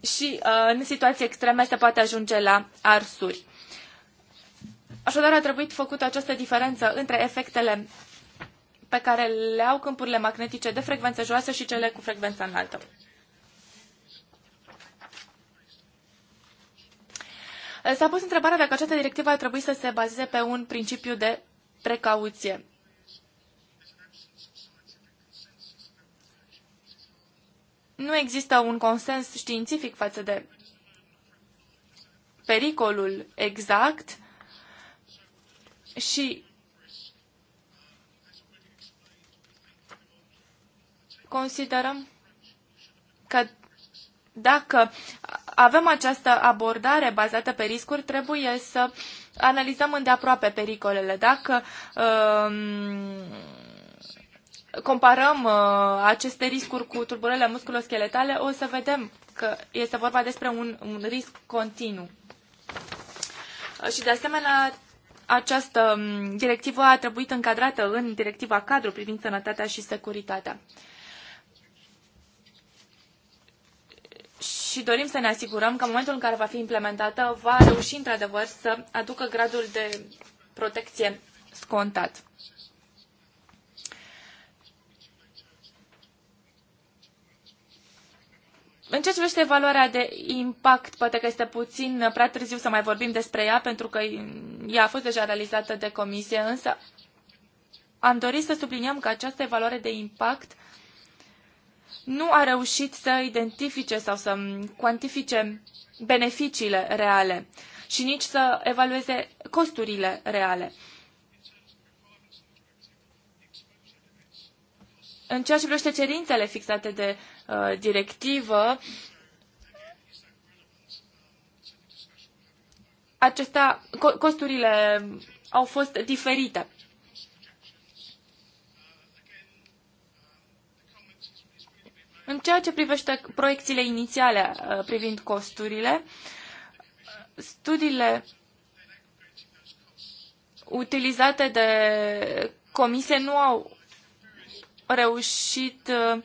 și uh, în situații extreme se poate ajunge la arsuri. Așadar, a trebuit făcută această diferență între efectele pe care le au câmpurile magnetice de frecvență joasă și cele cu frecvență înaltă. S-a pus întrebarea dacă această directivă ar trebui să se bazeze pe un principiu de precauție. Nu există un consens științific față de pericolul exact și considerăm că dacă avem această abordare bazată pe riscuri, trebuie să analizăm îndeaproape pericolele. Dacă um, comparăm uh, aceste riscuri cu tulburările musculoscheletale, o să vedem că este vorba despre un, un risc continuu. Uh, și de asemenea, această um, directivă a trebuit încadrată în directiva cadru privind sănătatea și securitatea. și dorim să ne asigurăm că în momentul în care va fi implementată va reuși într-adevăr să aducă gradul de protecție scontat. În ce privește evaluarea de impact, poate că este puțin prea târziu să mai vorbim despre ea, pentru că ea a fost deja realizată de comisie, însă am dorit să subliniem că această evaluare de impact nu a reușit să identifice sau să cuantifice beneficiile reale și nici să evalueze costurile reale. În ceea ce privește cerintele fixate de uh, directivă, acestea, costurile au fost diferite. În ceea ce privește proiecțiile inițiale uh, privind costurile, studiile utilizate de comisie nu au reușit uh,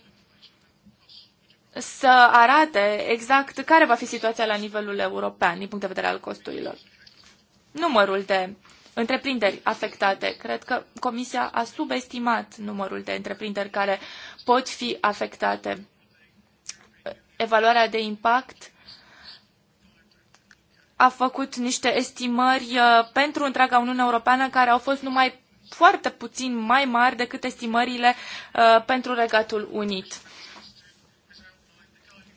să arate exact care va fi situația la nivelul european din punct de vedere al costurilor. Numărul de întreprinderi afectate. Cred că Comisia a subestimat numărul de întreprinderi care pot fi afectate. Evaluarea de impact a făcut niște estimări uh, pentru întreaga Uniune Europeană care au fost numai foarte puțin mai mari decât estimările uh, pentru Regatul Unit.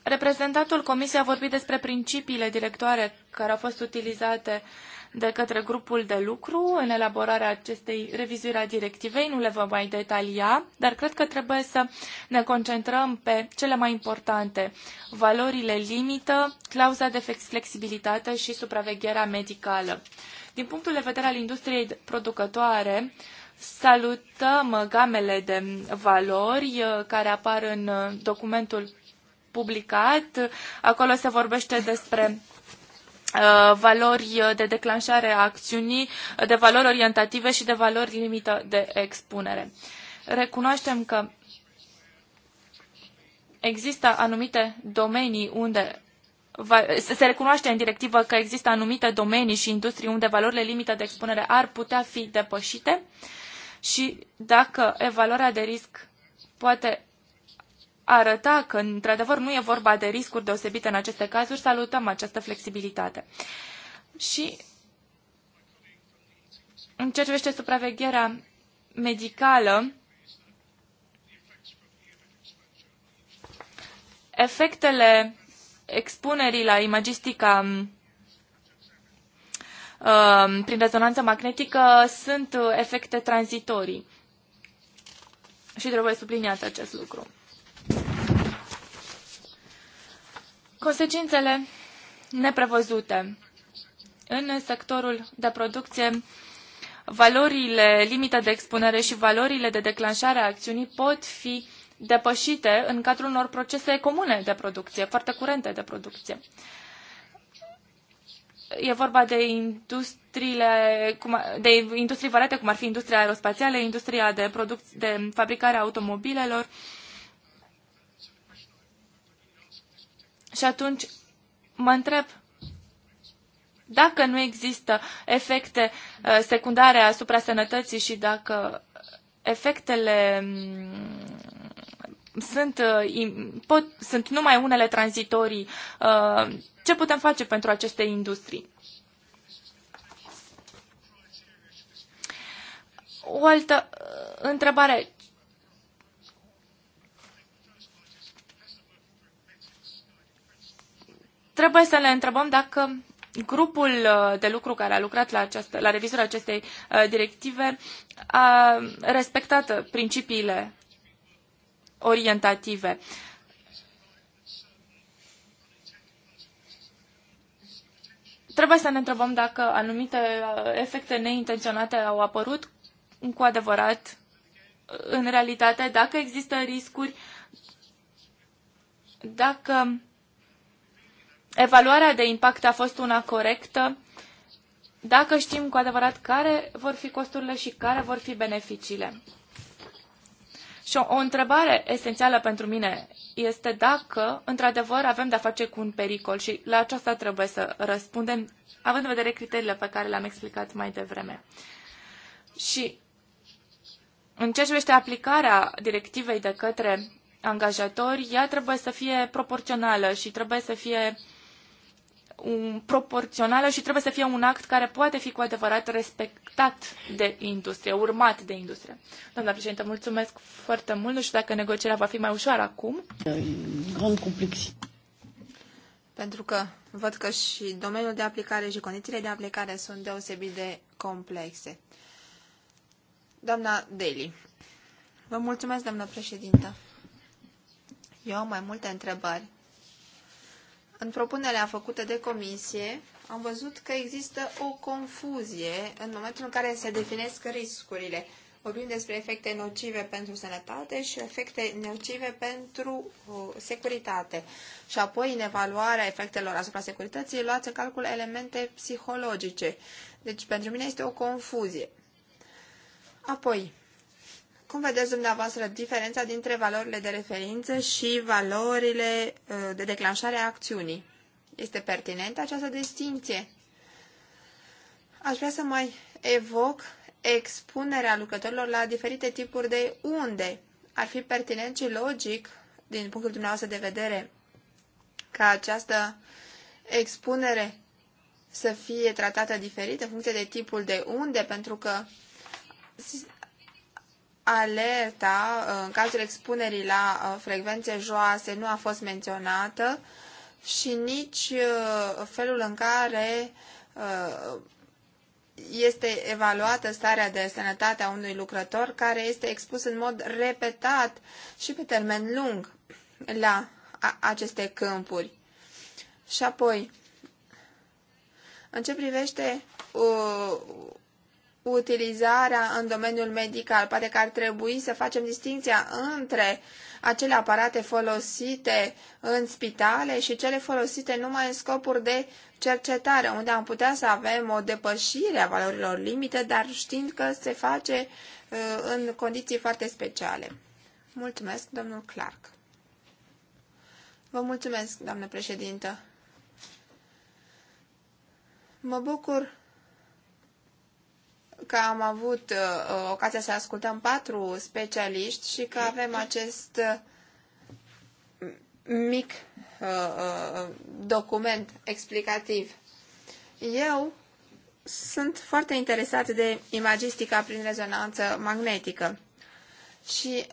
Reprezentantul Comisiei a vorbit despre principiile directoare care au fost utilizate uh, de către grupul de lucru în elaborarea acestei revizuiri a directivei. Nu le vom mai detalia, dar cred că trebuie să ne concentrăm pe cele mai importante. Valorile limită, clauza de flexibilitate și supravegherea medicală. Din punctul de vedere al industriei producătoare, salutăm gamele de valori uh, care apar în uh, documentul publicat. Acolo se vorbește despre Uh, valori de declanșare a acțiunii, de valori orientative și de valori limită de expunere. Recunoaștem că există anumite domenii unde se recunoaște în directivă că există anumite domenii și industrii unde valorile limită de expunere ar putea fi depășite și dacă evaluarea de risc poate arăta că, într-adevăr, nu e vorba de riscuri deosebite în aceste cazuri, salutăm această flexibilitate. Și în ce privește supravegherea medicală, efectele expunerii la imagistica um, prin rezonanță magnetică sunt uh, efecte tranzitorii. Și trebuie subliniat acest lucru. Consecințele neprevăzute. În sectorul de producție, valorile limită de expunere și valorile de declanșare a acțiunii pot fi depășite în cadrul unor procese comune de producție, foarte curente de producție. E vorba de industriile, de industrii variate, cum ar fi industria aerospațială, industria de, produc- de fabricare a automobilelor, uh, Și atunci mă întreb dacă nu există efecte uh, secundare asupra sănătății și dacă efectele mm, sunt, uh, pot, sunt numai unele tranzitorii, uh, ce putem face pentru aceste industrii? O altă întrebare. trebuie să le întrebăm dacă grupul uh, de lucru care a lucrat la, această, la revizuirea acestei uh, directive a respectat principiile orientative. Trebuie să ne întrebăm dacă anumite uh, efecte neintenționate au apărut cu adevărat în realitate, dacă există riscuri, dacă evaluarea de impact a fost una corectă, dacă știm cu adevărat care vor fi costurile și care vor fi beneficiile. Și o, o întrebare esențială pentru mine este dacă, într-adevăr, avem de-a face cu un pericol și la aceasta trebuie să răspundem, având în vedere criteriile pe care le-am explicat mai devreme. Și în ceea ce privește aplicarea directivei de către angajatori, ea trebuie să fie proporțională și trebuie să fie uh, un um, proporțională și trebuie să fie un act care poate fi cu adevărat respectat de industrie, urmat de industrie. Doamna președinte, mulțumesc foarte mult. Nu știu dacă negocierea va fi mai ușoară acum. Grand complexitate. Pentru că văd că și domeniul de aplicare și condițiile de aplicare sunt deosebit de complexe. Doamna Deli, vă mulțumesc, doamnă președintă. Eu am mai multe întrebări în propunerea făcută de comisie, am văzut că există o confuzie în momentul în care se definesc riscurile. Vorbim despre efecte nocive pentru sănătate și efecte nocive pentru uh, securitate. Și apoi, în evaluarea efectelor asupra securității, luați în calcul elemente psihologice. Deci, pentru mine este o confuzie. Apoi, cum vedeți dumneavoastră diferența dintre valorile de referință și valorile uh, de declanșare a acțiunii? Este pertinentă această distinție? Aș vrea să mai evoc expunerea lucrătorilor la diferite tipuri de unde. Ar fi pertinent și logic, din punctul dumneavoastră de vedere, ca această expunere să fie tratată diferit în funcție de tipul de unde, pentru că alerta uh, în cazul expunerii la uh, frecvențe joase nu a fost menționată și nici uh, felul în care este evaluată starea de sănătate a unui lucrător care este expus în mod repetat și pe termen lung la aceste câmpuri. Și apoi, în ce privește utilizarea în domeniul medical. Poate că ar trebui să facem distinția între acele aparate folosite în spitale și cele folosite numai în scopuri de cercetare, unde am putea să avem o depășire a valorilor limite, dar știind că se face uh, în condiții foarte speciale. Mulțumesc, domnul Clark. Vă mulțumesc, doamnă președintă. Mă bucur că am avut uh, ocazia să ascultăm patru specialiști și că avem acest uh, mic uh, uh, document explicativ. Eu sunt foarte interesat de imagistica prin rezonanță magnetică și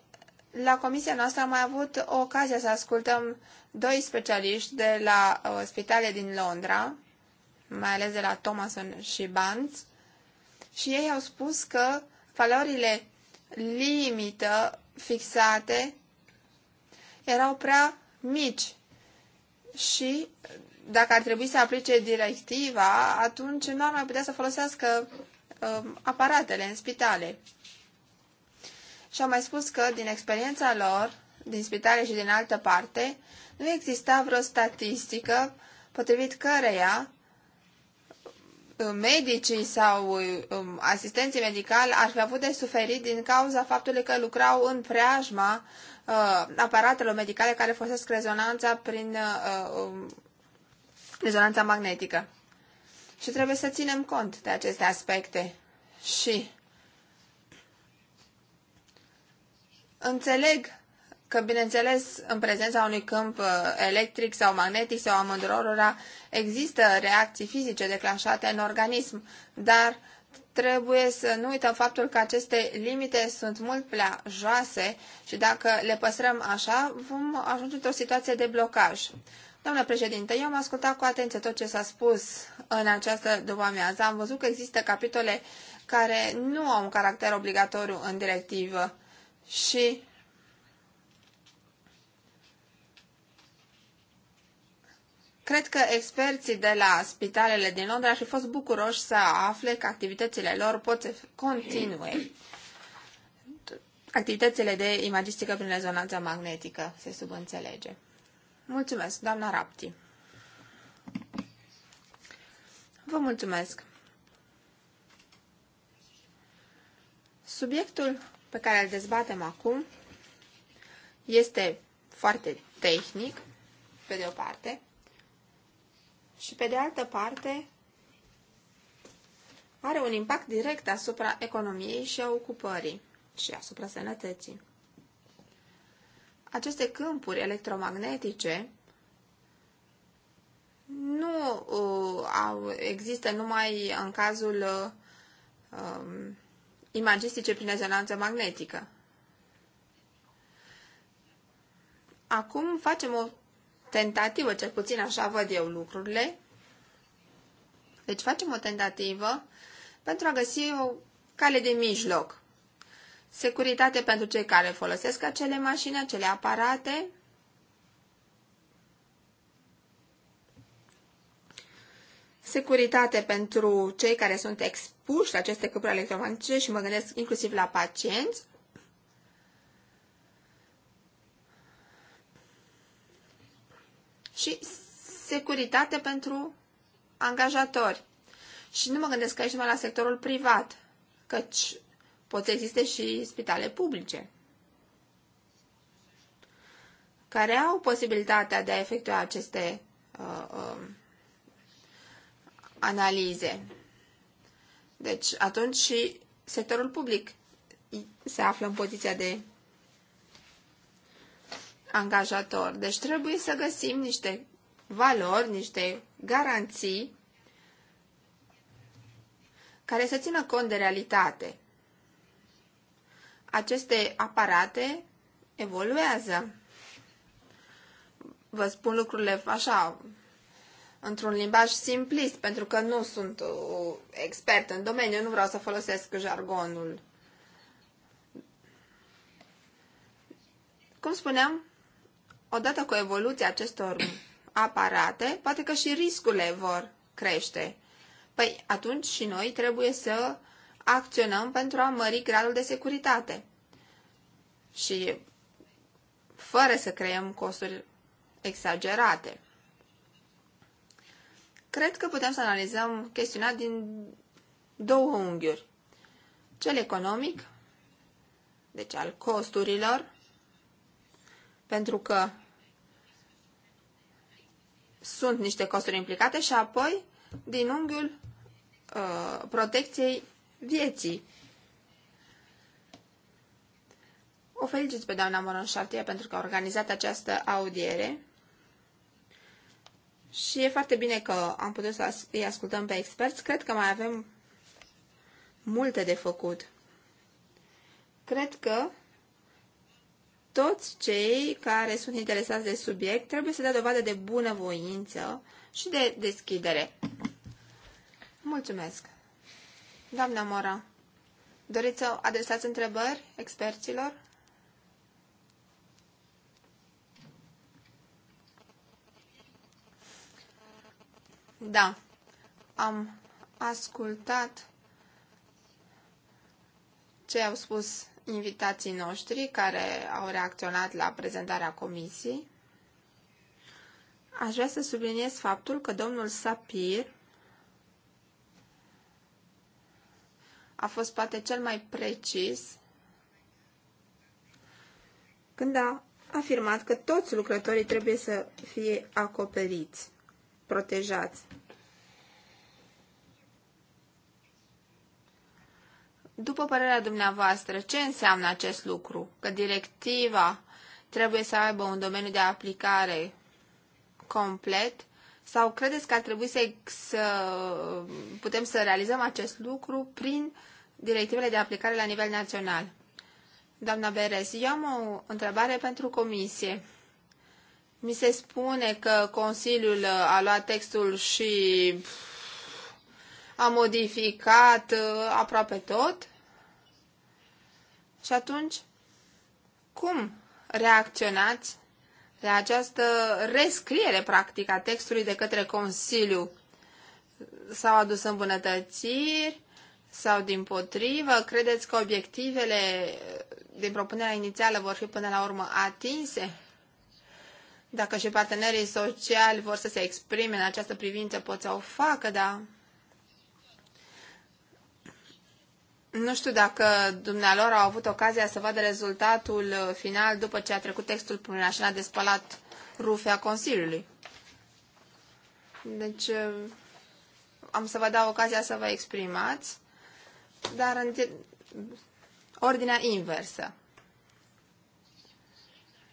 la comisia noastră am mai avut ocazia să ascultăm doi specialiști de la uh, spitale din Londra, mai ales de la Thomason și Banz, și ei au spus că valorile limită fixate erau prea mici și dacă ar trebui să aplice directiva, atunci nu ar mai putea să folosească um, aparatele în spitale. Și am mai spus că, din experiența lor, din spitale și din altă parte, nu exista vreo statistică potrivit căreia Uh, medicii sau uh, um, asistenții medicali ar fi avut de suferit din cauza faptului că lucrau în preajma uh, aparatelor medicale care folosesc rezonanța prin um, rezonanța magnetică. Și trebuie să ținem cont de aceste aspecte. Și înțeleg că, bineînțeles, în prezența unui câmp uh, electric sau magnetic sau amândurora, există reacții fizice declanșate în organism, dar trebuie să nu uităm faptul că aceste limite sunt mult prea joase și dacă le păstrăm așa, vom ajunge într-o situație de blocaj. Doamnă președinte, eu am ascultat cu atenție tot ce s-a spus în această după-amiază. Am văzut că există capitole care nu au un caracter obligatoriu în directivă și Cred că experții de la spitalele din Londra ar fi fost bucuroși să afle că activitățile lor pot să continue. Activitățile de imagistică prin rezonanță magnetică se subînțelege. Mulțumesc, doamna Rapti. Vă mulțumesc. Subiectul pe care îl dezbatem acum este foarte tehnic, pe de o parte, și, pe de altă parte, are un impact direct asupra economiei și a ocupării și asupra sănătății. Aceste câmpuri electromagnetice nu uh, au, există numai în cazul uh, imagistice prin rezonanță magnetică. Acum facem o tentativă, cel puțin așa văd eu lucrurile. Deci facem o tentativă pentru a găsi o cale de mijloc. Securitate pentru cei care folosesc acele mașini, acele aparate. Securitate pentru cei care sunt expuși la aceste câmpuri electromagnetice și mă gândesc inclusiv la pacienți și securitate pentru angajatori. Și nu mă gândesc aici numai la sectorul privat, căci pot să existe și spitale publice care au posibilitatea de a efectua aceste uh, uh, analize. Deci, atunci și sectorul public se află în poziția de angajator. Deci trebuie să găsim niște valori, niște garanții care să țină cont de realitate. Aceste aparate evoluează. Vă spun lucrurile așa, într-un limbaj simplist, pentru că nu sunt uh, expert în domeniu, nu vreau să folosesc jargonul. Cum spuneam, odată cu evoluția acestor aparate, poate că și riscurile vor crește. Păi atunci și noi trebuie să acționăm pentru a mări gradul de securitate. Și fără să creăm costuri exagerate. Cred că putem să analizăm chestiunea din două unghiuri. Cel economic, deci al costurilor, pentru că sunt niște costuri implicate și apoi din unghiul uh, protecției vieții. O felicit pe doamna Moron Șartie pentru că a organizat această audiere și e foarte bine că am putut să îi ascultăm pe experți. Cred că mai avem multe de făcut. Cred că toți cei care sunt interesați de subiect trebuie să dea dovadă de bunăvoință și de deschidere. Mulțumesc. Doamna Mora, doriți să adresați întrebări experților? Da, am ascultat ce au spus invitații noștri care au reacționat la prezentarea comisiei, aș vrea să subliniez faptul că domnul Sapir a fost poate cel mai precis când a afirmat că toți lucrătorii trebuie să fie acoperiți, protejați După părerea dumneavoastră, ce înseamnă acest lucru? Că directiva trebuie să aibă un domeniu de aplicare complet sau credeți că ar trebui să, să putem să realizăm acest lucru prin directivele de aplicare la nivel național? Doamna Beres, eu am o întrebare pentru comisie. Mi se spune că Consiliul a luat textul și a modificat uh, aproape tot. Și atunci, cum reacționați la această rescriere practică a textului de către Consiliu? S-au adus îmbunătățiri sau din potrivă? Credeți că obiectivele uh, din propunerea inițială vor fi până la urmă atinse? Dacă și partenerii sociali vor să se exprime în această privință, pot să o facă, dar Nu știu dacă dumnealor au avut ocazia să vadă rezultatul final după ce a trecut textul prin mașina de spălat rufe a Consiliului. Deci eh, am să vă dau ocazia să vă exprimați, dar în ordinea inversă.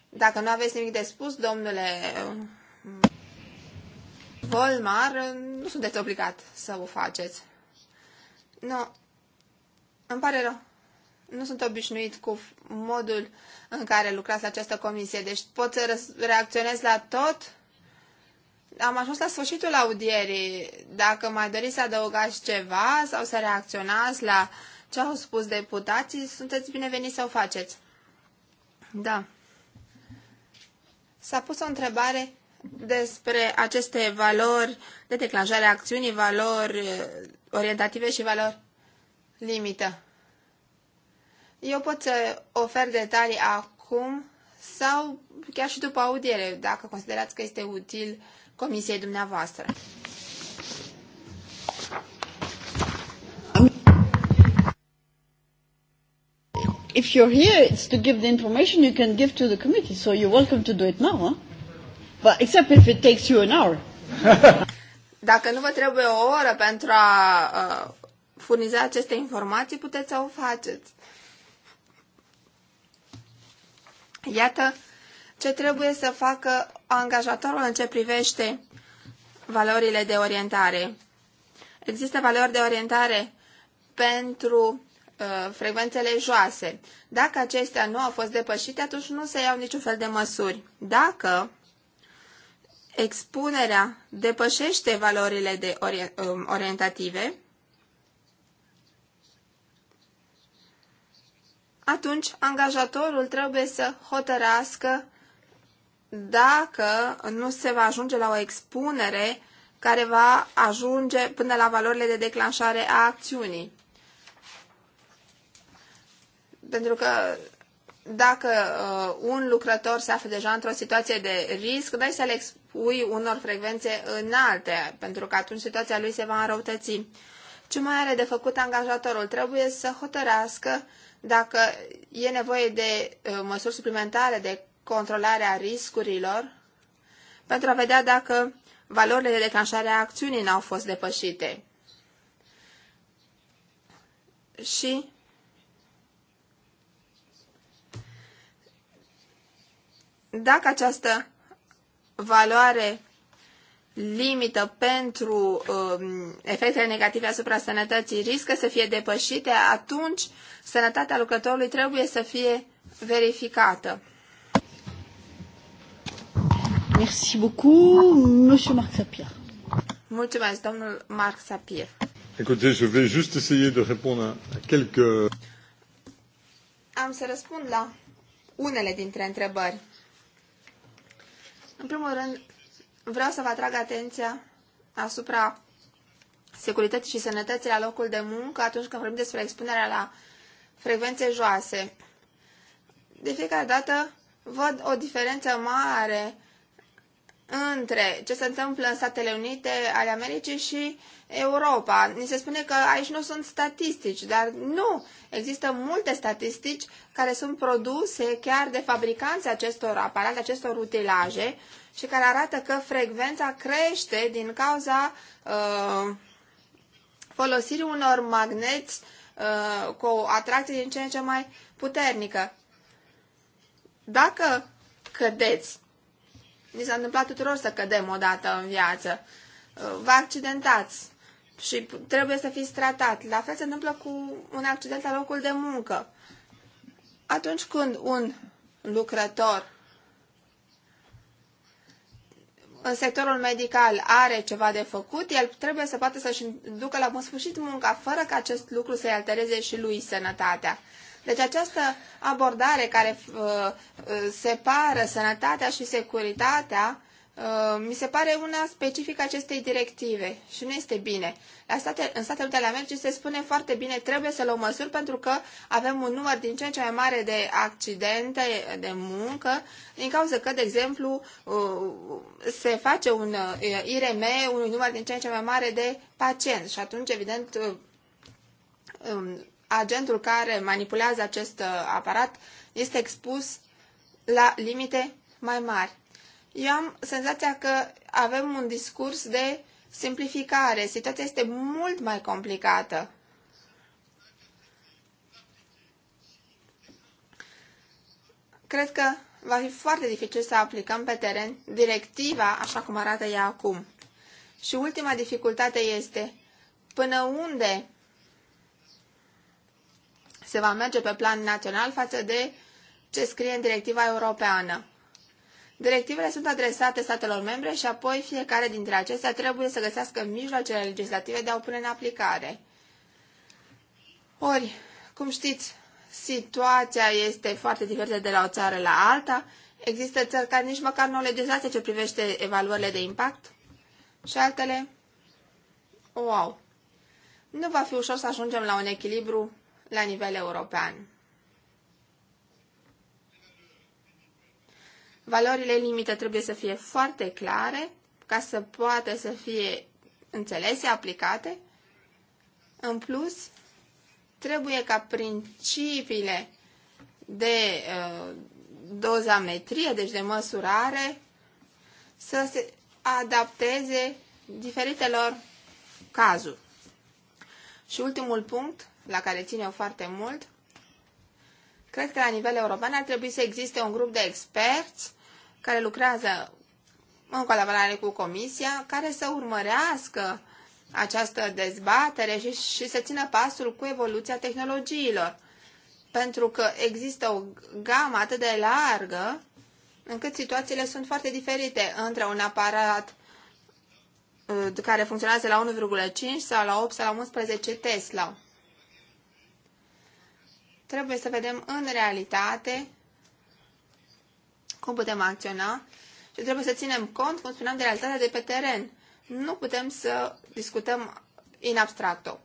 Dacă nu aveți nimic de spus, domnule eh, Volmar, eh, nu sunteți obligat să o faceți. Nu, îmi pare rău. Nu sunt obișnuit cu modul în care lucrați la această comisie, deci pot să reacționez la tot? Am ajuns la sfârșitul audierii. Dacă mai doriți să adăugați ceva sau să reacționați la ce au spus deputații, sunteți bineveniți să o faceți. Da. S-a pus o întrebare despre aceste valori de declanșare a acțiunii, valori eh, orientative și valori limită. Eu pot să ofer detalii acum sau chiar și după audiere, dacă considerați că este util comisiei dumneavoastră. If you're here, it's to give the information you can give to the committee, so you're welcome to do it now, huh? But except if it takes you an hour. Dacă nu vă trebuie o oră pentru a uh, furniza aceste informații, puteți să o faceți. Iată ce trebuie să facă angajatorul în ce privește valorile de orientare. Există valori de orientare pentru uh, frecvențele joase. Dacă acestea nu au fost depășite, atunci nu se iau niciun fel de măsuri. Dacă expunerea depășește valorile de ori, um, orientative, atunci angajatorul trebuie să hotărască dacă nu se va ajunge la o expunere care va ajunge până la valorile de declanșare a acțiunii. Pentru că dacă uh, un lucrător se află deja într-o situație de risc, dai să-l expui unor frecvențe înalte, pentru că atunci situația lui se va înrăutăți. Ce mai are de făcut angajatorul? Trebuie să hotărească dacă e nevoie de uh, măsuri suplimentare de controlare a riscurilor pentru a vedea dacă valorile de declanșare a acțiunii n-au fost depășite. Și dacă această valoare limită pentru um, efectele negative asupra sănătății riscă să fie depășite, atunci sănătatea lucrătorului trebuie să fie verificată. Merci beaucoup, Monsieur Marc Sapir. Mulțumesc, domnul Marc Sapir. Écoutez, je vais juste essayer de répondre à quelques... Am să răspund la unele dintre întrebări. În primul rând, Vreau să vă atrag atenția asupra securității și sănătății la locul de muncă atunci când vorbim despre expunerea la frecvențe joase. De fiecare dată văd o diferență mare între ce se întâmplă în Statele Unite ale Americii și Europa. Ni se spune că aici nu sunt statistici, dar nu. Există multe statistici care sunt produse chiar de fabricanții acestor aparate, acestor utilaje și care arată că frecvența crește din cauza uh, folosirii unor magneți uh, cu o atracție din ce în ce mai puternică. Dacă cădeți, ni s-a întâmplat tuturor să cădem odată în viață, uh, vă accidentați și trebuie să fiți tratat. La fel se întâmplă cu un accident la locul de muncă. Atunci când un lucrător în sectorul medical are ceva de făcut, el trebuie să poată să-și ducă la bun sfârșit munca, fără ca acest lucru să-i altereze și lui sănătatea. Deci această abordare care uh, uh separă sănătatea și securitatea Uh, mi se pare una specifică acestei directive și nu este bine. La state, în Statele Unite ale Americii se spune foarte bine, trebuie să luăm măsuri pentru că avem un număr din ce în ce mai mare de accidente de muncă, din cauza că, de exemplu, uh, se face un uh, IRM, un număr din ce în ce mai mare de pacienți și atunci, evident, um, agentul care manipulează acest aparat este expus la limite mai mari eu am senzația că avem un discurs de simplificare. Situația este mult mai complicată. Cred că va fi foarte dificil să aplicăm pe teren directiva așa cum arată ea acum. Și ultima dificultate este până unde se va merge pe plan național față de ce scrie în directiva europeană. Directivele sunt adresate statelor membre și apoi fiecare dintre acestea trebuie să găsească mijloacele legislative de a o pune în aplicare. Ori, cum știți, situația este foarte diferită de la o țară la alta. Există țări care nici măcar nu legislație ce privește evaluările de impact și altele wow. Nu va fi ușor să ajungem la un echilibru la nivel european. Valorile limite trebuie să fie foarte clare ca să poată să fie înțelese, aplicate. În plus, trebuie ca principiile de uh, dozametrie, deci de măsurare, să se adapteze diferitelor cazuri. Și ultimul punct, la care țin eu foarte mult, Cred că la nivel european ar trebui să existe un grup de experți care lucrează în colaborare cu Comisia, care să urmărească această dezbatere și, și să țină pasul cu evoluția tehnologiilor. Pentru că există o gamă atât de largă încât situațiile sunt foarte diferite între un aparat uh, care funcționează la 1,5 sau la 8 sau la 11 Tesla. Trebuie să vedem în realitate cum putem acționa și trebuie să ținem cont, cum spuneam, de realitatea de pe teren. Nu putem să discutăm in abstracto.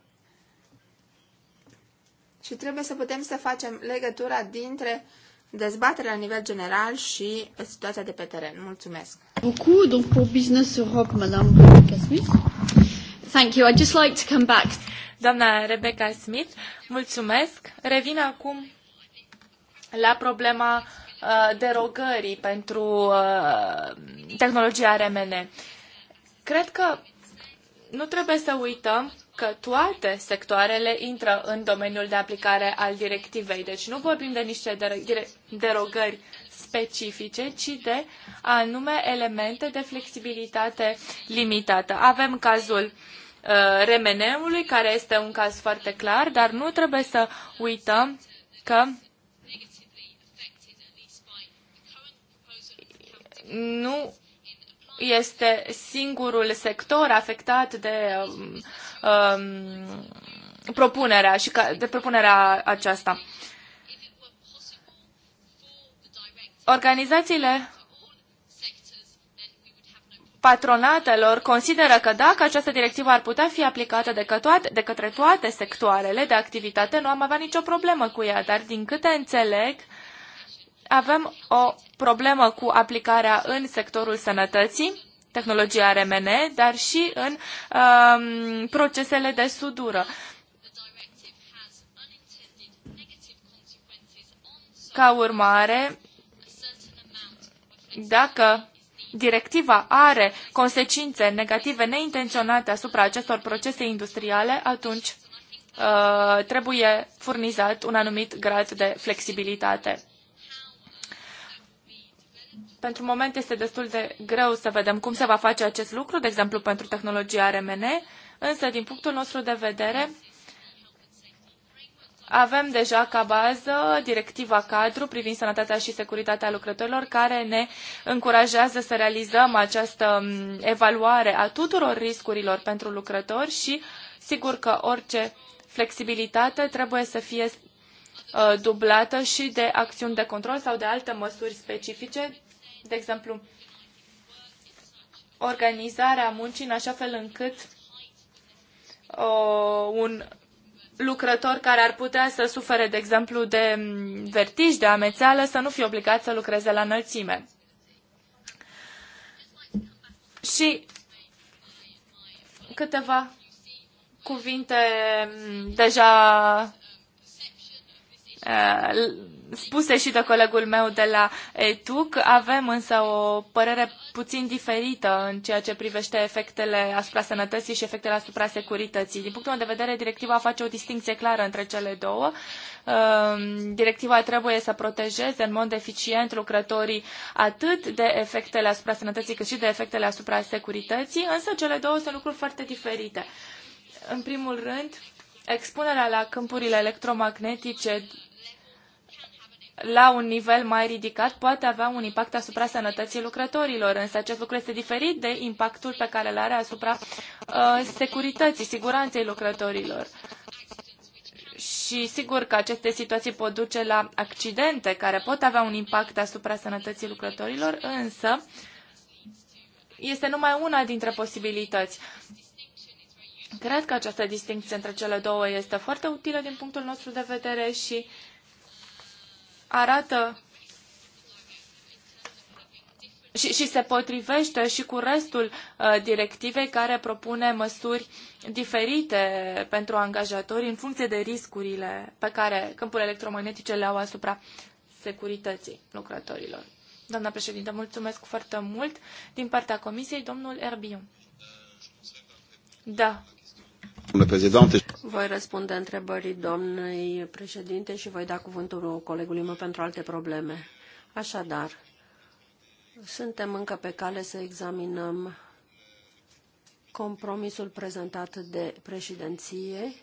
Și trebuie să putem să facem legătura dintre dezbaterea la nivel general și situația de pe teren. Mulțumesc! Beaucoup, donc pour Business Europe, Madame Smith. Thank you. I'd just like to come back. Doamna Rebecca Smith, mulțumesc. Revin acum la problema uh, derogării pentru uh, tehnologia RMN. Cred că nu trebuie să uităm că toate sectoarele intră în domeniul de aplicare al directivei. Deci nu vorbim de niște derogări specifice, ci de anume elemente de flexibilitate limitată. Avem cazul uh, remeneului, care este un caz foarte clar, dar nu trebuie să uităm că nu este singurul sector afectat de um, um propunerea și ca, de propunerea aceasta. Organizațiile patronatelor consideră că dacă această directivă ar putea fi aplicată de, toate, de către toate sectoarele de activitate, nu am avea nicio problemă cu ea, dar din câte înțeleg, avem o problemă cu aplicarea în sectorul sănătății, tehnologia RMN, dar și în um, procesele de sudură. Ca urmare, dacă directiva are consecințe negative neintenționate asupra acestor procese industriale, atunci uh, trebuie furnizat un anumit grad de flexibilitate. Pentru moment este destul de greu să vedem cum se va face acest lucru, de exemplu pentru tehnologia RMN, însă din punctul nostru de vedere avem deja ca bază directiva cadru privind sănătatea și securitatea lucrătorilor care ne încurajează să realizăm această evaluare a tuturor riscurilor pentru lucrători și sigur că orice flexibilitate trebuie să fie ă, dublată și de acțiuni de control sau de alte măsuri specifice, de exemplu organizarea muncii în așa fel încât ă, un lucrători care ar putea să sufere, de exemplu, de mm, vertij, de amețeală, să nu fie obligați să lucreze la înălțime. Și câteva cuvinte mm, deja spuse și de colegul meu de la ETUC, avem însă o părere puțin diferită în ceea ce privește efectele asupra sănătății și efectele asupra securității. Din punctul meu de vedere, directiva face o distinție clară între cele două. Um, directiva trebuie să protejeze în mod eficient lucrătorii atât de efectele asupra sănătății cât și de efectele asupra securității, însă cele două sunt lucruri foarte diferite. În primul rând, expunerea la câmpurile electromagnetice la un nivel mai ridicat poate avea un impact asupra sănătății lucrătorilor, însă acest lucru este diferit de impactul pe care îl are asupra uh, securității, siguranței lucrătorilor. Și sigur că aceste situații pot duce la accidente care pot avea un impact asupra sănătății lucrătorilor, însă este numai una dintre posibilități. Cred că această distinție între cele două este foarte utilă din punctul nostru de vedere și uh, arată și, și se potrivește și cu restul uh, directivei care propune măsuri diferite pentru angajatori în funcție de riscurile pe care câmpurile electromagnetice le au asupra securității lucrătorilor. Doamna președintă, mulțumesc foarte mult din partea Comisiei, domnul Erbiu. Da, voi răspunde întrebării domnului președinte și voi da cuvântul colegului meu pentru alte probleme. Așadar, suntem încă pe cale să examinăm compromisul prezentat de președinție.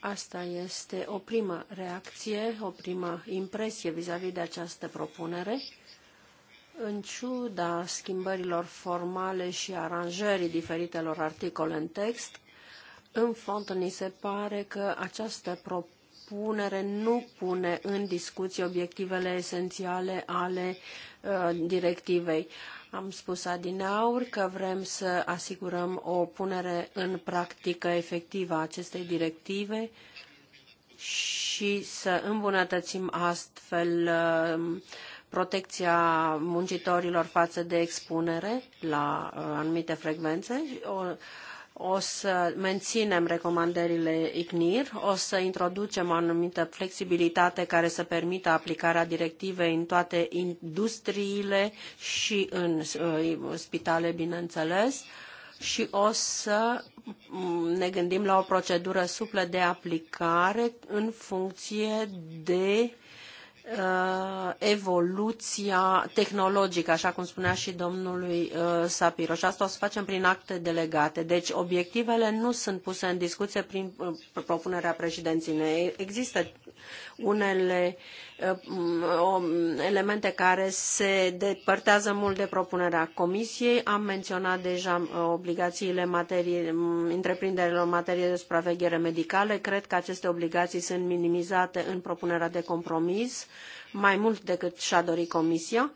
Asta este o primă reacție, o primă impresie vis-a-vis de această propunere. În ciuda schimbărilor formale și aranjării diferitelor articole în text, în fond, ni se pare că această propunere nu pune în discuție obiectivele esențiale ale uh, directivei. Am spus adineauri că vrem să asigurăm o punere în practică efectivă a acestei directive și să îmbunătățim astfel uh, protecția muncitorilor față de expunere la uh, anumite frecvențe. O, o să menținem recomandările ICNIR, o să introducem o anumită flexibilitate care să permită aplicarea directivei în toate industriile și în uh, spitale, bineînțeles, și o să mm, ne gândim la o procedură suplă de aplicare în funcție de uh, evoluția tehnologică, așa cum spunea și domnului uh, Sapiro. Și asta o să facem prin acte delegate. Deci obiectivele nu sunt puse în discuție prin uh, propunerea președinției. Există unele uh, elemente care se depărtează mult de propunerea Comisiei. Am menționat deja uh, obligațiile materie, întreprinderilor în materie de supraveghere medicală. Cred că aceste obligații sunt minimizate în propunerea de compromis, mai mult decât și-a dorit Comisia.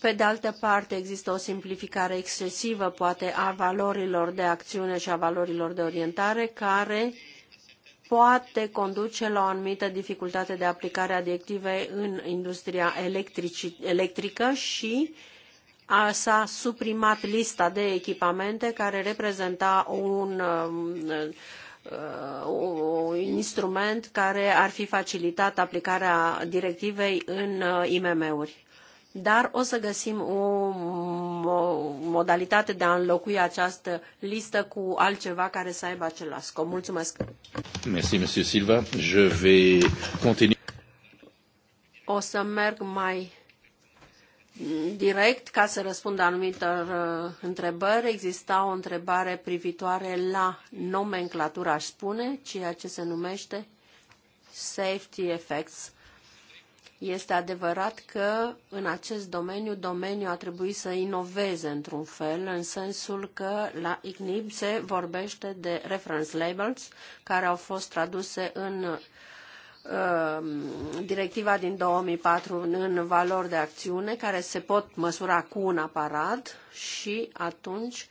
Pe de altă parte, există o simplificare excesivă, poate, a valorilor de acțiune și a valorilor de orientare, care poate conduce la o anumită dificultate de aplicare a directivei în industria electrică și s-a suprimat lista de echipamente care reprezenta un um, uh, uh, un instrument care ar fi facilitat aplicarea directivei în uh, IMM-uri dar o să găsim o modalitate de a înlocui această listă cu altceva care să aibă același scop. Mulțumesc! Merci, monsieur Silva. Je vais continue. O să merg mai direct ca să răspund anumitor uh, întrebări. Exista o întrebare privitoare la nomenclatura, aș spune, ceea ce se numește safety effects este adevărat că în acest domeniu, domeniul a trebuit să inoveze într-un fel, în sensul că la ICNIB se vorbește de reference labels, care au fost traduse în uh, directiva din 2004 în valori de acțiune care se pot măsura cu un aparat și atunci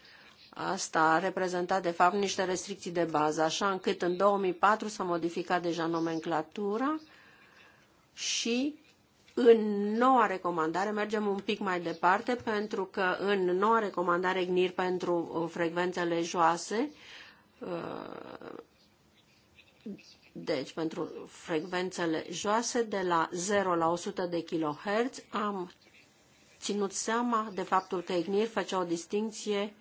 Asta a reprezentat, de fapt, niște restricții de bază, așa încât în 2004 s-a modificat deja nomenclatura și în noua recomandare mergem un pic mai departe pentru că în noua recomandare GNIR pentru uh, frecvențele joase, uh, deci pentru frecvențele joase de la 0 la 100 de kHz am ținut seama de faptul că GNIR făcea o distinție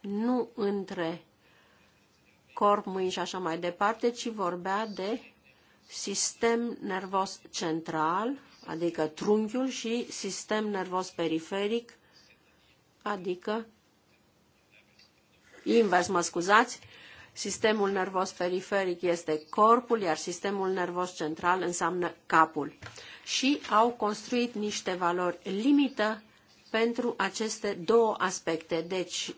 nu între corp, mâini și așa mai departe, ci vorbea de sistem nervos central, adică trunchiul, și sistem nervos periferic, adică invers, mă scuzați, sistemul nervos periferic este corpul, iar sistemul nervos central înseamnă capul. Și au construit niște valori limită pentru aceste două aspecte. Deci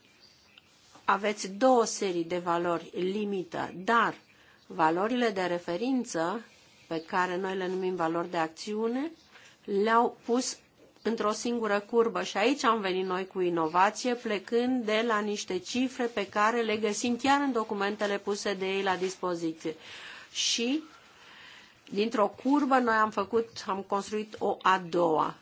aveți două serii de valori limită, dar Valorile de referință, pe care noi le numim valori de acțiune, le-au pus într-o singură curbă și aici am venit noi cu inovație, plecând de la niște cifre pe care le găsim chiar în documentele puse de ei la dispoziție. Și dintr-o curbă noi am făcut, am construit o a doua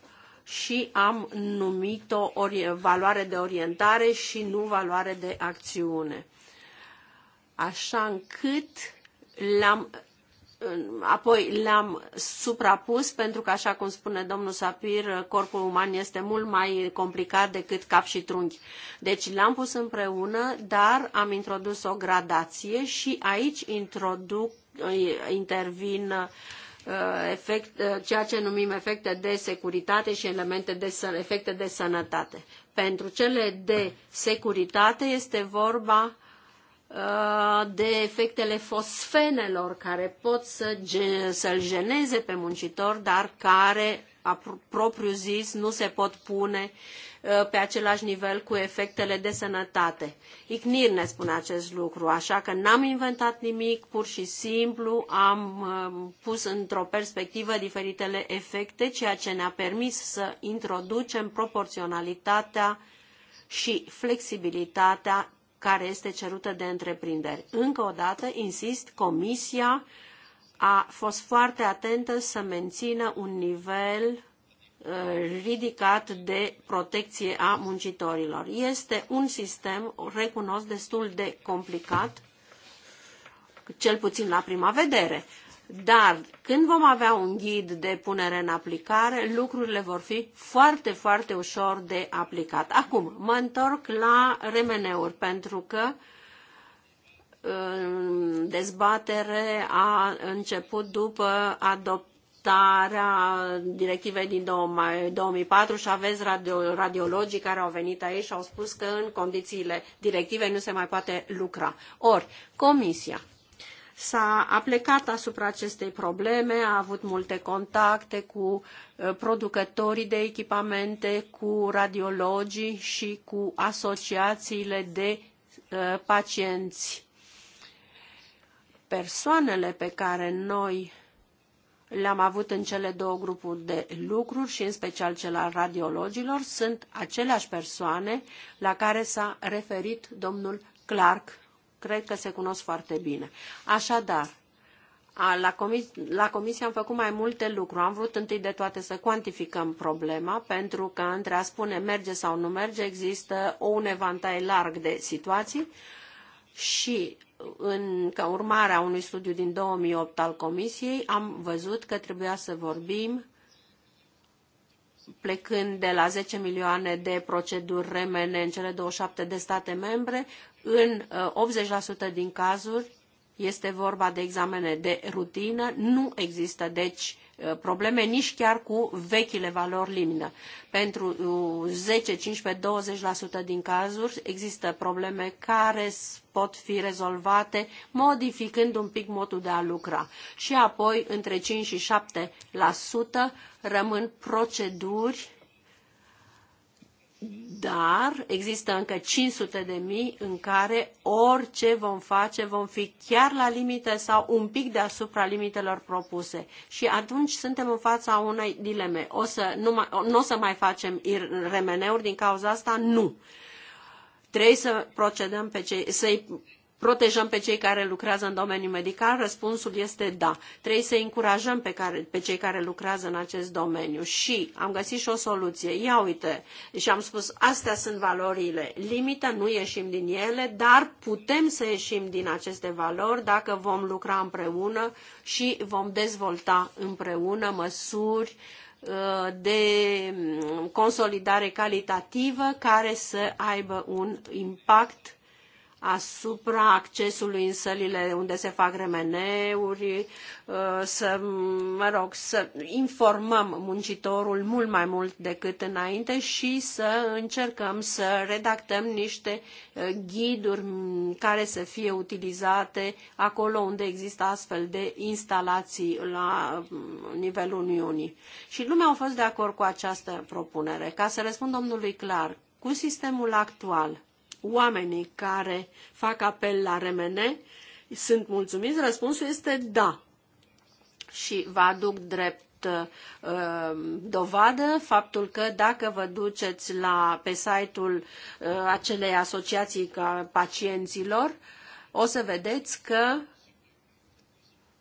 și am numit-o valoare de orientare și nu valoare de acțiune. Așa încât am apoi l-am suprapus pentru că, așa cum spune domnul Sapir, corpul uman este mult mai complicat decât cap și trunchi. Deci l-am pus împreună, dar am introdus o gradație și aici introduc, intervin uh, efect, uh, ceea ce numim efecte de securitate și elemente de, efecte de sănătate. Pentru cele de securitate este vorba Uh, de efectele fosfenelor care pot să, să-l jeneze pe muncitor, dar care, propriu zis, nu se pot pune uh, pe același nivel cu efectele de sănătate. ICNIR ne spune acest lucru, așa că n-am inventat nimic, pur și simplu am um, pus într-o perspectivă diferitele efecte, ceea ce ne-a permis să introducem proporționalitatea și flexibilitatea care este cerută de întreprinderi. Încă o dată, insist, Comisia a fost foarte atentă să mențină un nivel uh, ridicat de protecție a muncitorilor. Este un sistem, recunosc, destul de complicat, cel puțin la prima vedere, dar când vom avea un ghid de punere în aplicare, lucrurile vor fi foarte, foarte ușor de aplicat. Acum, mă întorc la remeneuri, pentru că dezbatere a început după adoptarea adoptarea directivei din 2004 și aveți radio, radiologii care au venit aici și au spus că în condițiile directivei nu se mai poate lucra. Ori, Comisia s-a aplecat asupra acestei probleme, a avut multe contacte cu uh, producătorii de echipamente, cu radiologii și cu asociațiile de uh, pacienți. Persoanele pe care noi le-am avut în cele două grupuri de lucruri și în special cel al radiologilor, sunt aceleași persoane la care s-a referit domnul Clark cred că se cunosc foarte bine. Așadar, la, comis la comisie am făcut mai multe lucruri. Am vrut întâi de toate să cuantificăm problema, pentru că între a spune merge sau nu merge există un evantai larg de situații și în, ca urmare a unui studiu din 2008 al comisiei am văzut că trebuia să vorbim plecând de la 10 milioane de proceduri remene în cele 27 de state membre în 80% uh, din cazuri este vorba de examene de rutină, nu există deci uh, probleme nici chiar cu vechile valori limină. Pentru 10, 15, 20% din cazuri există probleme care pot fi rezolvate modificând un pic modul de a lucra. Și apoi între 5 și 7% rămân proceduri dar există încă 500 de mii în care orice vom face vom fi chiar la limite sau un pic deasupra limitelor propuse. Și atunci suntem în fața unei dileme. O să nu, mai, nu o să mai facem remeneuri din cauza asta? Nu. Trebuie să procedăm pe cei, să-i protejăm pe cei care lucrează în domeniul medical? Răspunsul este da. Trebuie să încurajăm pe, care, pe cei care lucrează în acest domeniu și am găsit și o soluție. Ia uite, și am spus, astea sunt valorile. Limită, nu ieșim din ele, dar putem să ieșim din aceste valori dacă vom lucra împreună și vom dezvolta împreună măsuri uh, de mm, consolidare calitativă care să aibă un impact asupra accesului în sălile unde se fac remeneuri, uh, să, mă rog, să informăm muncitorul mult mai mult decât înainte și să încercăm să redactăm niște uh, ghiduri mm, care să fie utilizate acolo unde există astfel de instalații la mm, nivelul Uniunii. Și lumea a fost de acord cu această propunere. Ca să răspund domnului clar, cu sistemul actual, oamenii care fac apel la remene sunt mulțumiți? Răspunsul este da. Și vă aduc drept uh, dovadă faptul că dacă vă duceți la, pe site-ul uh, acelei asociații ca pacienților, o să vedeți că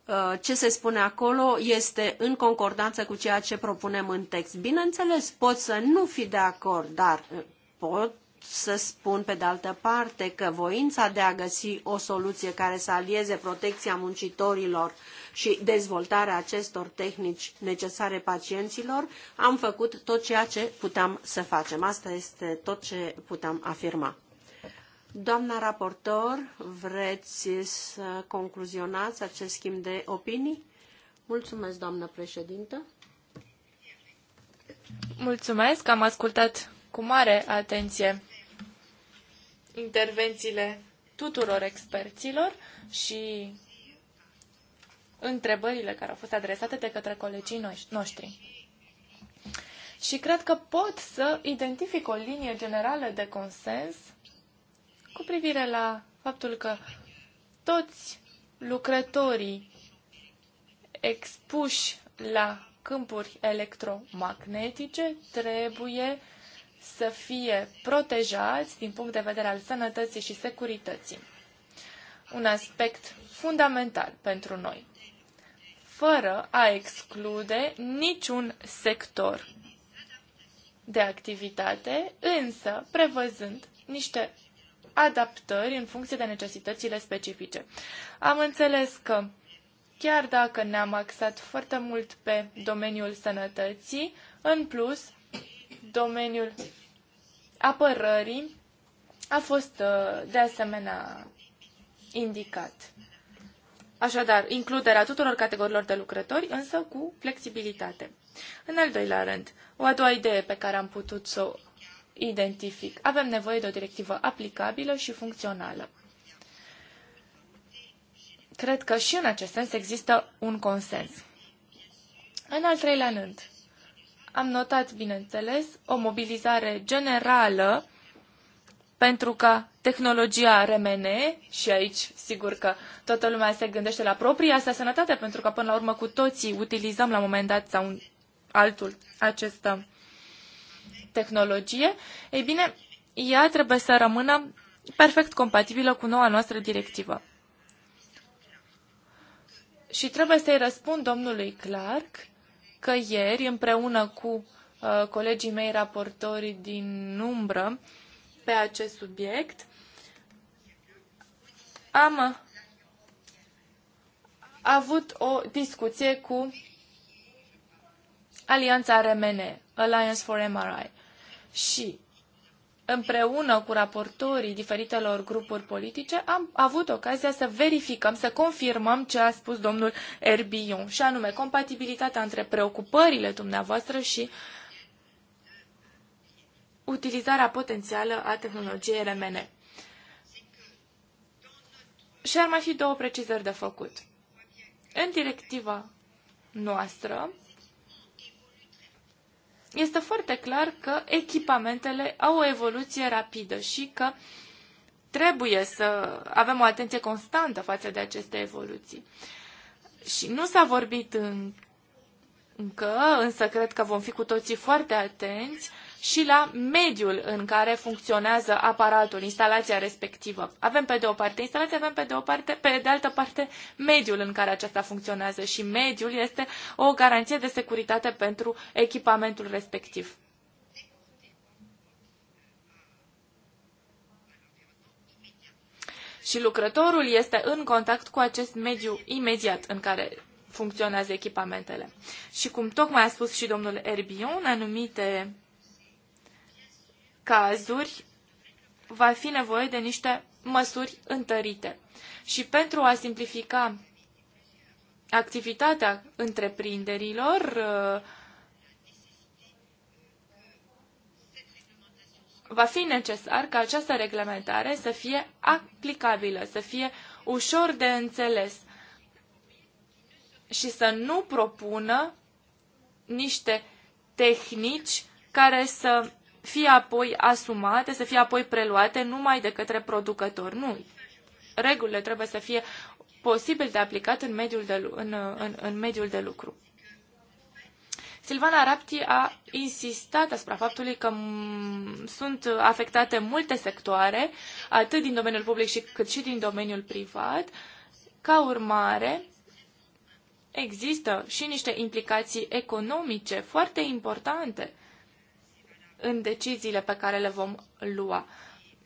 uh, ce se spune acolo este în concordanță cu ceea ce propunem în text. Bineînțeles, pot să nu fi de acord, dar uh, pot să spun pe de altă parte că voința de a găsi o soluție care să alieze protecția muncitorilor și dezvoltarea acestor tehnici necesare pacienților, am făcut tot ceea ce puteam să facem. Asta este tot ce puteam afirma. Doamna raportor, vreți să concluzionați acest schimb de opinii? Mulțumesc, doamnă președintă. Mulțumesc, am ascultat cu mare atenție intervențiile tuturor experților și întrebările care au fost adresate de către colegii noștri. Și cred că pot să identific o linie generală de consens cu privire la faptul că toți lucrătorii expuși la câmpuri electromagnetice trebuie să fie protejați din punct de vedere al sănătății și securității. Un aspect fundamental pentru noi, fără a exclude niciun sector de activitate, însă prevăzând niște adaptări în funcție de necesitățile specifice. Am înțeles că chiar dacă ne-am axat foarte mult pe domeniul sănătății, în plus domeniul apărării a fost uh, de asemenea indicat. Așadar, includerea tuturor categoriilor de lucrători, însă cu flexibilitate. În al doilea rând, o a doua idee pe care am putut să o identific. Avem nevoie de o directivă aplicabilă și funcțională. Cred că și în acest sens există un consens. În al treilea rând, am notat, bineînțeles, o mobilizare generală pentru că tehnologia RMN, și aici sigur că toată lumea se gândește la propria sa sănătate, pentru că până la urmă cu toții utilizăm la un moment dat sau un altul această tehnologie, ei bine, ea trebuie să rămână perfect compatibilă cu noua noastră directivă. Și trebuie să-i răspund domnului Clark că ieri, împreună cu uh, colegii mei raportori din umbră pe acest subiect, am avut o discuție cu Alianța RMN, Alliance for MRI. Și împreună cu raportorii diferitelor grupuri politice, am avut ocazia să verificăm, să confirmăm ce a spus domnul Erbion, și anume compatibilitatea între preocupările dumneavoastră și utilizarea potențială a tehnologiei RMN. Și ar mai fi două precizări de făcut. În directiva noastră este foarte clar că echipamentele au o evoluție rapidă și că trebuie să avem o atenție constantă față de aceste evoluții. Și nu s-a vorbit în, încă, însă cred că vom fi cu toții foarte atenți și la mediul în care funcționează aparatul, instalația respectivă. Avem pe de o parte instalația, avem pe de, o parte, pe de altă parte mediul în care aceasta funcționează și mediul este o garanție de securitate pentru echipamentul respectiv. și lucrătorul este în contact cu acest mediu imediat în care funcționează echipamentele. Și cum tocmai a spus și domnul Erbion, anumite cazuri va fi nevoie de niște măsuri întărite. Și pentru a simplifica activitatea întreprinderilor, uh, va fi necesar ca această reglementare să fie aplicabilă, să fie ușor de înțeles și să nu propună niște tehnici care să fie apoi asumate, să fie apoi preluate numai de către producători. Nu. Regulile trebuie să fie posibil de aplicat în mediul de, în, în, în mediul de lucru. Silvana Rapti a insistat asupra faptului că mm, sunt afectate multe sectoare, atât din domeniul public și, cât și din domeniul privat. Ca urmare, există și niște implicații economice foarte importante în deciziile pe care le vom lua.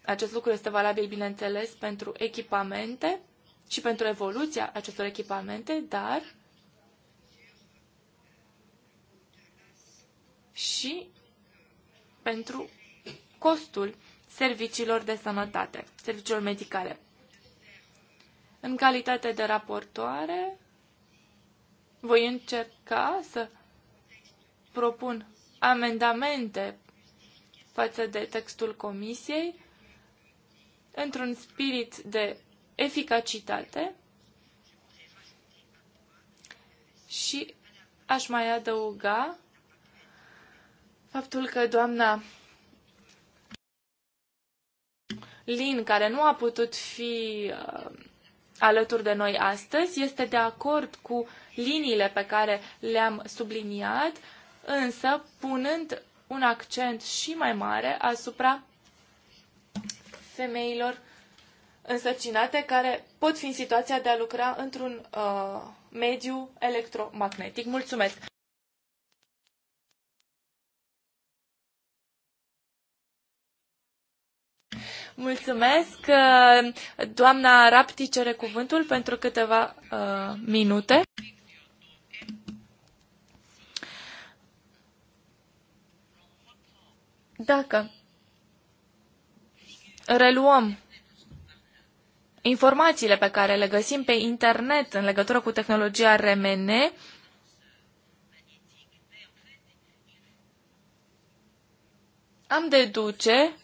Acest lucru este valabil, bineînțeles, pentru echipamente și pentru evoluția acestor echipamente, dar și pentru costul serviciilor de sănătate, serviciilor medicale. În calitate de raportoare, voi încerca să propun amendamente față de textul comisiei, într-un spirit de eficacitate și aș mai adăuga faptul că doamna Lin, care nu a putut fi uh, alături de noi astăzi, este de acord cu liniile pe care le-am subliniat, însă punând un accent și mai mare asupra femeilor însărcinate care pot fi în situația de a lucra într-un uh, mediu electromagnetic. Mulțumesc! Mulțumesc! Uh, doamna Rapti cere cuvântul pentru câteva uh, minute. Dacă reluăm informațiile pe care le găsim pe internet în legătură cu tehnologia RMN, am deduce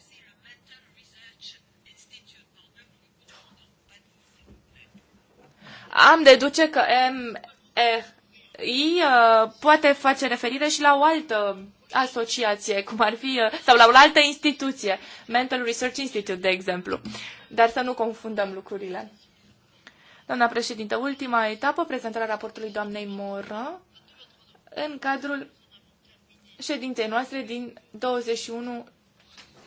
am deduce că MRI uh, poate face referire și la o altă asociație, cum ar fi, uh, sau la o altă instituție, Mental Research Institute, de exemplu. Dar să nu confundăm lucrurile. Doamna președintă, ultima etapă, prezentarea raportului doamnei Moră în cadrul ședintei noastre din 21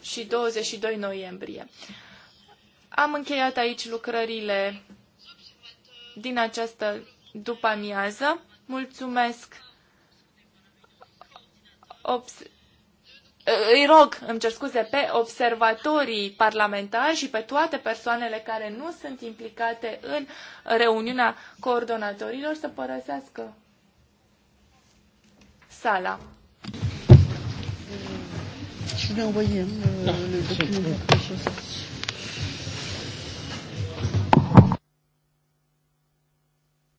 și 22 noiembrie. Am încheiat aici lucrările din această după amiază. Mulțumesc obs- îi rog, îmi cer scuze, pe observatorii parlamentari și pe toate persoanele care nu sunt implicate în reuniunea coordonatorilor să părăsească sala. Și ne envoyé le,